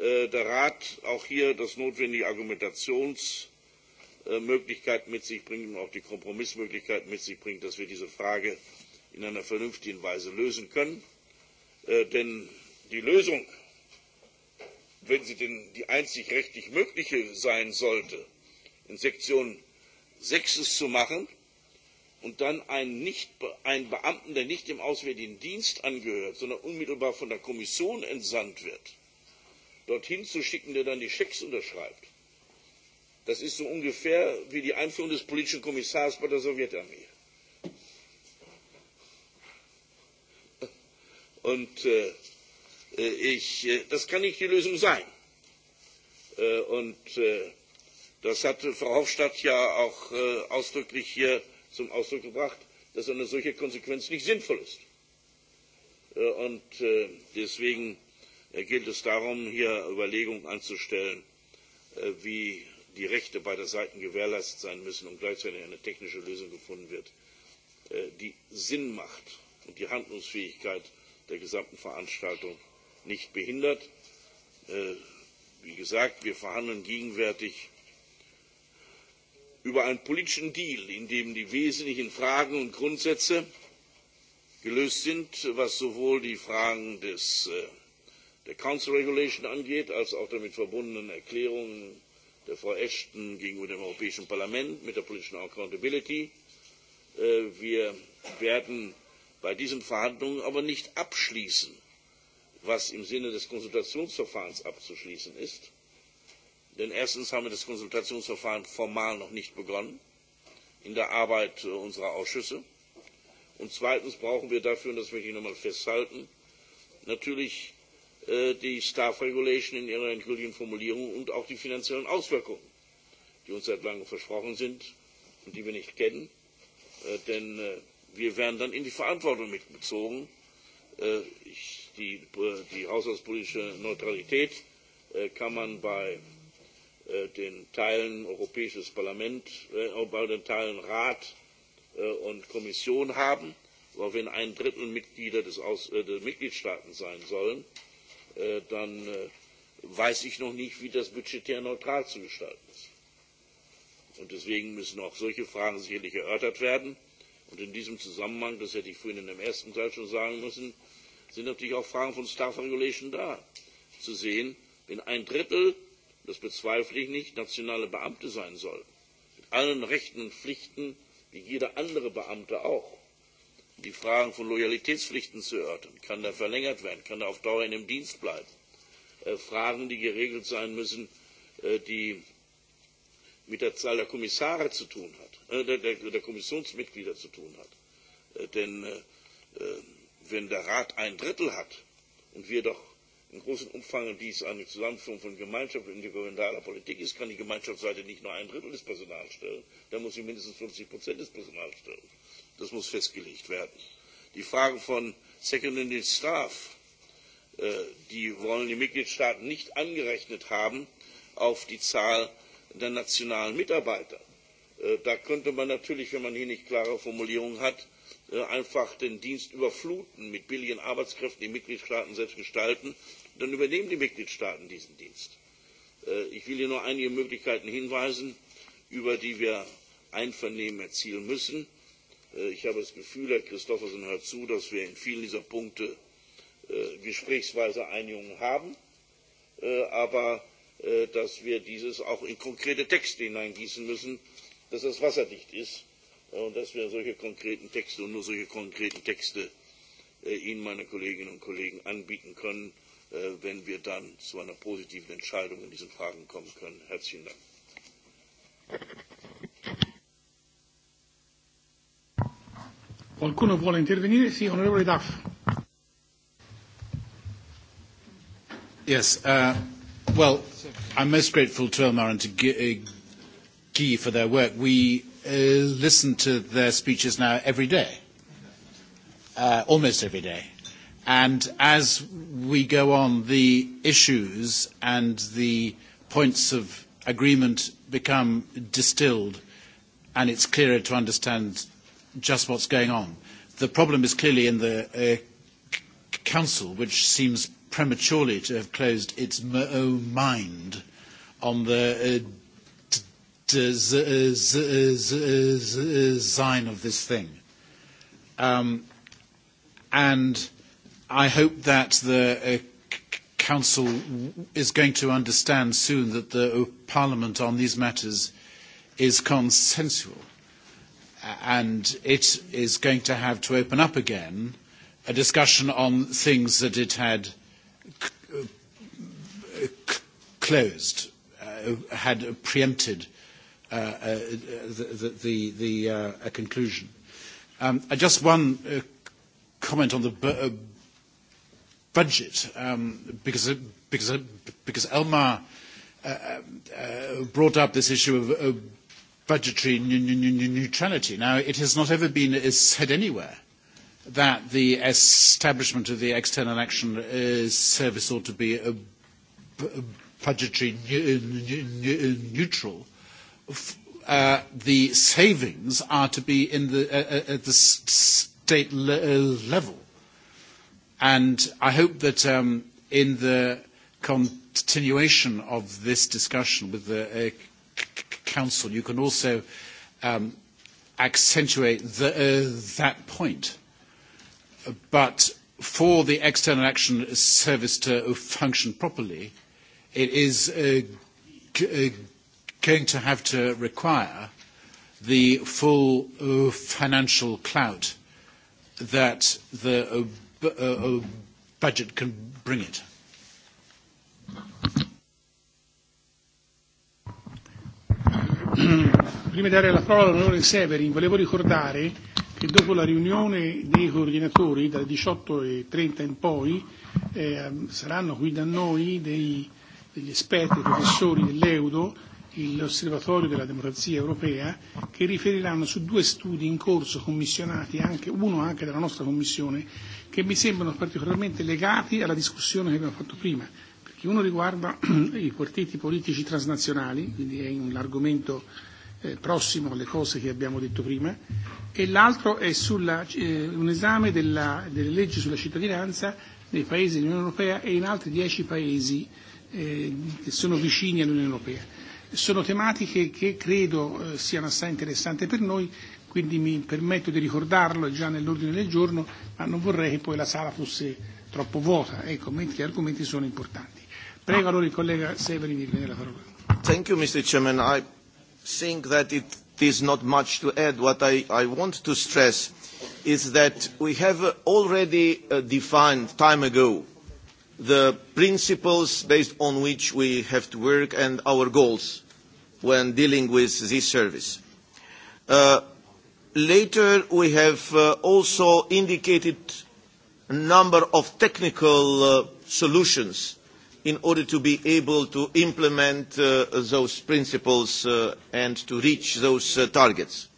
Äh, der Rat auch hier das notwendige Argumentationsmöglichkeiten mit sich bringt und auch die Kompromissmöglichkeiten mit sich bringt, dass wir diese Frage in einer vernünftigen Weise lösen können. Äh, denn die Lösung, wenn sie denn die einzig rechtlich mögliche sein sollte, in Sektion 6 zu machen und dann einen, nicht, einen Beamten, der nicht dem Auswärtigen Dienst angehört, sondern unmittelbar von der Kommission entsandt wird, dorthin zu schicken, der dann die Schecks unterschreibt, das ist so ungefähr wie die Einführung des politischen Kommissars bei der Sowjetarmee. Und äh, äh, ich, äh, das kann nicht die Lösung sein. Äh, und äh, das hat Frau Hofstadt ja auch äh, ausdrücklich hier zum Ausdruck gebracht, dass eine solche Konsequenz nicht sinnvoll ist. Äh, und äh, deswegen Äh, gilt es darum, hier Überlegungen anzustellen, äh, wie die Rechte beider Seiten gewährleistet sein müssen und um gleichzeitig eine technische Lösung gefunden wird, äh, die Sinn macht und die Handlungsfähigkeit der gesamten Veranstaltung nicht behindert. Wie gesagt, wir verhandeln gegenwärtig über einen politischen Deal, in dem die wesentlichen Fragen und Grundsätze gelöst sind, was sowohl die Fragen des äh, der Council Regulation angeht, als auch damit verbundenen Erklärungen der Frau Ashton gegenüber dem Europäischen Parlament mit der politischen Accountability. Äh, wir werden bei diesen Verhandlungen aber nicht abschließen, was im Sinne des Konsultationsverfahrens abzuschließen ist. Denn erstens haben wir das Konsultationsverfahren formal noch nicht begonnen in der Arbeit unserer Ausschüsse. Und zweitens brauchen wir dafür, und das möchte ich nochmal festhalten, natürlich Äh, die Staff Regulation in ihrer endgültigen Formulierung und auch die finanziellen Auswirkungen, die uns seit langem versprochen sind und die wir nicht kennen. Äh, denn äh, wir werden dann in die Verantwortung mitbezogen. Äh, ich, die, äh, die haushaltspolitische Neutralität äh, kann man bei äh, den Teilen Europäisches Parlament, äh, bei den Teilen Rat äh, und Kommission haben, aber wenn ein Drittel Mitglieder des Aus, äh, der Mitgliedstaaten sein sollen, äh, äh, dann äh, weiß ich noch nicht, wie das budgetär neutral zu gestalten ist. Und deswegen müssen auch solche Fragen sicherlich erörtert werden. Und in diesem Zusammenhang, das hätte ich vorhin in dem ersten Teil schon sagen müssen, sind natürlich auch Fragen von Staff Regulation da. Zu sehen, wenn ein Drittel, das bezweifle ich nicht, nationale Beamte sein sollen, mit allen Rechten und Pflichten, wie jeder andere Beamte auch, die Fragen von Loyalitätspflichten zu erörtern. Kann er verlängert werden? Kann er auf Dauer in dem Dienst bleiben? Äh, Fragen, die geregelt sein müssen, äh, die mit der Zahl der Kommissare zu tun hat, äh, der, der, der Kommissionsmitglieder zu tun hat. Äh, denn äh, äh wenn der Rat ein Drittel hat und wir doch in großem Umfang dies eine Zusammenführung von Gemeinschaft und intergouvernementaler Politik ist, kann die Gemeinschaftsseite nicht nur ein Drittel des Personals stellen, da muss sie mindestens 50 Prozent des Personals stellen. Das muss festgelegt werden. Die Frage von Secondary Staff, äh, die wollen die Mitgliedstaaten nicht angerechnet haben auf die Zahl der nationalen Mitarbeiter. Äh, da könnte man natürlich, wenn man hier nicht klare Formulierungen hat, äh, einfach den Dienst überfluten mit billigen Arbeitskräften, die Mitgliedstaaten selbst gestalten. Dann übernehmen die Mitgliedstaaten diesen Dienst. Ich will hier nur einige Möglichkeiten hinweisen, über die wir Einvernehmen erzielen müssen. Äh, ich habe das Gefühl, Herr Christoffersen hört zu, dass wir in vielen dieser Punkte äh, gesprächsweise Einigungen haben, äh, aber dass wir dieses auch in konkrete Texte hineingießen müssen, dass das wasserdicht ist und dass wir solche konkreten Texte und nur solche konkreten Texte Ihnen, meine Kolleginnen und Kollegen, anbieten können, wenn wir dann zu einer positiven Entscheidung in diesen Fragen kommen können. Herzlichen Dank. Qualcuno vuole intervenire? Sì, onorevole Duff. Yes. Uh, well, I'm most grateful to Elmar and to Guy, uh, Guy for their work. We uh, listen to their speeches now every day, uh, almost every day. And as we go on, the issues and the points of agreement become distilled, and it's clearer to understand just what's going on. The problem is clearly in the uh, Council, which seems prematurely to have closed its m- mind on the uh, design of this thing. Um, and I hope that the uh, Council is going to understand soon that the uh, Parliament on these matters is consensual and it is going to have to open up again a discussion on things that it had c- c- closed, uh, had preempted uh, uh, the, the, the uh, a conclusion. Um, uh, just one uh, comment on the bu- uh, budget, um, because, uh, because, uh, because Elmar uh, uh, brought up this issue of uh, budgetary neutrality. Now, it has not ever been uh, said anywhere that the establishment of the External Action uh, Service ought to be a, uh, a uh, budgetary neutral. Uh, the savings are to be in the, uh, at the state le- level. And I hope that um, in the continuation of this discussion with the uh, Council, you can also um, accentuate the, uh, that point. But for the External Action Service to function properly, it is uh, g- uh, going to have to require the full uh, financial clout that the uh, b- uh, budget can bring it. Prima di dare la parola all'onorevole Severin, volevo ricordare che dopo la riunione dei coordinatori dalle 18.30 e in poi eh, saranno qui da noi dei, degli esperti, dei professori dell'Eudo, l'Osservatorio della Democrazia Europea, che riferiranno su due studi in corso commissionati, anche, uno anche dalla nostra Commissione, che mi sembrano particolarmente legati alla discussione che abbiamo fatto prima Uno riguarda i partiti politici transnazionali, quindi è un argomento eh, prossimo alle cose che abbiamo detto prima, e l'altro è sulla, eh, un esame della, delle leggi sulla cittadinanza nei paesi dell'Unione Europea e in altri dieci paesi eh, che sono vicini all'Unione Europea. Sono tematiche che credo eh, siano assai interessanti per noi, quindi mi permetto di ricordarlo già nell'ordine del giorno, ma non vorrei che poi la sala fosse troppo vuota, ecco, mentre gli argomenti sono importanti. Prego allora il collega Severin di prendere la parola. Thank you, Mr. Chairman. I think that it is not much to add. What I, I want to stress is that we have already uh, defined time ago the principles based on which we have to work and our goals when dealing with this service. Uh, later, we have uh, also indicated a number of technical uh, solutions in order to be able to implement uh, those principles uh, and to reach those uh, targets.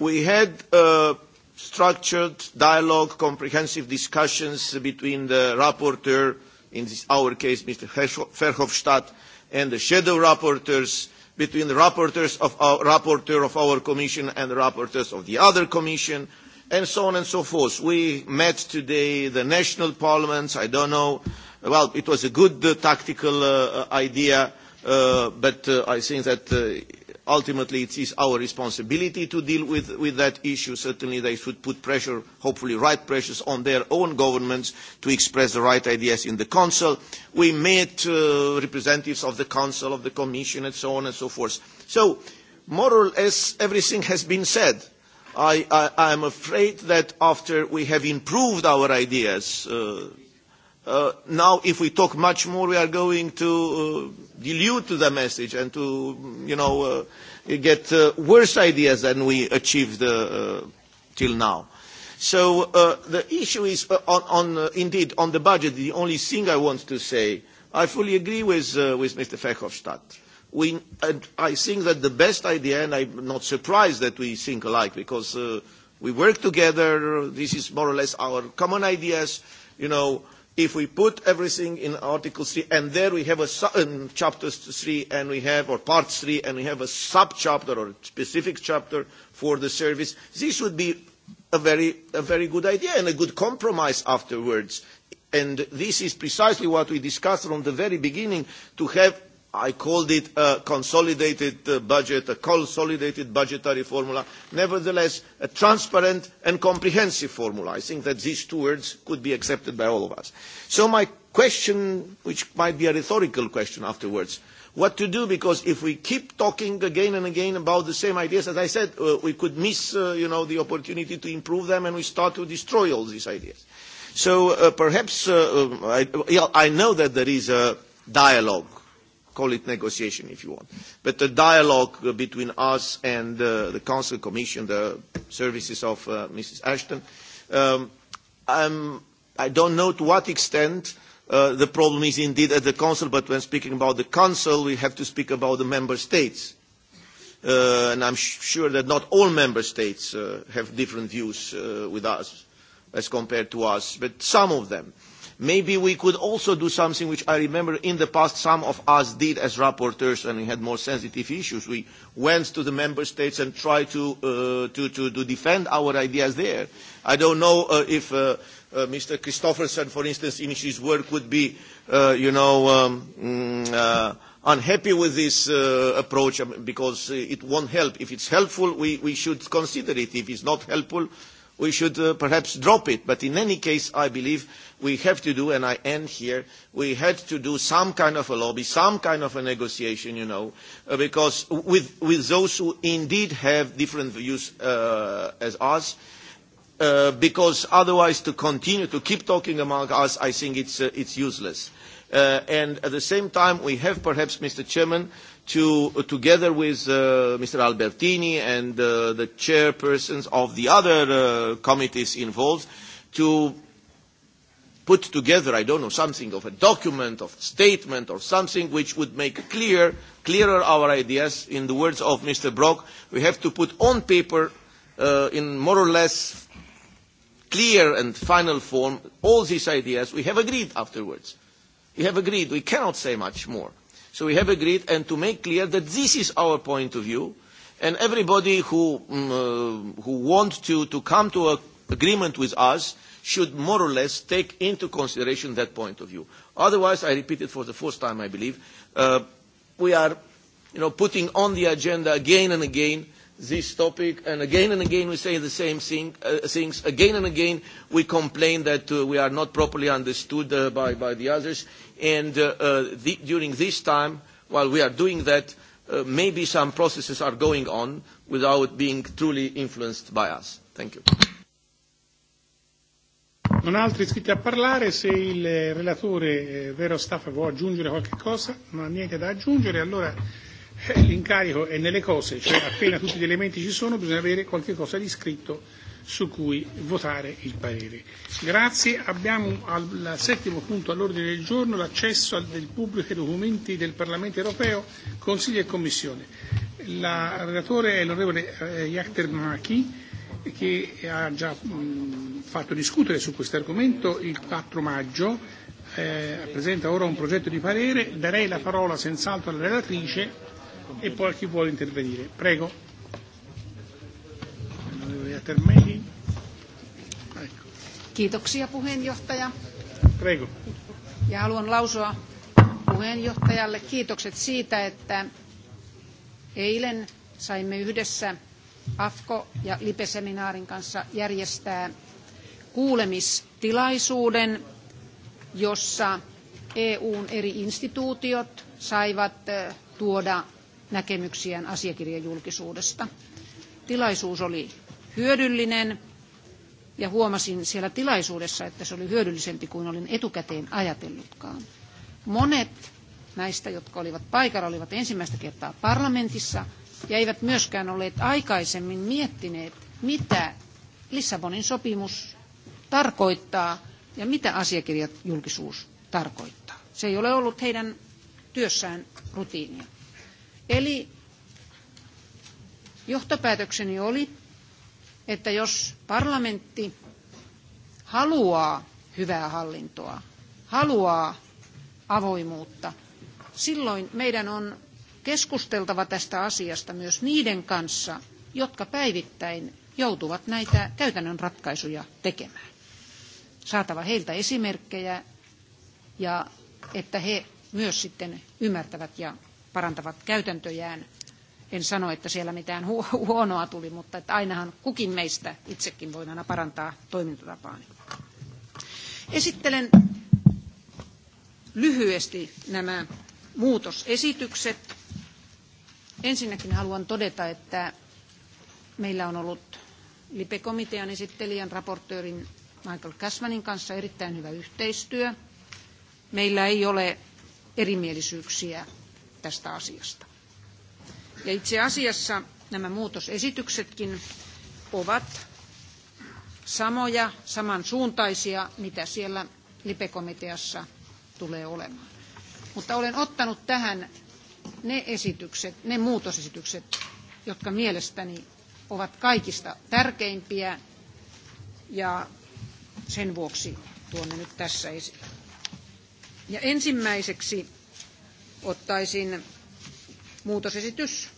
We had uh, structured dialogue, comprehensive discussions between the rapporteur, in this, our case Mr. Verhofstadt, and the shadow rapporteurs, between the rapporteurs of our, rapporteur of our commission and the rapporteurs of the other commission, and so on and so forth. We met today the national parliaments, I don't know, uh, well, it was a good uh, tactical uh, idea, uh, but uh, I think that uh, ultimately it is our responsibility to deal with, with that issue. Certainly they should put pressure, hopefully right pressures, on their own governments to express the right ideas in the Council. We met uh, representatives of the Council, of the Commission, and so on and so forth. So, more or less, everything has been said. I, I, I'm afraid that after we have improved our ideas, uh, Uh, now, if we talk much more, we are going to uh, dilute the message and to, you know, uh, get uh, worse ideas than we achieved uh, uh, till now. So uh, the issue is uh, on, on uh, indeed on the budget. The only thing I want to say, I fully agree with uh, with Mr. Verhofstadt. We, and I think that the best idea, and I'm not surprised that we think alike because uh, we work together. This is more or less our common ideas. You know if we put everything in Article 3, and there we have a um, chapter 3, and we have, or part 3, and we have a sub-chapter or a specific chapter for the service, this would be a very, a very good idea and a good compromise afterwards. And this is precisely what we discussed from the very beginning, to have I called it a consolidated uh, budget, a consolidated budgetary formula, nevertheless a transparent and comprehensive formula. I think that these two words could be accepted by all of us. So my question, which might be a rhetorical question afterwards, what to do because if we keep talking again and again about the same ideas, as I said, uh, we could miss uh, you know, the opportunity to improve them and we start to destroy all these ideas. So uh, perhaps uh, um, I, I know that there is a dialogue call it negotiation if you want, but a dialogue between us and uh, the Council Commission, the services of uh, Mrs. Ashton. Um, I'm, I don't know to what extent uh, the problem is indeed at the Council, but when speaking about the Council, we have to speak about the Member States. Uh, and I'm sh- sure that not all Member States uh, have different views uh, with us as compared to us, but some of them. Maybe we could also do something which I remember in the past some of us did as rapporteurs and we had more sensitive issues. We went to the member states and tried to, uh, to, to, to defend our ideas there. I don't know uh, if uh, uh, Mr. Christofferson, for instance, in his work would be, uh, you know, um, mm, uh, unhappy with this uh, approach um, because it won't help. If it's helpful, we, we should consider it. If it's not helpful, we should uh, perhaps drop it. But in any case, I believe we have to do, and I end here, we had to do some kind of a lobby, some kind of a negotiation, you know, uh, because with, with those who indeed have different views uh, as us, uh, because otherwise to continue to keep talking among us, I think it's, uh, it's useless. Uh, and at the same time, we have perhaps, Mr. Chairman, uh, to, uh, together with uh, Mr. Albertini and uh, the chairpersons of the other uh, committees involved, to put together, I don't know, something of a document, of a statement or something which would make clear, clearer our ideas. In the words of Mr. Brock, we have to put on paper uh, in more or less clear and final form all these ideas we have agreed afterwards. We have agreed. We cannot say much more. So we have agreed and to make clear that this is our point of view and everybody who, um, uh, who wants to, to come to an agreement with us should more or less take into consideration that point of view. Otherwise, I repeat it for the fourth time, I believe, uh, we are you know, putting on the agenda again and again this topic, and again and again we say the same thing, uh, things. Again and again we complain that uh, we are not properly understood uh, by, by the others. And uh, uh, the, during this time, while we are doing that, uh, maybe some processes are going on without being truly influenced by us. Thank you. Non ha altri iscritti a parlare, se il eh, relatore eh, Vero Staffa vuole aggiungere qualche cosa, non ha niente da aggiungere, allora eh, l'incarico è nelle cose, cioè appena tutti gli elementi ci sono bisogna avere qualche cosa di scritto su cui votare il parere. Grazie. Abbiamo al settimo punto all'ordine del giorno l'accesso del pubblico ai documenti del Parlamento europeo, Consiglio e Commissione. La relatore è l'onorevole Yakter eh, Maki che ha già mh, fatto discutere su questo argomento il 4 maggio, eh, presenta ora un progetto di parere, darei la parola senz'altro alla relatrice e poi a chi vuole intervenire. Prego. Jätermäki. Ecco. Kiitoksia puheenjohtaja. Prego. Ja haluan lausua puheenjohtajalle kiitokset siitä, että eilen saimme yhdessä AFKO- ja LIPE-seminaarin kanssa järjestää kuulemistilaisuuden, jossa EUn eri instituutiot saivat tuoda näkemyksiään asiakirjajulkisuudesta. Tilaisuus oli hyödyllinen. Ja huomasin siellä tilaisuudessa, että se oli hyödyllisempi kuin olin etukäteen ajatellutkaan. Monet näistä, jotka olivat paikalla, olivat ensimmäistä kertaa parlamentissa ja eivät myöskään olleet aikaisemmin miettineet, mitä Lissabonin sopimus tarkoittaa ja mitä asiakirjat julkisuus tarkoittaa. Se ei ole ollut heidän työssään rutiinia. Eli johtopäätökseni oli, että jos parlamentti haluaa hyvää hallintoa, haluaa avoimuutta, silloin meidän on keskusteltava tästä asiasta myös niiden kanssa, jotka päivittäin joutuvat näitä käytännön ratkaisuja tekemään. Saatava heiltä esimerkkejä ja että he myös sitten ymmärtävät ja parantavat käytäntöjään en sano, että siellä mitään hu- huonoa tuli, mutta että ainahan kukin meistä itsekin voi aina parantaa toimintatapaani. Esittelen lyhyesti nämä muutosesitykset. Ensinnäkin haluan todeta, että meillä on ollut LIPE-komitean esittelijän raportöörin Michael Cashmanin kanssa erittäin hyvä yhteistyö. Meillä ei ole erimielisyyksiä tästä asiasta. Ja itse asiassa nämä muutosesityksetkin ovat samoja, samansuuntaisia, mitä siellä LIPE-komiteassa tulee olemaan. Mutta olen ottanut tähän ne esitykset, ne muutosesitykset, jotka mielestäni ovat kaikista tärkeimpiä ja sen vuoksi tuonne nyt tässä esille. Ja ensimmäiseksi ottaisin muutosesitys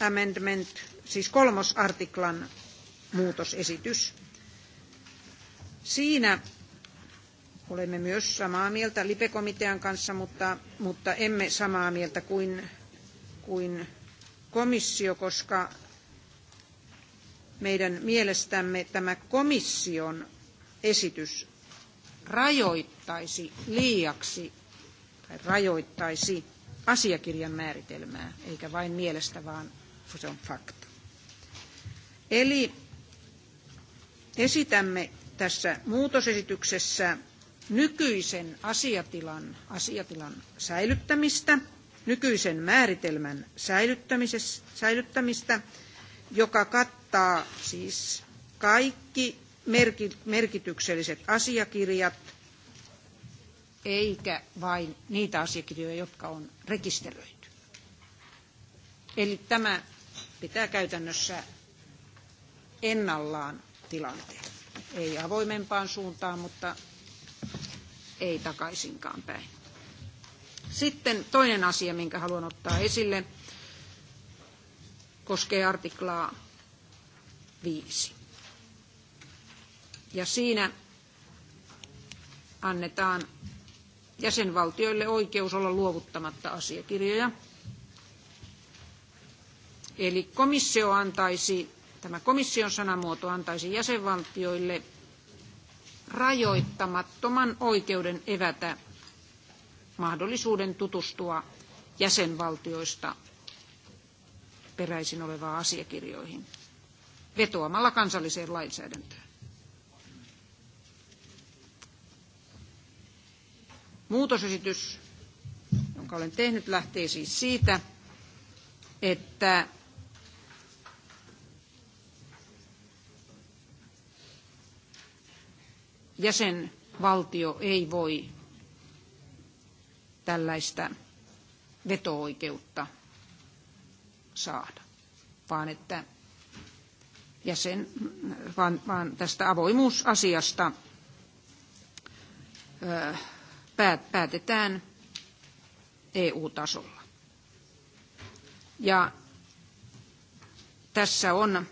amendment, siis kolmosartiklan muutosesitys. Siinä olemme myös samaa mieltä LIPE-komitean kanssa, mutta, mutta emme samaa mieltä kuin, kuin komissio, koska meidän mielestämme tämä komission esitys rajoittaisi liiaksi tai rajoittaisi asiakirjan määritelmää, eikä vain mielestä, vaan se on fakta. Eli esitämme tässä muutosesityksessä nykyisen asiatilan, asiatilan säilyttämistä, nykyisen määritelmän säilyttämistä, joka kattaa siis kaikki merkitykselliset asiakirjat, eikä vain niitä asiakirjoja, jotka on rekisteröity. Eli tämä pitää käytännössä ennallaan tilanteen. Ei avoimempaan suuntaan, mutta ei takaisinkaan päin. Sitten toinen asia, minkä haluan ottaa esille, koskee artiklaa 5. Ja siinä annetaan jäsenvaltioille oikeus olla luovuttamatta asiakirjoja – Eli komissio antaisi, tämä komission sanamuoto antaisi jäsenvaltioille rajoittamattoman oikeuden evätä mahdollisuuden tutustua jäsenvaltioista peräisin olevaan asiakirjoihin vetoamalla kansalliseen lainsäädäntöön. Muutosesitys, jonka olen tehnyt, lähtee siis siitä, että jäsenvaltio ei voi tällaista veto-oikeutta saada, vaan että jäsen, vaan, vaan tästä avoimuusasiasta ö, päät, päätetään EU-tasolla. Ja tässä on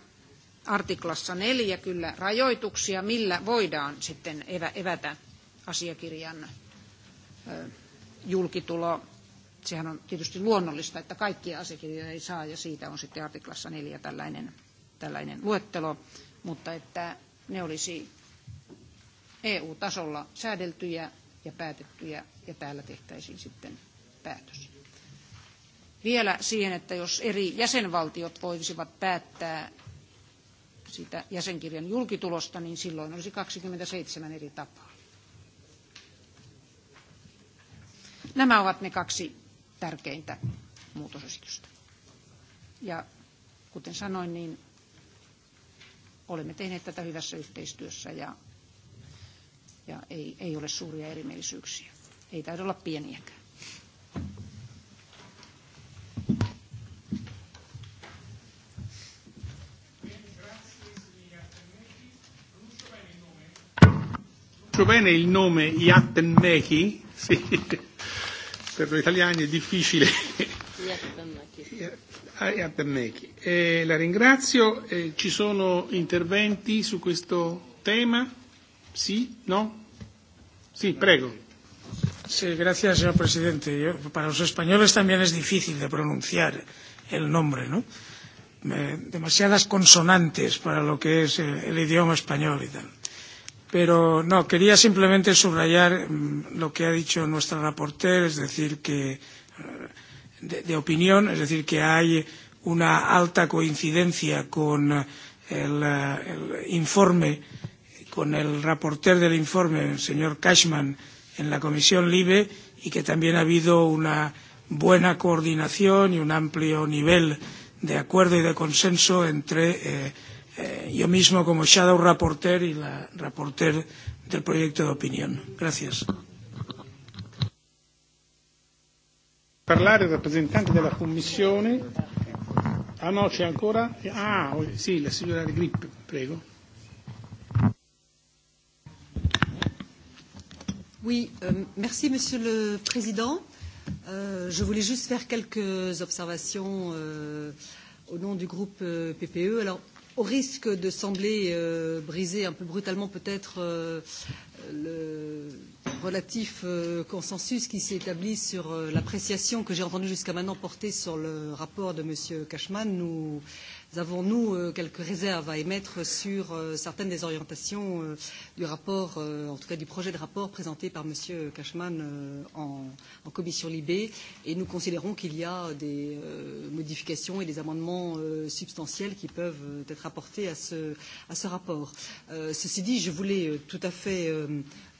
artiklassa neljä kyllä rajoituksia, millä voidaan sitten evätä asiakirjan julkitulo. Sehän on tietysti luonnollista, että kaikkia asiakirjoja ei saa, ja siitä on sitten artiklassa neljä tällainen, tällainen luettelo, mutta että ne olisi EU-tasolla säädeltyjä ja päätettyjä, ja täällä tehtäisiin sitten päätös. Vielä siihen, että jos eri jäsenvaltiot voisivat päättää siitä jäsenkirjan julkitulosta, niin silloin olisi 27 eri tapaa. Nämä ovat ne kaksi tärkeintä muutosesitystä. Ja kuten sanoin, niin olemme tehneet tätä hyvässä yhteistyössä ja, ja ei, ei ole suuria erimielisyyksiä. Ei taida olla pieniäkään. pronuncio bene il nome Yattenmechi, sì, per noi italiani è difficile. Yattenmechi. Ah, eh, la ringrazio, eh, ci sono interventi su questo tema? Sì? No? Sí, prego. Sí, gracias, señor presidente. Yo, para los españoles también es difícil de pronunciar el nombre, ¿no? Eh, demasiadas consonantes para lo que es el, eh, el idioma español y tal. Pero no, quería simplemente subrayar mmm, lo que ha dicho nuestra reporter, es decir, que eh, de, de opinión, es decir, que hay una alta coincidencia con eh, el, eh, el informe, con el reporter del informe, el señor Cashman, en la Comisión LIBE y que también ha habido una buena coordinación y un amplio nivel de acuerdo y de consenso entre eh, eh, yo mismo como Shadow Rapporteur y la Rapporteur del proyecto de opinión. Gracias. Parlare il rappresentante della Commissione. Ah no, c'è ancora? Ah, oh, sì, la signora De Grip, prego. Oui, euh, merci Monsieur le Président. Euh, je voulais juste faire quelques observations euh, au nom du groupe euh, PPE. Alors, au risque de sembler euh, briser un peu brutalement peut-être euh, le relatif euh, consensus qui s'est établi sur euh, l'appréciation que j'ai entendue jusqu'à maintenant porter sur le rapport de M. Cashman, nous euh, avons, nous, euh, quelques réserves à émettre sur euh, certaines des orientations euh, du rapport, en tout cas du projet de rapport présenté par M. Cashman en, en commission Libé. Et nous considérons qu'il y a des modifications et des amendements substantiels qui peuvent être apportés à ce, à ce rapport. Ceci dit, je voulais tout à fait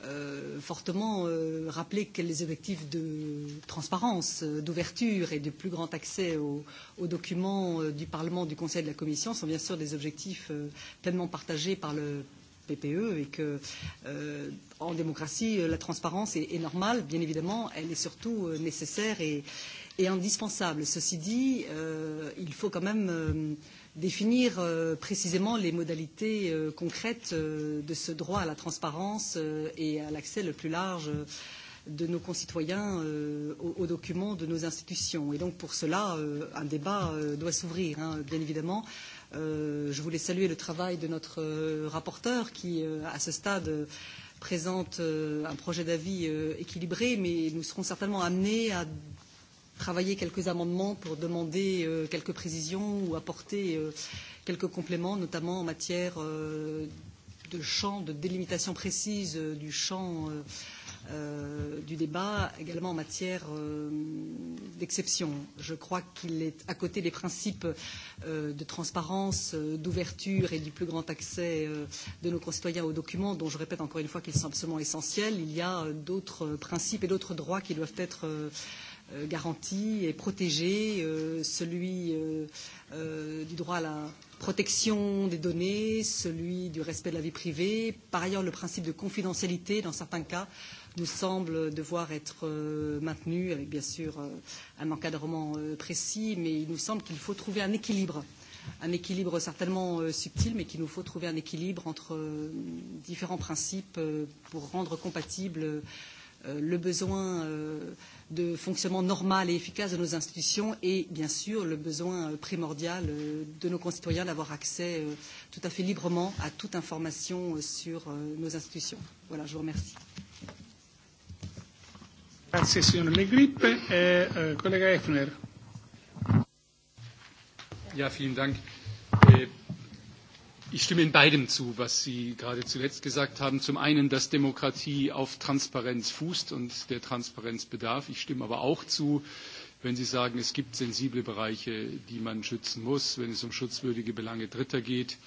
euh, fortement euh, rappelé que les objectifs de transparence, euh, d'ouverture et de plus grand accès aux, aux documents euh, du Parlement, du Conseil et de la Commission sont bien sûr des objectifs euh, pleinement partagés par le PPE et que euh, en démocratie euh, la transparence est, est normale, bien évidemment, elle est surtout euh, nécessaire et, et indispensable. Ceci dit, euh, il faut quand même euh, définir euh, précisément les modalités euh, concrètes euh, de ce droit à la transparence euh, et à l'accès le plus large euh, de nos concitoyens euh, aux, aux documents de nos institutions. Et donc pour cela, euh, un débat euh, doit s'ouvrir, hein, bien évidemment. Euh, je voulais saluer le travail de notre euh, rapporteur qui, euh, à ce stade, euh, présente euh, un projet d'avis euh, équilibré, mais nous serons certainement amenés à travailler quelques amendements pour demander euh, quelques précisions ou apporter euh, quelques compléments, notamment en matière euh, de champ, de délimitation précise euh, du champ euh, euh, du débat, également en matière euh, d'exception. Je crois qu'il est à côté des principes euh, de transparence, euh, d'ouverture et du plus grand accès euh, de nos concitoyens aux documents, dont je répète encore une fois qu'ils sont absolument essentiels. Il y a euh, d'autres euh, principes et d'autres droits qui doivent être euh, euh, garantit et protégé euh, celui euh, euh, du droit à la protection des données, celui du respect de la vie privée. Par ailleurs, le principe de confidentialité, dans certains cas, nous semble devoir être euh, maintenu, avec bien sûr euh, un encadrement euh, précis, mais il nous semble qu'il faut trouver un équilibre un équilibre certainement euh, subtil, mais qu'il nous faut trouver un équilibre entre euh, différents principes euh, pour rendre compatible euh, le besoin euh, de fonctionnement normal et efficace de nos institutions et bien sûr le besoin euh, primordial euh, de nos concitoyens d'avoir accès euh, tout à fait librement à toute information sur nos institutions. Voilà, je vous remercie. Grazie signor Le Grip. E, eh, eh, Kollege Effner. Ja, vielen Dank. Ich stimme in beidem zu, was Sie gerade zuletzt gesagt haben. Zum einen, dass Demokratie auf Transparenz fußt und der Transparenz bedarf. Ich stimme aber auch zu, wenn Sie sagen, es gibt sensible Bereiche, die man schützen muss, wenn es um schutzwürdige Belange Dritter geht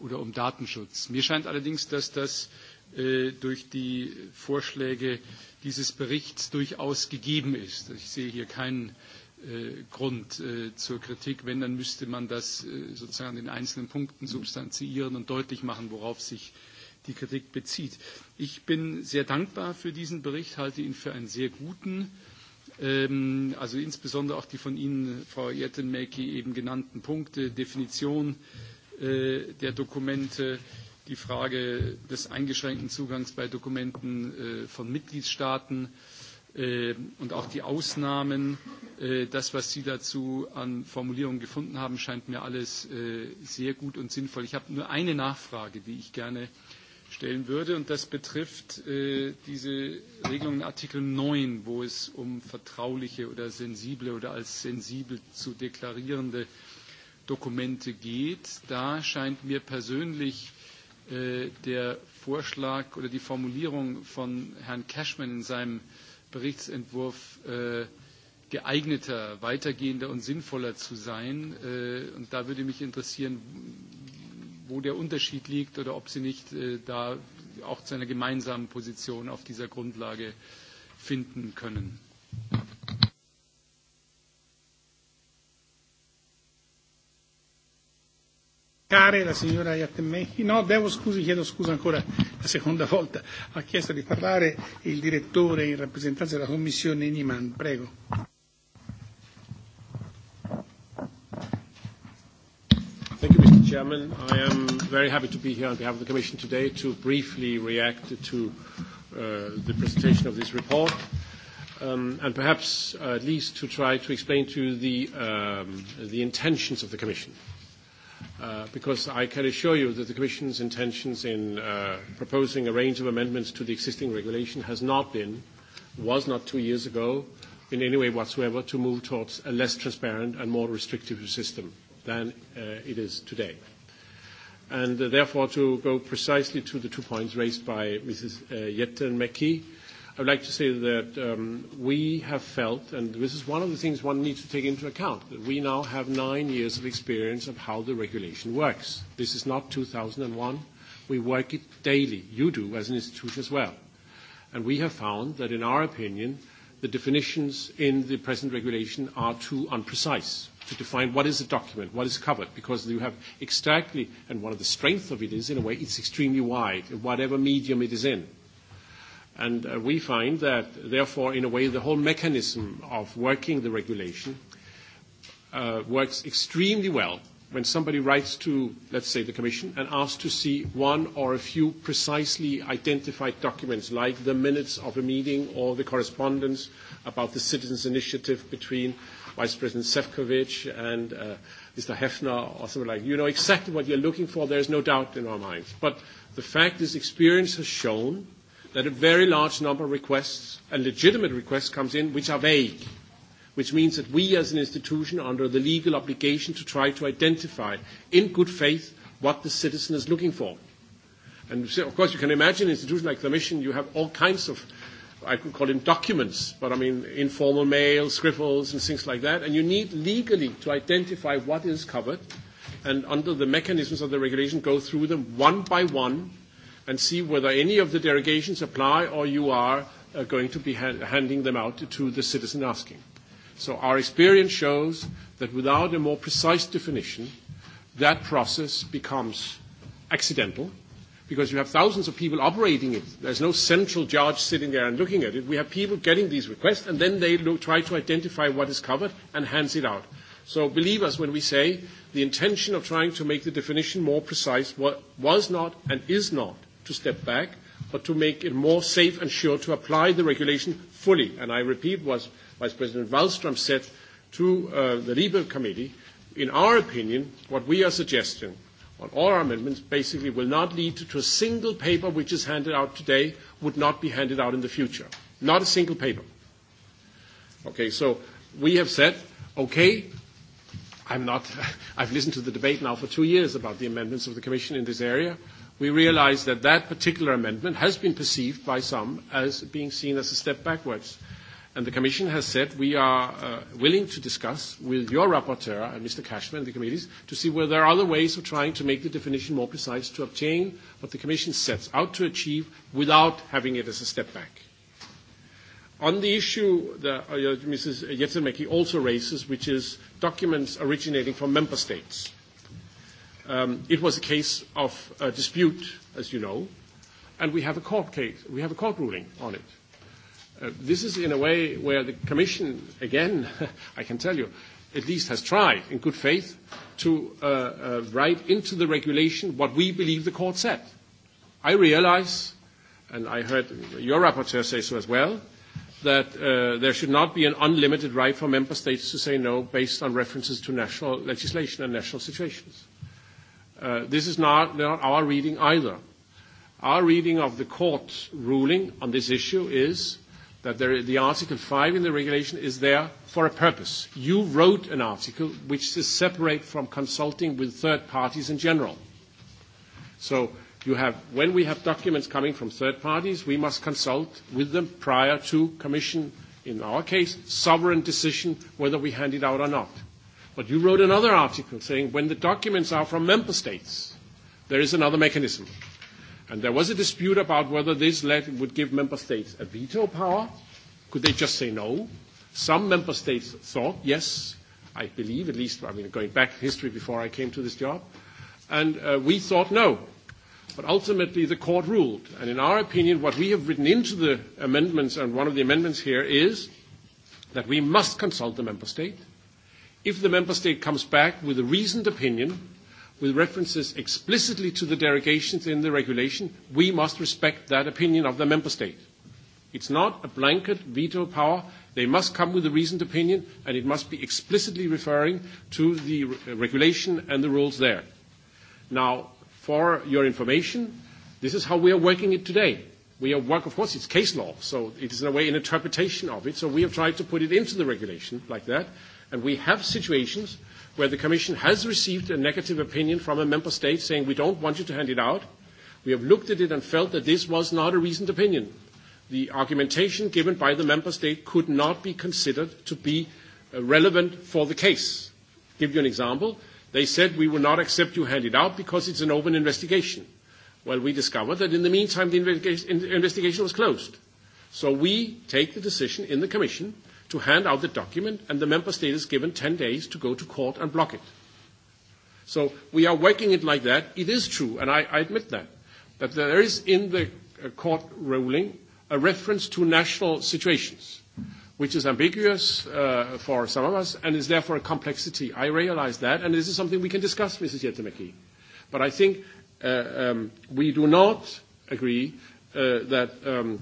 oder um Datenschutz. Mir scheint allerdings, dass das äh, durch die Vorschläge dieses Berichts durchaus gegeben ist. Ich sehe hier keinen Äh, Grund äh, zur Kritik. Wenn, dann müsste man das äh, sozusagen in einzelnen Punkten substanziieren und deutlich machen, worauf sich die Kritik bezieht. Ich bin sehr dankbar für diesen Bericht, halte ihn für einen sehr guten. Ähm, also insbesondere auch die von Ihnen, Frau Jettenmäki, eben genannten Punkte, Definition äh, der Dokumente, die Frage des eingeschränkten Zugangs bei Dokumenten äh, von Mitgliedstaaten, äh, Äh, und auch die Ausnahmen. Äh, das, was Sie dazu an Formulierungen gefunden haben, scheint mir alles äh, sehr gut und sinnvoll. Ich habe nur eine Nachfrage, die ich gerne stellen würde, und das betrifft diese Regelung in Artikel 9, wo es um vertrauliche oder sensible oder als sensibel zu deklarierende Dokumente geht. Da scheint mir persönlich der Vorschlag oder die Formulierung von Herrn Cashman in seinem äh, Berichtsentwurf äh, geeigneter, weitergehender und sinnvoller zu sein. Äh, und da würde mich interessieren, wo der Unterschied liegt oder ob Sie nicht äh, da auch zu einer gemeinsamen Position auf dieser Grundlage finden können. Thank you. replicare la signora Iattemecchi? No, devo scusi, chiedo scusa ancora la seconda volta. Ha chiesto di parlare il direttore in rappresentanza della Commissione Niman. Prego. Thank you, Mr. Chairman. I am very happy to be here on behalf of the Commission today to briefly react to uh, the presentation of this report. Um, and perhaps uh, at least to try to explain to you the, um, the intentions of the Commission. Uh, uh, because I can assure you that the Commission's intentions in uh, proposing a range of amendments to the existing regulation has not been, was not two years ago, in any way whatsoever, to move towards a less transparent and more restrictive system than uh, it is today. And uh, therefore, to go precisely to the two points raised by Mrs. Uh, Jette and McKee, uh, I would like to say that um, we have felt, and this is one of the things one needs to take into account, that we now have nine years of experience of how the regulation works. This is not 2001. We work it daily. You do as an institution as well. And we have found that, in our opinion, the definitions in the present regulation are too unprecise to define what is a document, what is covered, because you have exactly, and one of the strengths of it is, in a way, it's extremely wide, in whatever medium it is in. And uh, we find that, therefore, in a way, the whole mechanism of working the regulation uh, works extremely well when somebody writes to, let's say, the Commission and asks to see one or a few precisely identified documents, like the minutes of a meeting or the correspondence about the citizens' initiative between Vice President Sefcovic and uh, Mr. Hefner or something like that. You know exactly what you're looking for. There's no doubt in our minds. But the fact is experience has shown that a very large number of requests, a legitimate request comes in, which are vague, which means that we as an institution are under the legal obligation to try to identify in good faith what the citizen is looking for. And so, of course, you can imagine an institution like the Mission, you have all kinds of, I could call them documents, but I mean informal mail, scribbles, and things like that. And you need legally to identify what is covered, and under the mechanisms of the regulation, go through them one by one and see whether any of the derogations apply or you are uh, going to be ha- handing them out to the citizen asking. So our experience shows that without a more precise definition, that process becomes accidental because you have thousands of people operating it. There's no central judge sitting there and looking at it. We have people getting these requests, and then they look, try to identify what is covered and hands it out. So believe us when we say the intention of trying to make the definition more precise was not and is not to step back, but to make it more safe and sure to apply the regulation fully. And I repeat what Vice President Wallström said to uh, the Libe Committee. In our opinion, what we are suggesting on all our amendments basically will not lead to a single paper which is handed out today would not be handed out in the future. Not a single paper. Okay, so we have said, okay, I'm not, I've listened to the debate now for two years about the amendments of the Commission in this area we realize that that particular amendment has been perceived by some as being seen as a step backwards. And the Commission has said we are uh, willing to discuss with your rapporteur and uh, Mr. Cashman and the committees to see whether there are other ways of trying to make the definition more precise to obtain what the Commission sets out to achieve without having it as a step back. On the issue that uh, Mrs. Yetzelmeki also raises, which is documents originating from member states. Um, it was a case of a dispute, as you know, and we have a court case. We have a court ruling on it. Uh, this is in a way where the Commission, again, I can tell you, at least has tried in good faith to uh, uh, write into the regulation what we believe the court said. I realize, and I heard your rapporteur say so as well, that uh, there should not be an unlimited right for member states to say no based on references to national legislation and national situations. Uh, this is not, not our reading either. Our reading of the court ruling on this issue is that there, the Article 5 in the regulation is there for a purpose. You wrote an article which is separate from consulting with third parties in general. So you have, when we have documents coming from third parties, we must consult with them prior to commission, in our case, sovereign decision whether we hand it out or not. But you wrote another article saying when the documents are from member states, there is another mechanism. And there was a dispute about whether this led, would give member states a veto power. Could they just say no? Some member states thought yes. I believe, at least, I mean, going back history before I came to this job. And uh, we thought no. But ultimately, the court ruled. And in our opinion, what we have written into the amendments, and one of the amendments here is that we must consult the member state if the member state comes back with a reasoned opinion, with references explicitly to the derogations in the regulation, we must respect that opinion of the member state. It's not a blanket veto power. They must come with a reasoned opinion, and it must be explicitly referring to the uh, regulation and the rules there. Now, for your information, this is how we are working it today. We are work, of course, it's case law, so it is in a way an interpretation of it. So we have tried to put it into the regulation like that, And we have situations where the Commission has received a negative opinion from a member state saying, we don't want you to hand it out. We have looked at it and felt that this was not a reasoned opinion. The argumentation given by the member state could not be considered to be uh, relevant for the case. Give you an example. They said, we will not accept you hand it out because it's an open investigation. Well, we discovered that in the meantime, the investigation was closed. So we take the decision in the Commission to hand out the document, and the member state is given 10 days to go to court and block it. So we are working it like that. It is true, and I, I admit that, that there is in the uh, court ruling a reference to national situations, which is ambiguous uh, for some of us and is therefore a complexity. I realize that, and this is something we can discuss, Mrs. Yetemeki. But I think uh, um, we do not agree uh, that um,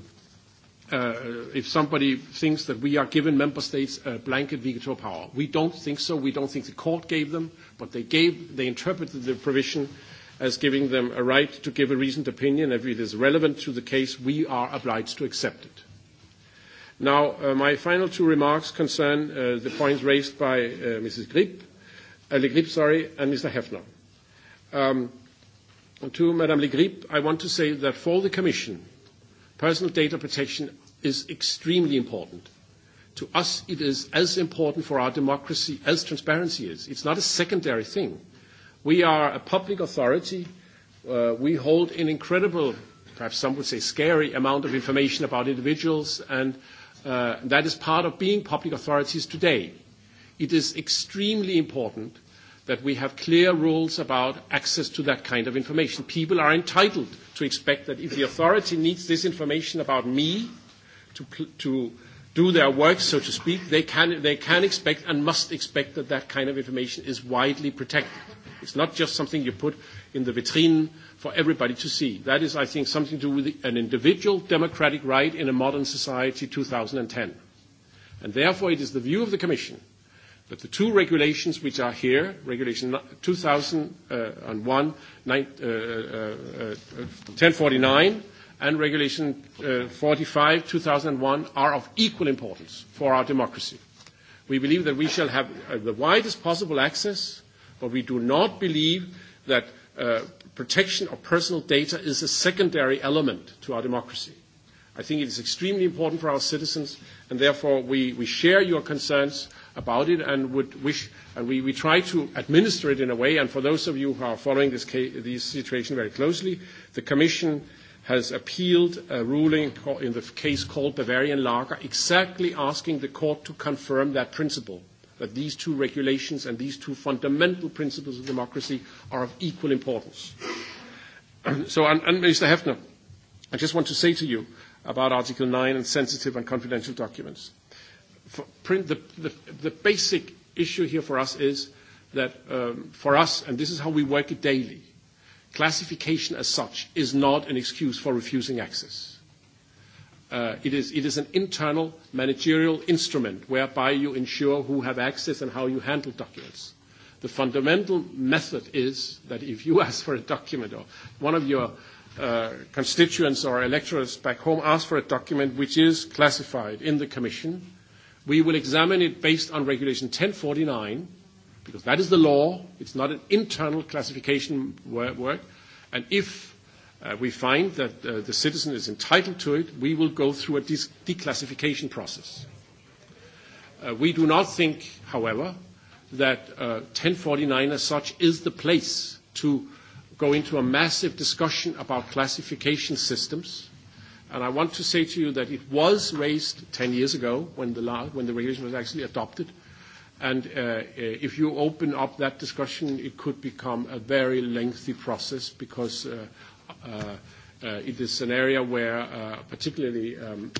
uh, if somebody thinks that we are giving member states uh, blanket veto power. We don't think so. We don't think the court gave them, but they gave, they interpreted the provision as giving them a right to give a reasoned opinion. If it is relevant to the case, we are obliged to accept it. Now, uh, my final two remarks concern uh, the points raised by uh, Mrs. Grip, uh, Le Grip, sorry, and Mr. Hefner. Um, to Madame Le Grip, I want to say that for the Commission, personal data protection is extremely important. To us, it is as important for our democracy as transparency is. It's not a secondary thing. We are a public authority. Uh, we hold an incredible, perhaps some would say scary, amount of information about individuals, and uh, that is part of being public authorities today. It is extremely important that we have clear rules about access to that kind of information. People are entitled to expect that if the authority needs this information about me, to, to do their work, so to speak, they can, they can expect and must expect that that kind of information is widely protected. It's not just something you put in the vitrine for everybody to see. That is, I think, something to do with an individual democratic right in a modern society 2010. And therefore, it is the view of the Commission that the two regulations which are here, Regulation 2001, nu, 9, uh, uh, uh, uh, 1049, and Regulation uh, 45, 2001 are of equal importance for our democracy. We believe that we shall have uh, the widest possible access, but we do not believe that uh, protection of personal data is a secondary element to our democracy. I think it is extremely important for our citizens, and therefore we, we share your concerns about it and would wish, and we, we try to administer it in a way. And for those of you who are following this, case, this situation very closely, the Commission has appealed a ruling in the case called Bavarian Lager, exactly asking the court to confirm that principle, that these two regulations and these two fundamental principles of democracy are of equal importance. so, and, and Mr. Hefner, I just want to say to you about Article 9 and sensitive and confidential documents. For print, the, the, the basic issue here for us is that um, for us, and this is how we work it daily – classification as such is not an excuse for refusing access. Uh, it, is, it is an internal managerial instrument whereby you ensure who have access and how you handle documents. The fundamental method is that if you ask for a document or one of your uh, constituents or electorates back home asks for a document which is classified in the Commission, we will examine it based on Regulation 1049 because that is the law. It's not an internal classification work. And if uh, we find that uh, the citizen is entitled to it, we will go through a declassification process. Uh, we do not think, however, that uh, 1049 as such is the place to go into a massive discussion about classification systems. And I want to say to you that it was raised 10 years ago when the, la- when the regulation was actually adopted And uh, uh, if you open up that discussion, it could become a very lengthy process because uh, uh, uh it is an area where uh, particularly um,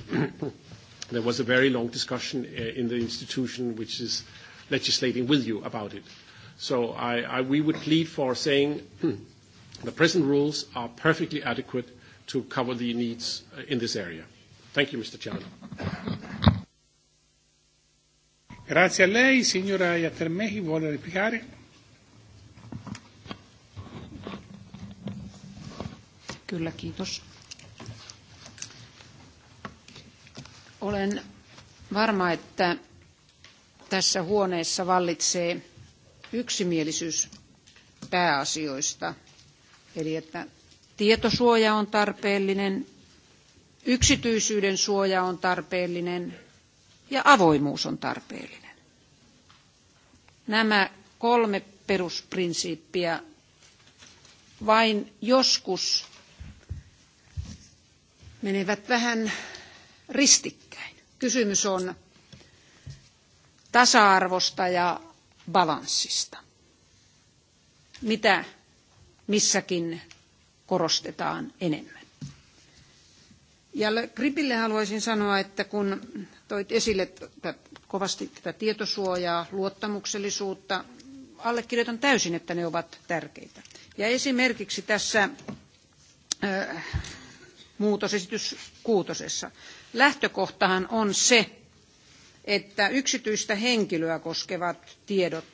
there was a very long discussion in the institution which is legislating with you about it. So I, I, we would plead for saying the present rules are perfectly adequate to cover the needs in this area. Thank you, Mr. Chairman. Grazie a lei. Signora Iatermechi vuole replicare? Kyllä, kiitos. Olen varma, että tässä huoneessa vallitsee yksimielisyys pääasioista, eli että tietosuoja on tarpeellinen, yksityisyyden suoja on tarpeellinen, ja avoimuus on tarpeellinen. Nämä kolme perusprinsiippiä vain joskus menevät vähän ristikkäin. Kysymys on tasa-arvosta ja balanssista. Mitä missäkin korostetaan enemmän. Ja Gripille haluaisin sanoa, että kun toit esille kovasti tätä tietosuojaa, luottamuksellisuutta. Allekirjoitan täysin, että ne ovat tärkeitä. Ja esimerkiksi tässä äh, muutosesitys kuutosessa. Lähtökohtahan on se, että yksityistä henkilöä koskevat tiedot,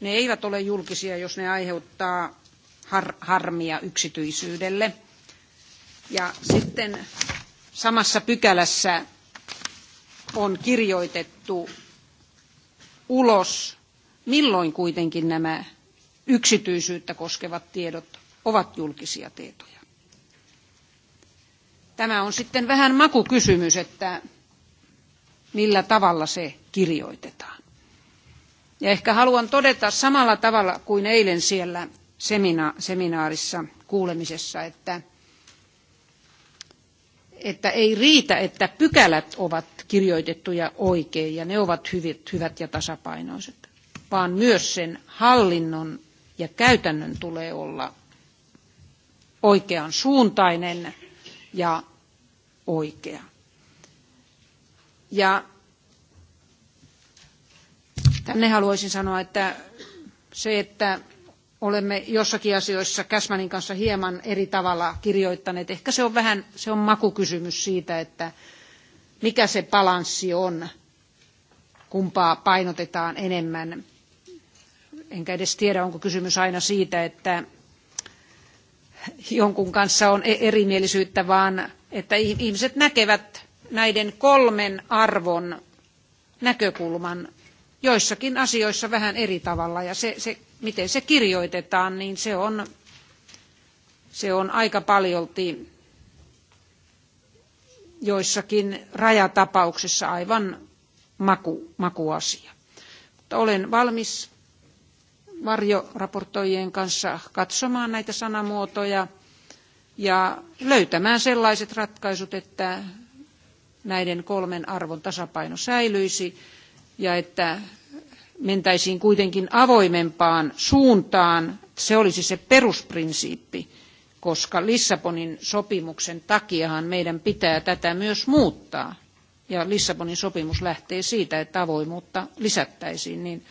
ne eivät ole julkisia, jos ne aiheuttaa har harmia yksityisyydelle. Ja sitten samassa pykälässä on kirjoitettu ulos, milloin kuitenkin nämä yksityisyyttä koskevat tiedot ovat julkisia tietoja. Tämä on sitten vähän makukysymys, että millä tavalla se kirjoitetaan. Ja ehkä haluan todeta samalla tavalla kuin eilen siellä semina- seminaarissa kuulemisessa, että että ei riitä, että pykälät ovat kirjoitettuja oikein ja ne ovat hyvät, hyvät ja tasapainoiset, vaan myös sen hallinnon ja käytännön tulee olla oikean suuntainen ja oikea. Ja tänne haluaisin sanoa, että se, että olemme jossakin asioissa Cashmanin kanssa hieman eri tavalla kirjoittaneet. Ehkä se on vähän se on makukysymys siitä, että mikä se balanssi on, kumpaa painotetaan enemmän. Enkä edes tiedä, onko kysymys aina siitä, että jonkun kanssa on e- erimielisyyttä, vaan että ihmiset näkevät näiden kolmen arvon näkökulman joissakin asioissa vähän eri tavalla ja se, se miten se kirjoitetaan, niin se on, se on aika paljolti joissakin rajatapauksissa aivan maku, makuasia. Mutta olen valmis varjoraportoijien kanssa katsomaan näitä sanamuotoja ja löytämään sellaiset ratkaisut, että näiden kolmen arvon tasapaino säilyisi ja että mentäisiin kuitenkin avoimempaan suuntaan. Se olisi se perusprinsiippi, koska Lissabonin sopimuksen takiahan meidän pitää tätä myös muuttaa. Ja Lissabonin sopimus lähtee siitä, että avoimuutta lisättäisiin, niin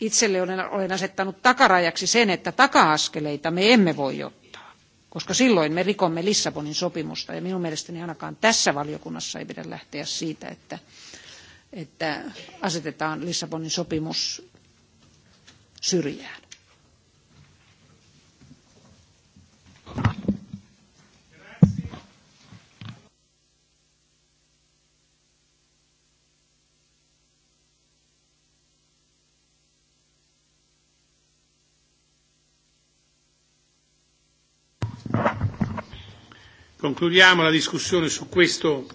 itselle olen, olen asettanut takarajaksi sen, että taka-askeleita me emme voi ottaa, koska silloin me rikomme Lissabonin sopimusta. Ja minun mielestäni ainakaan tässä valiokunnassa ei pidä lähteä siitä, että että asetetaan Lissabonin sopimus syrjään. Concludiamo la discussione su questo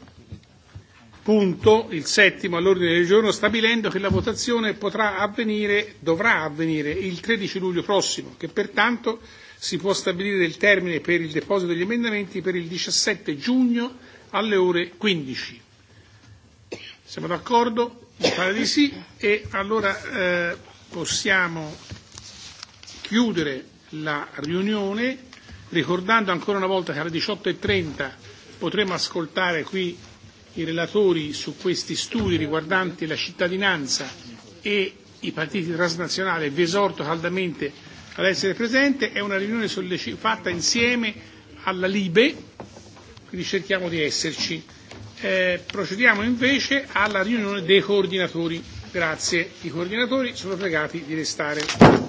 punto, il settimo all'ordine del giorno, stabilendo che la votazione potrà avvenire, dovrà avvenire il 13 luglio prossimo, che pertanto si può stabilire il termine per il deposito degli emendamenti per il 17 giugno alle ore 15. Siamo d'accordo? Mi pare di sì. E allora eh, possiamo chiudere la riunione ricordando ancora una volta che alle 18.30 e potremo ascoltare qui i relatori su questi studi riguardanti la cittadinanza e i partiti transnazionali, vi esorto caldamente ad essere presente, è una riunione solleci- fatta insieme alla Libe, quindi cerchiamo di esserci. Eh, procediamo invece alla riunione dei coordinatori. Grazie. I coordinatori sono pregati di restare.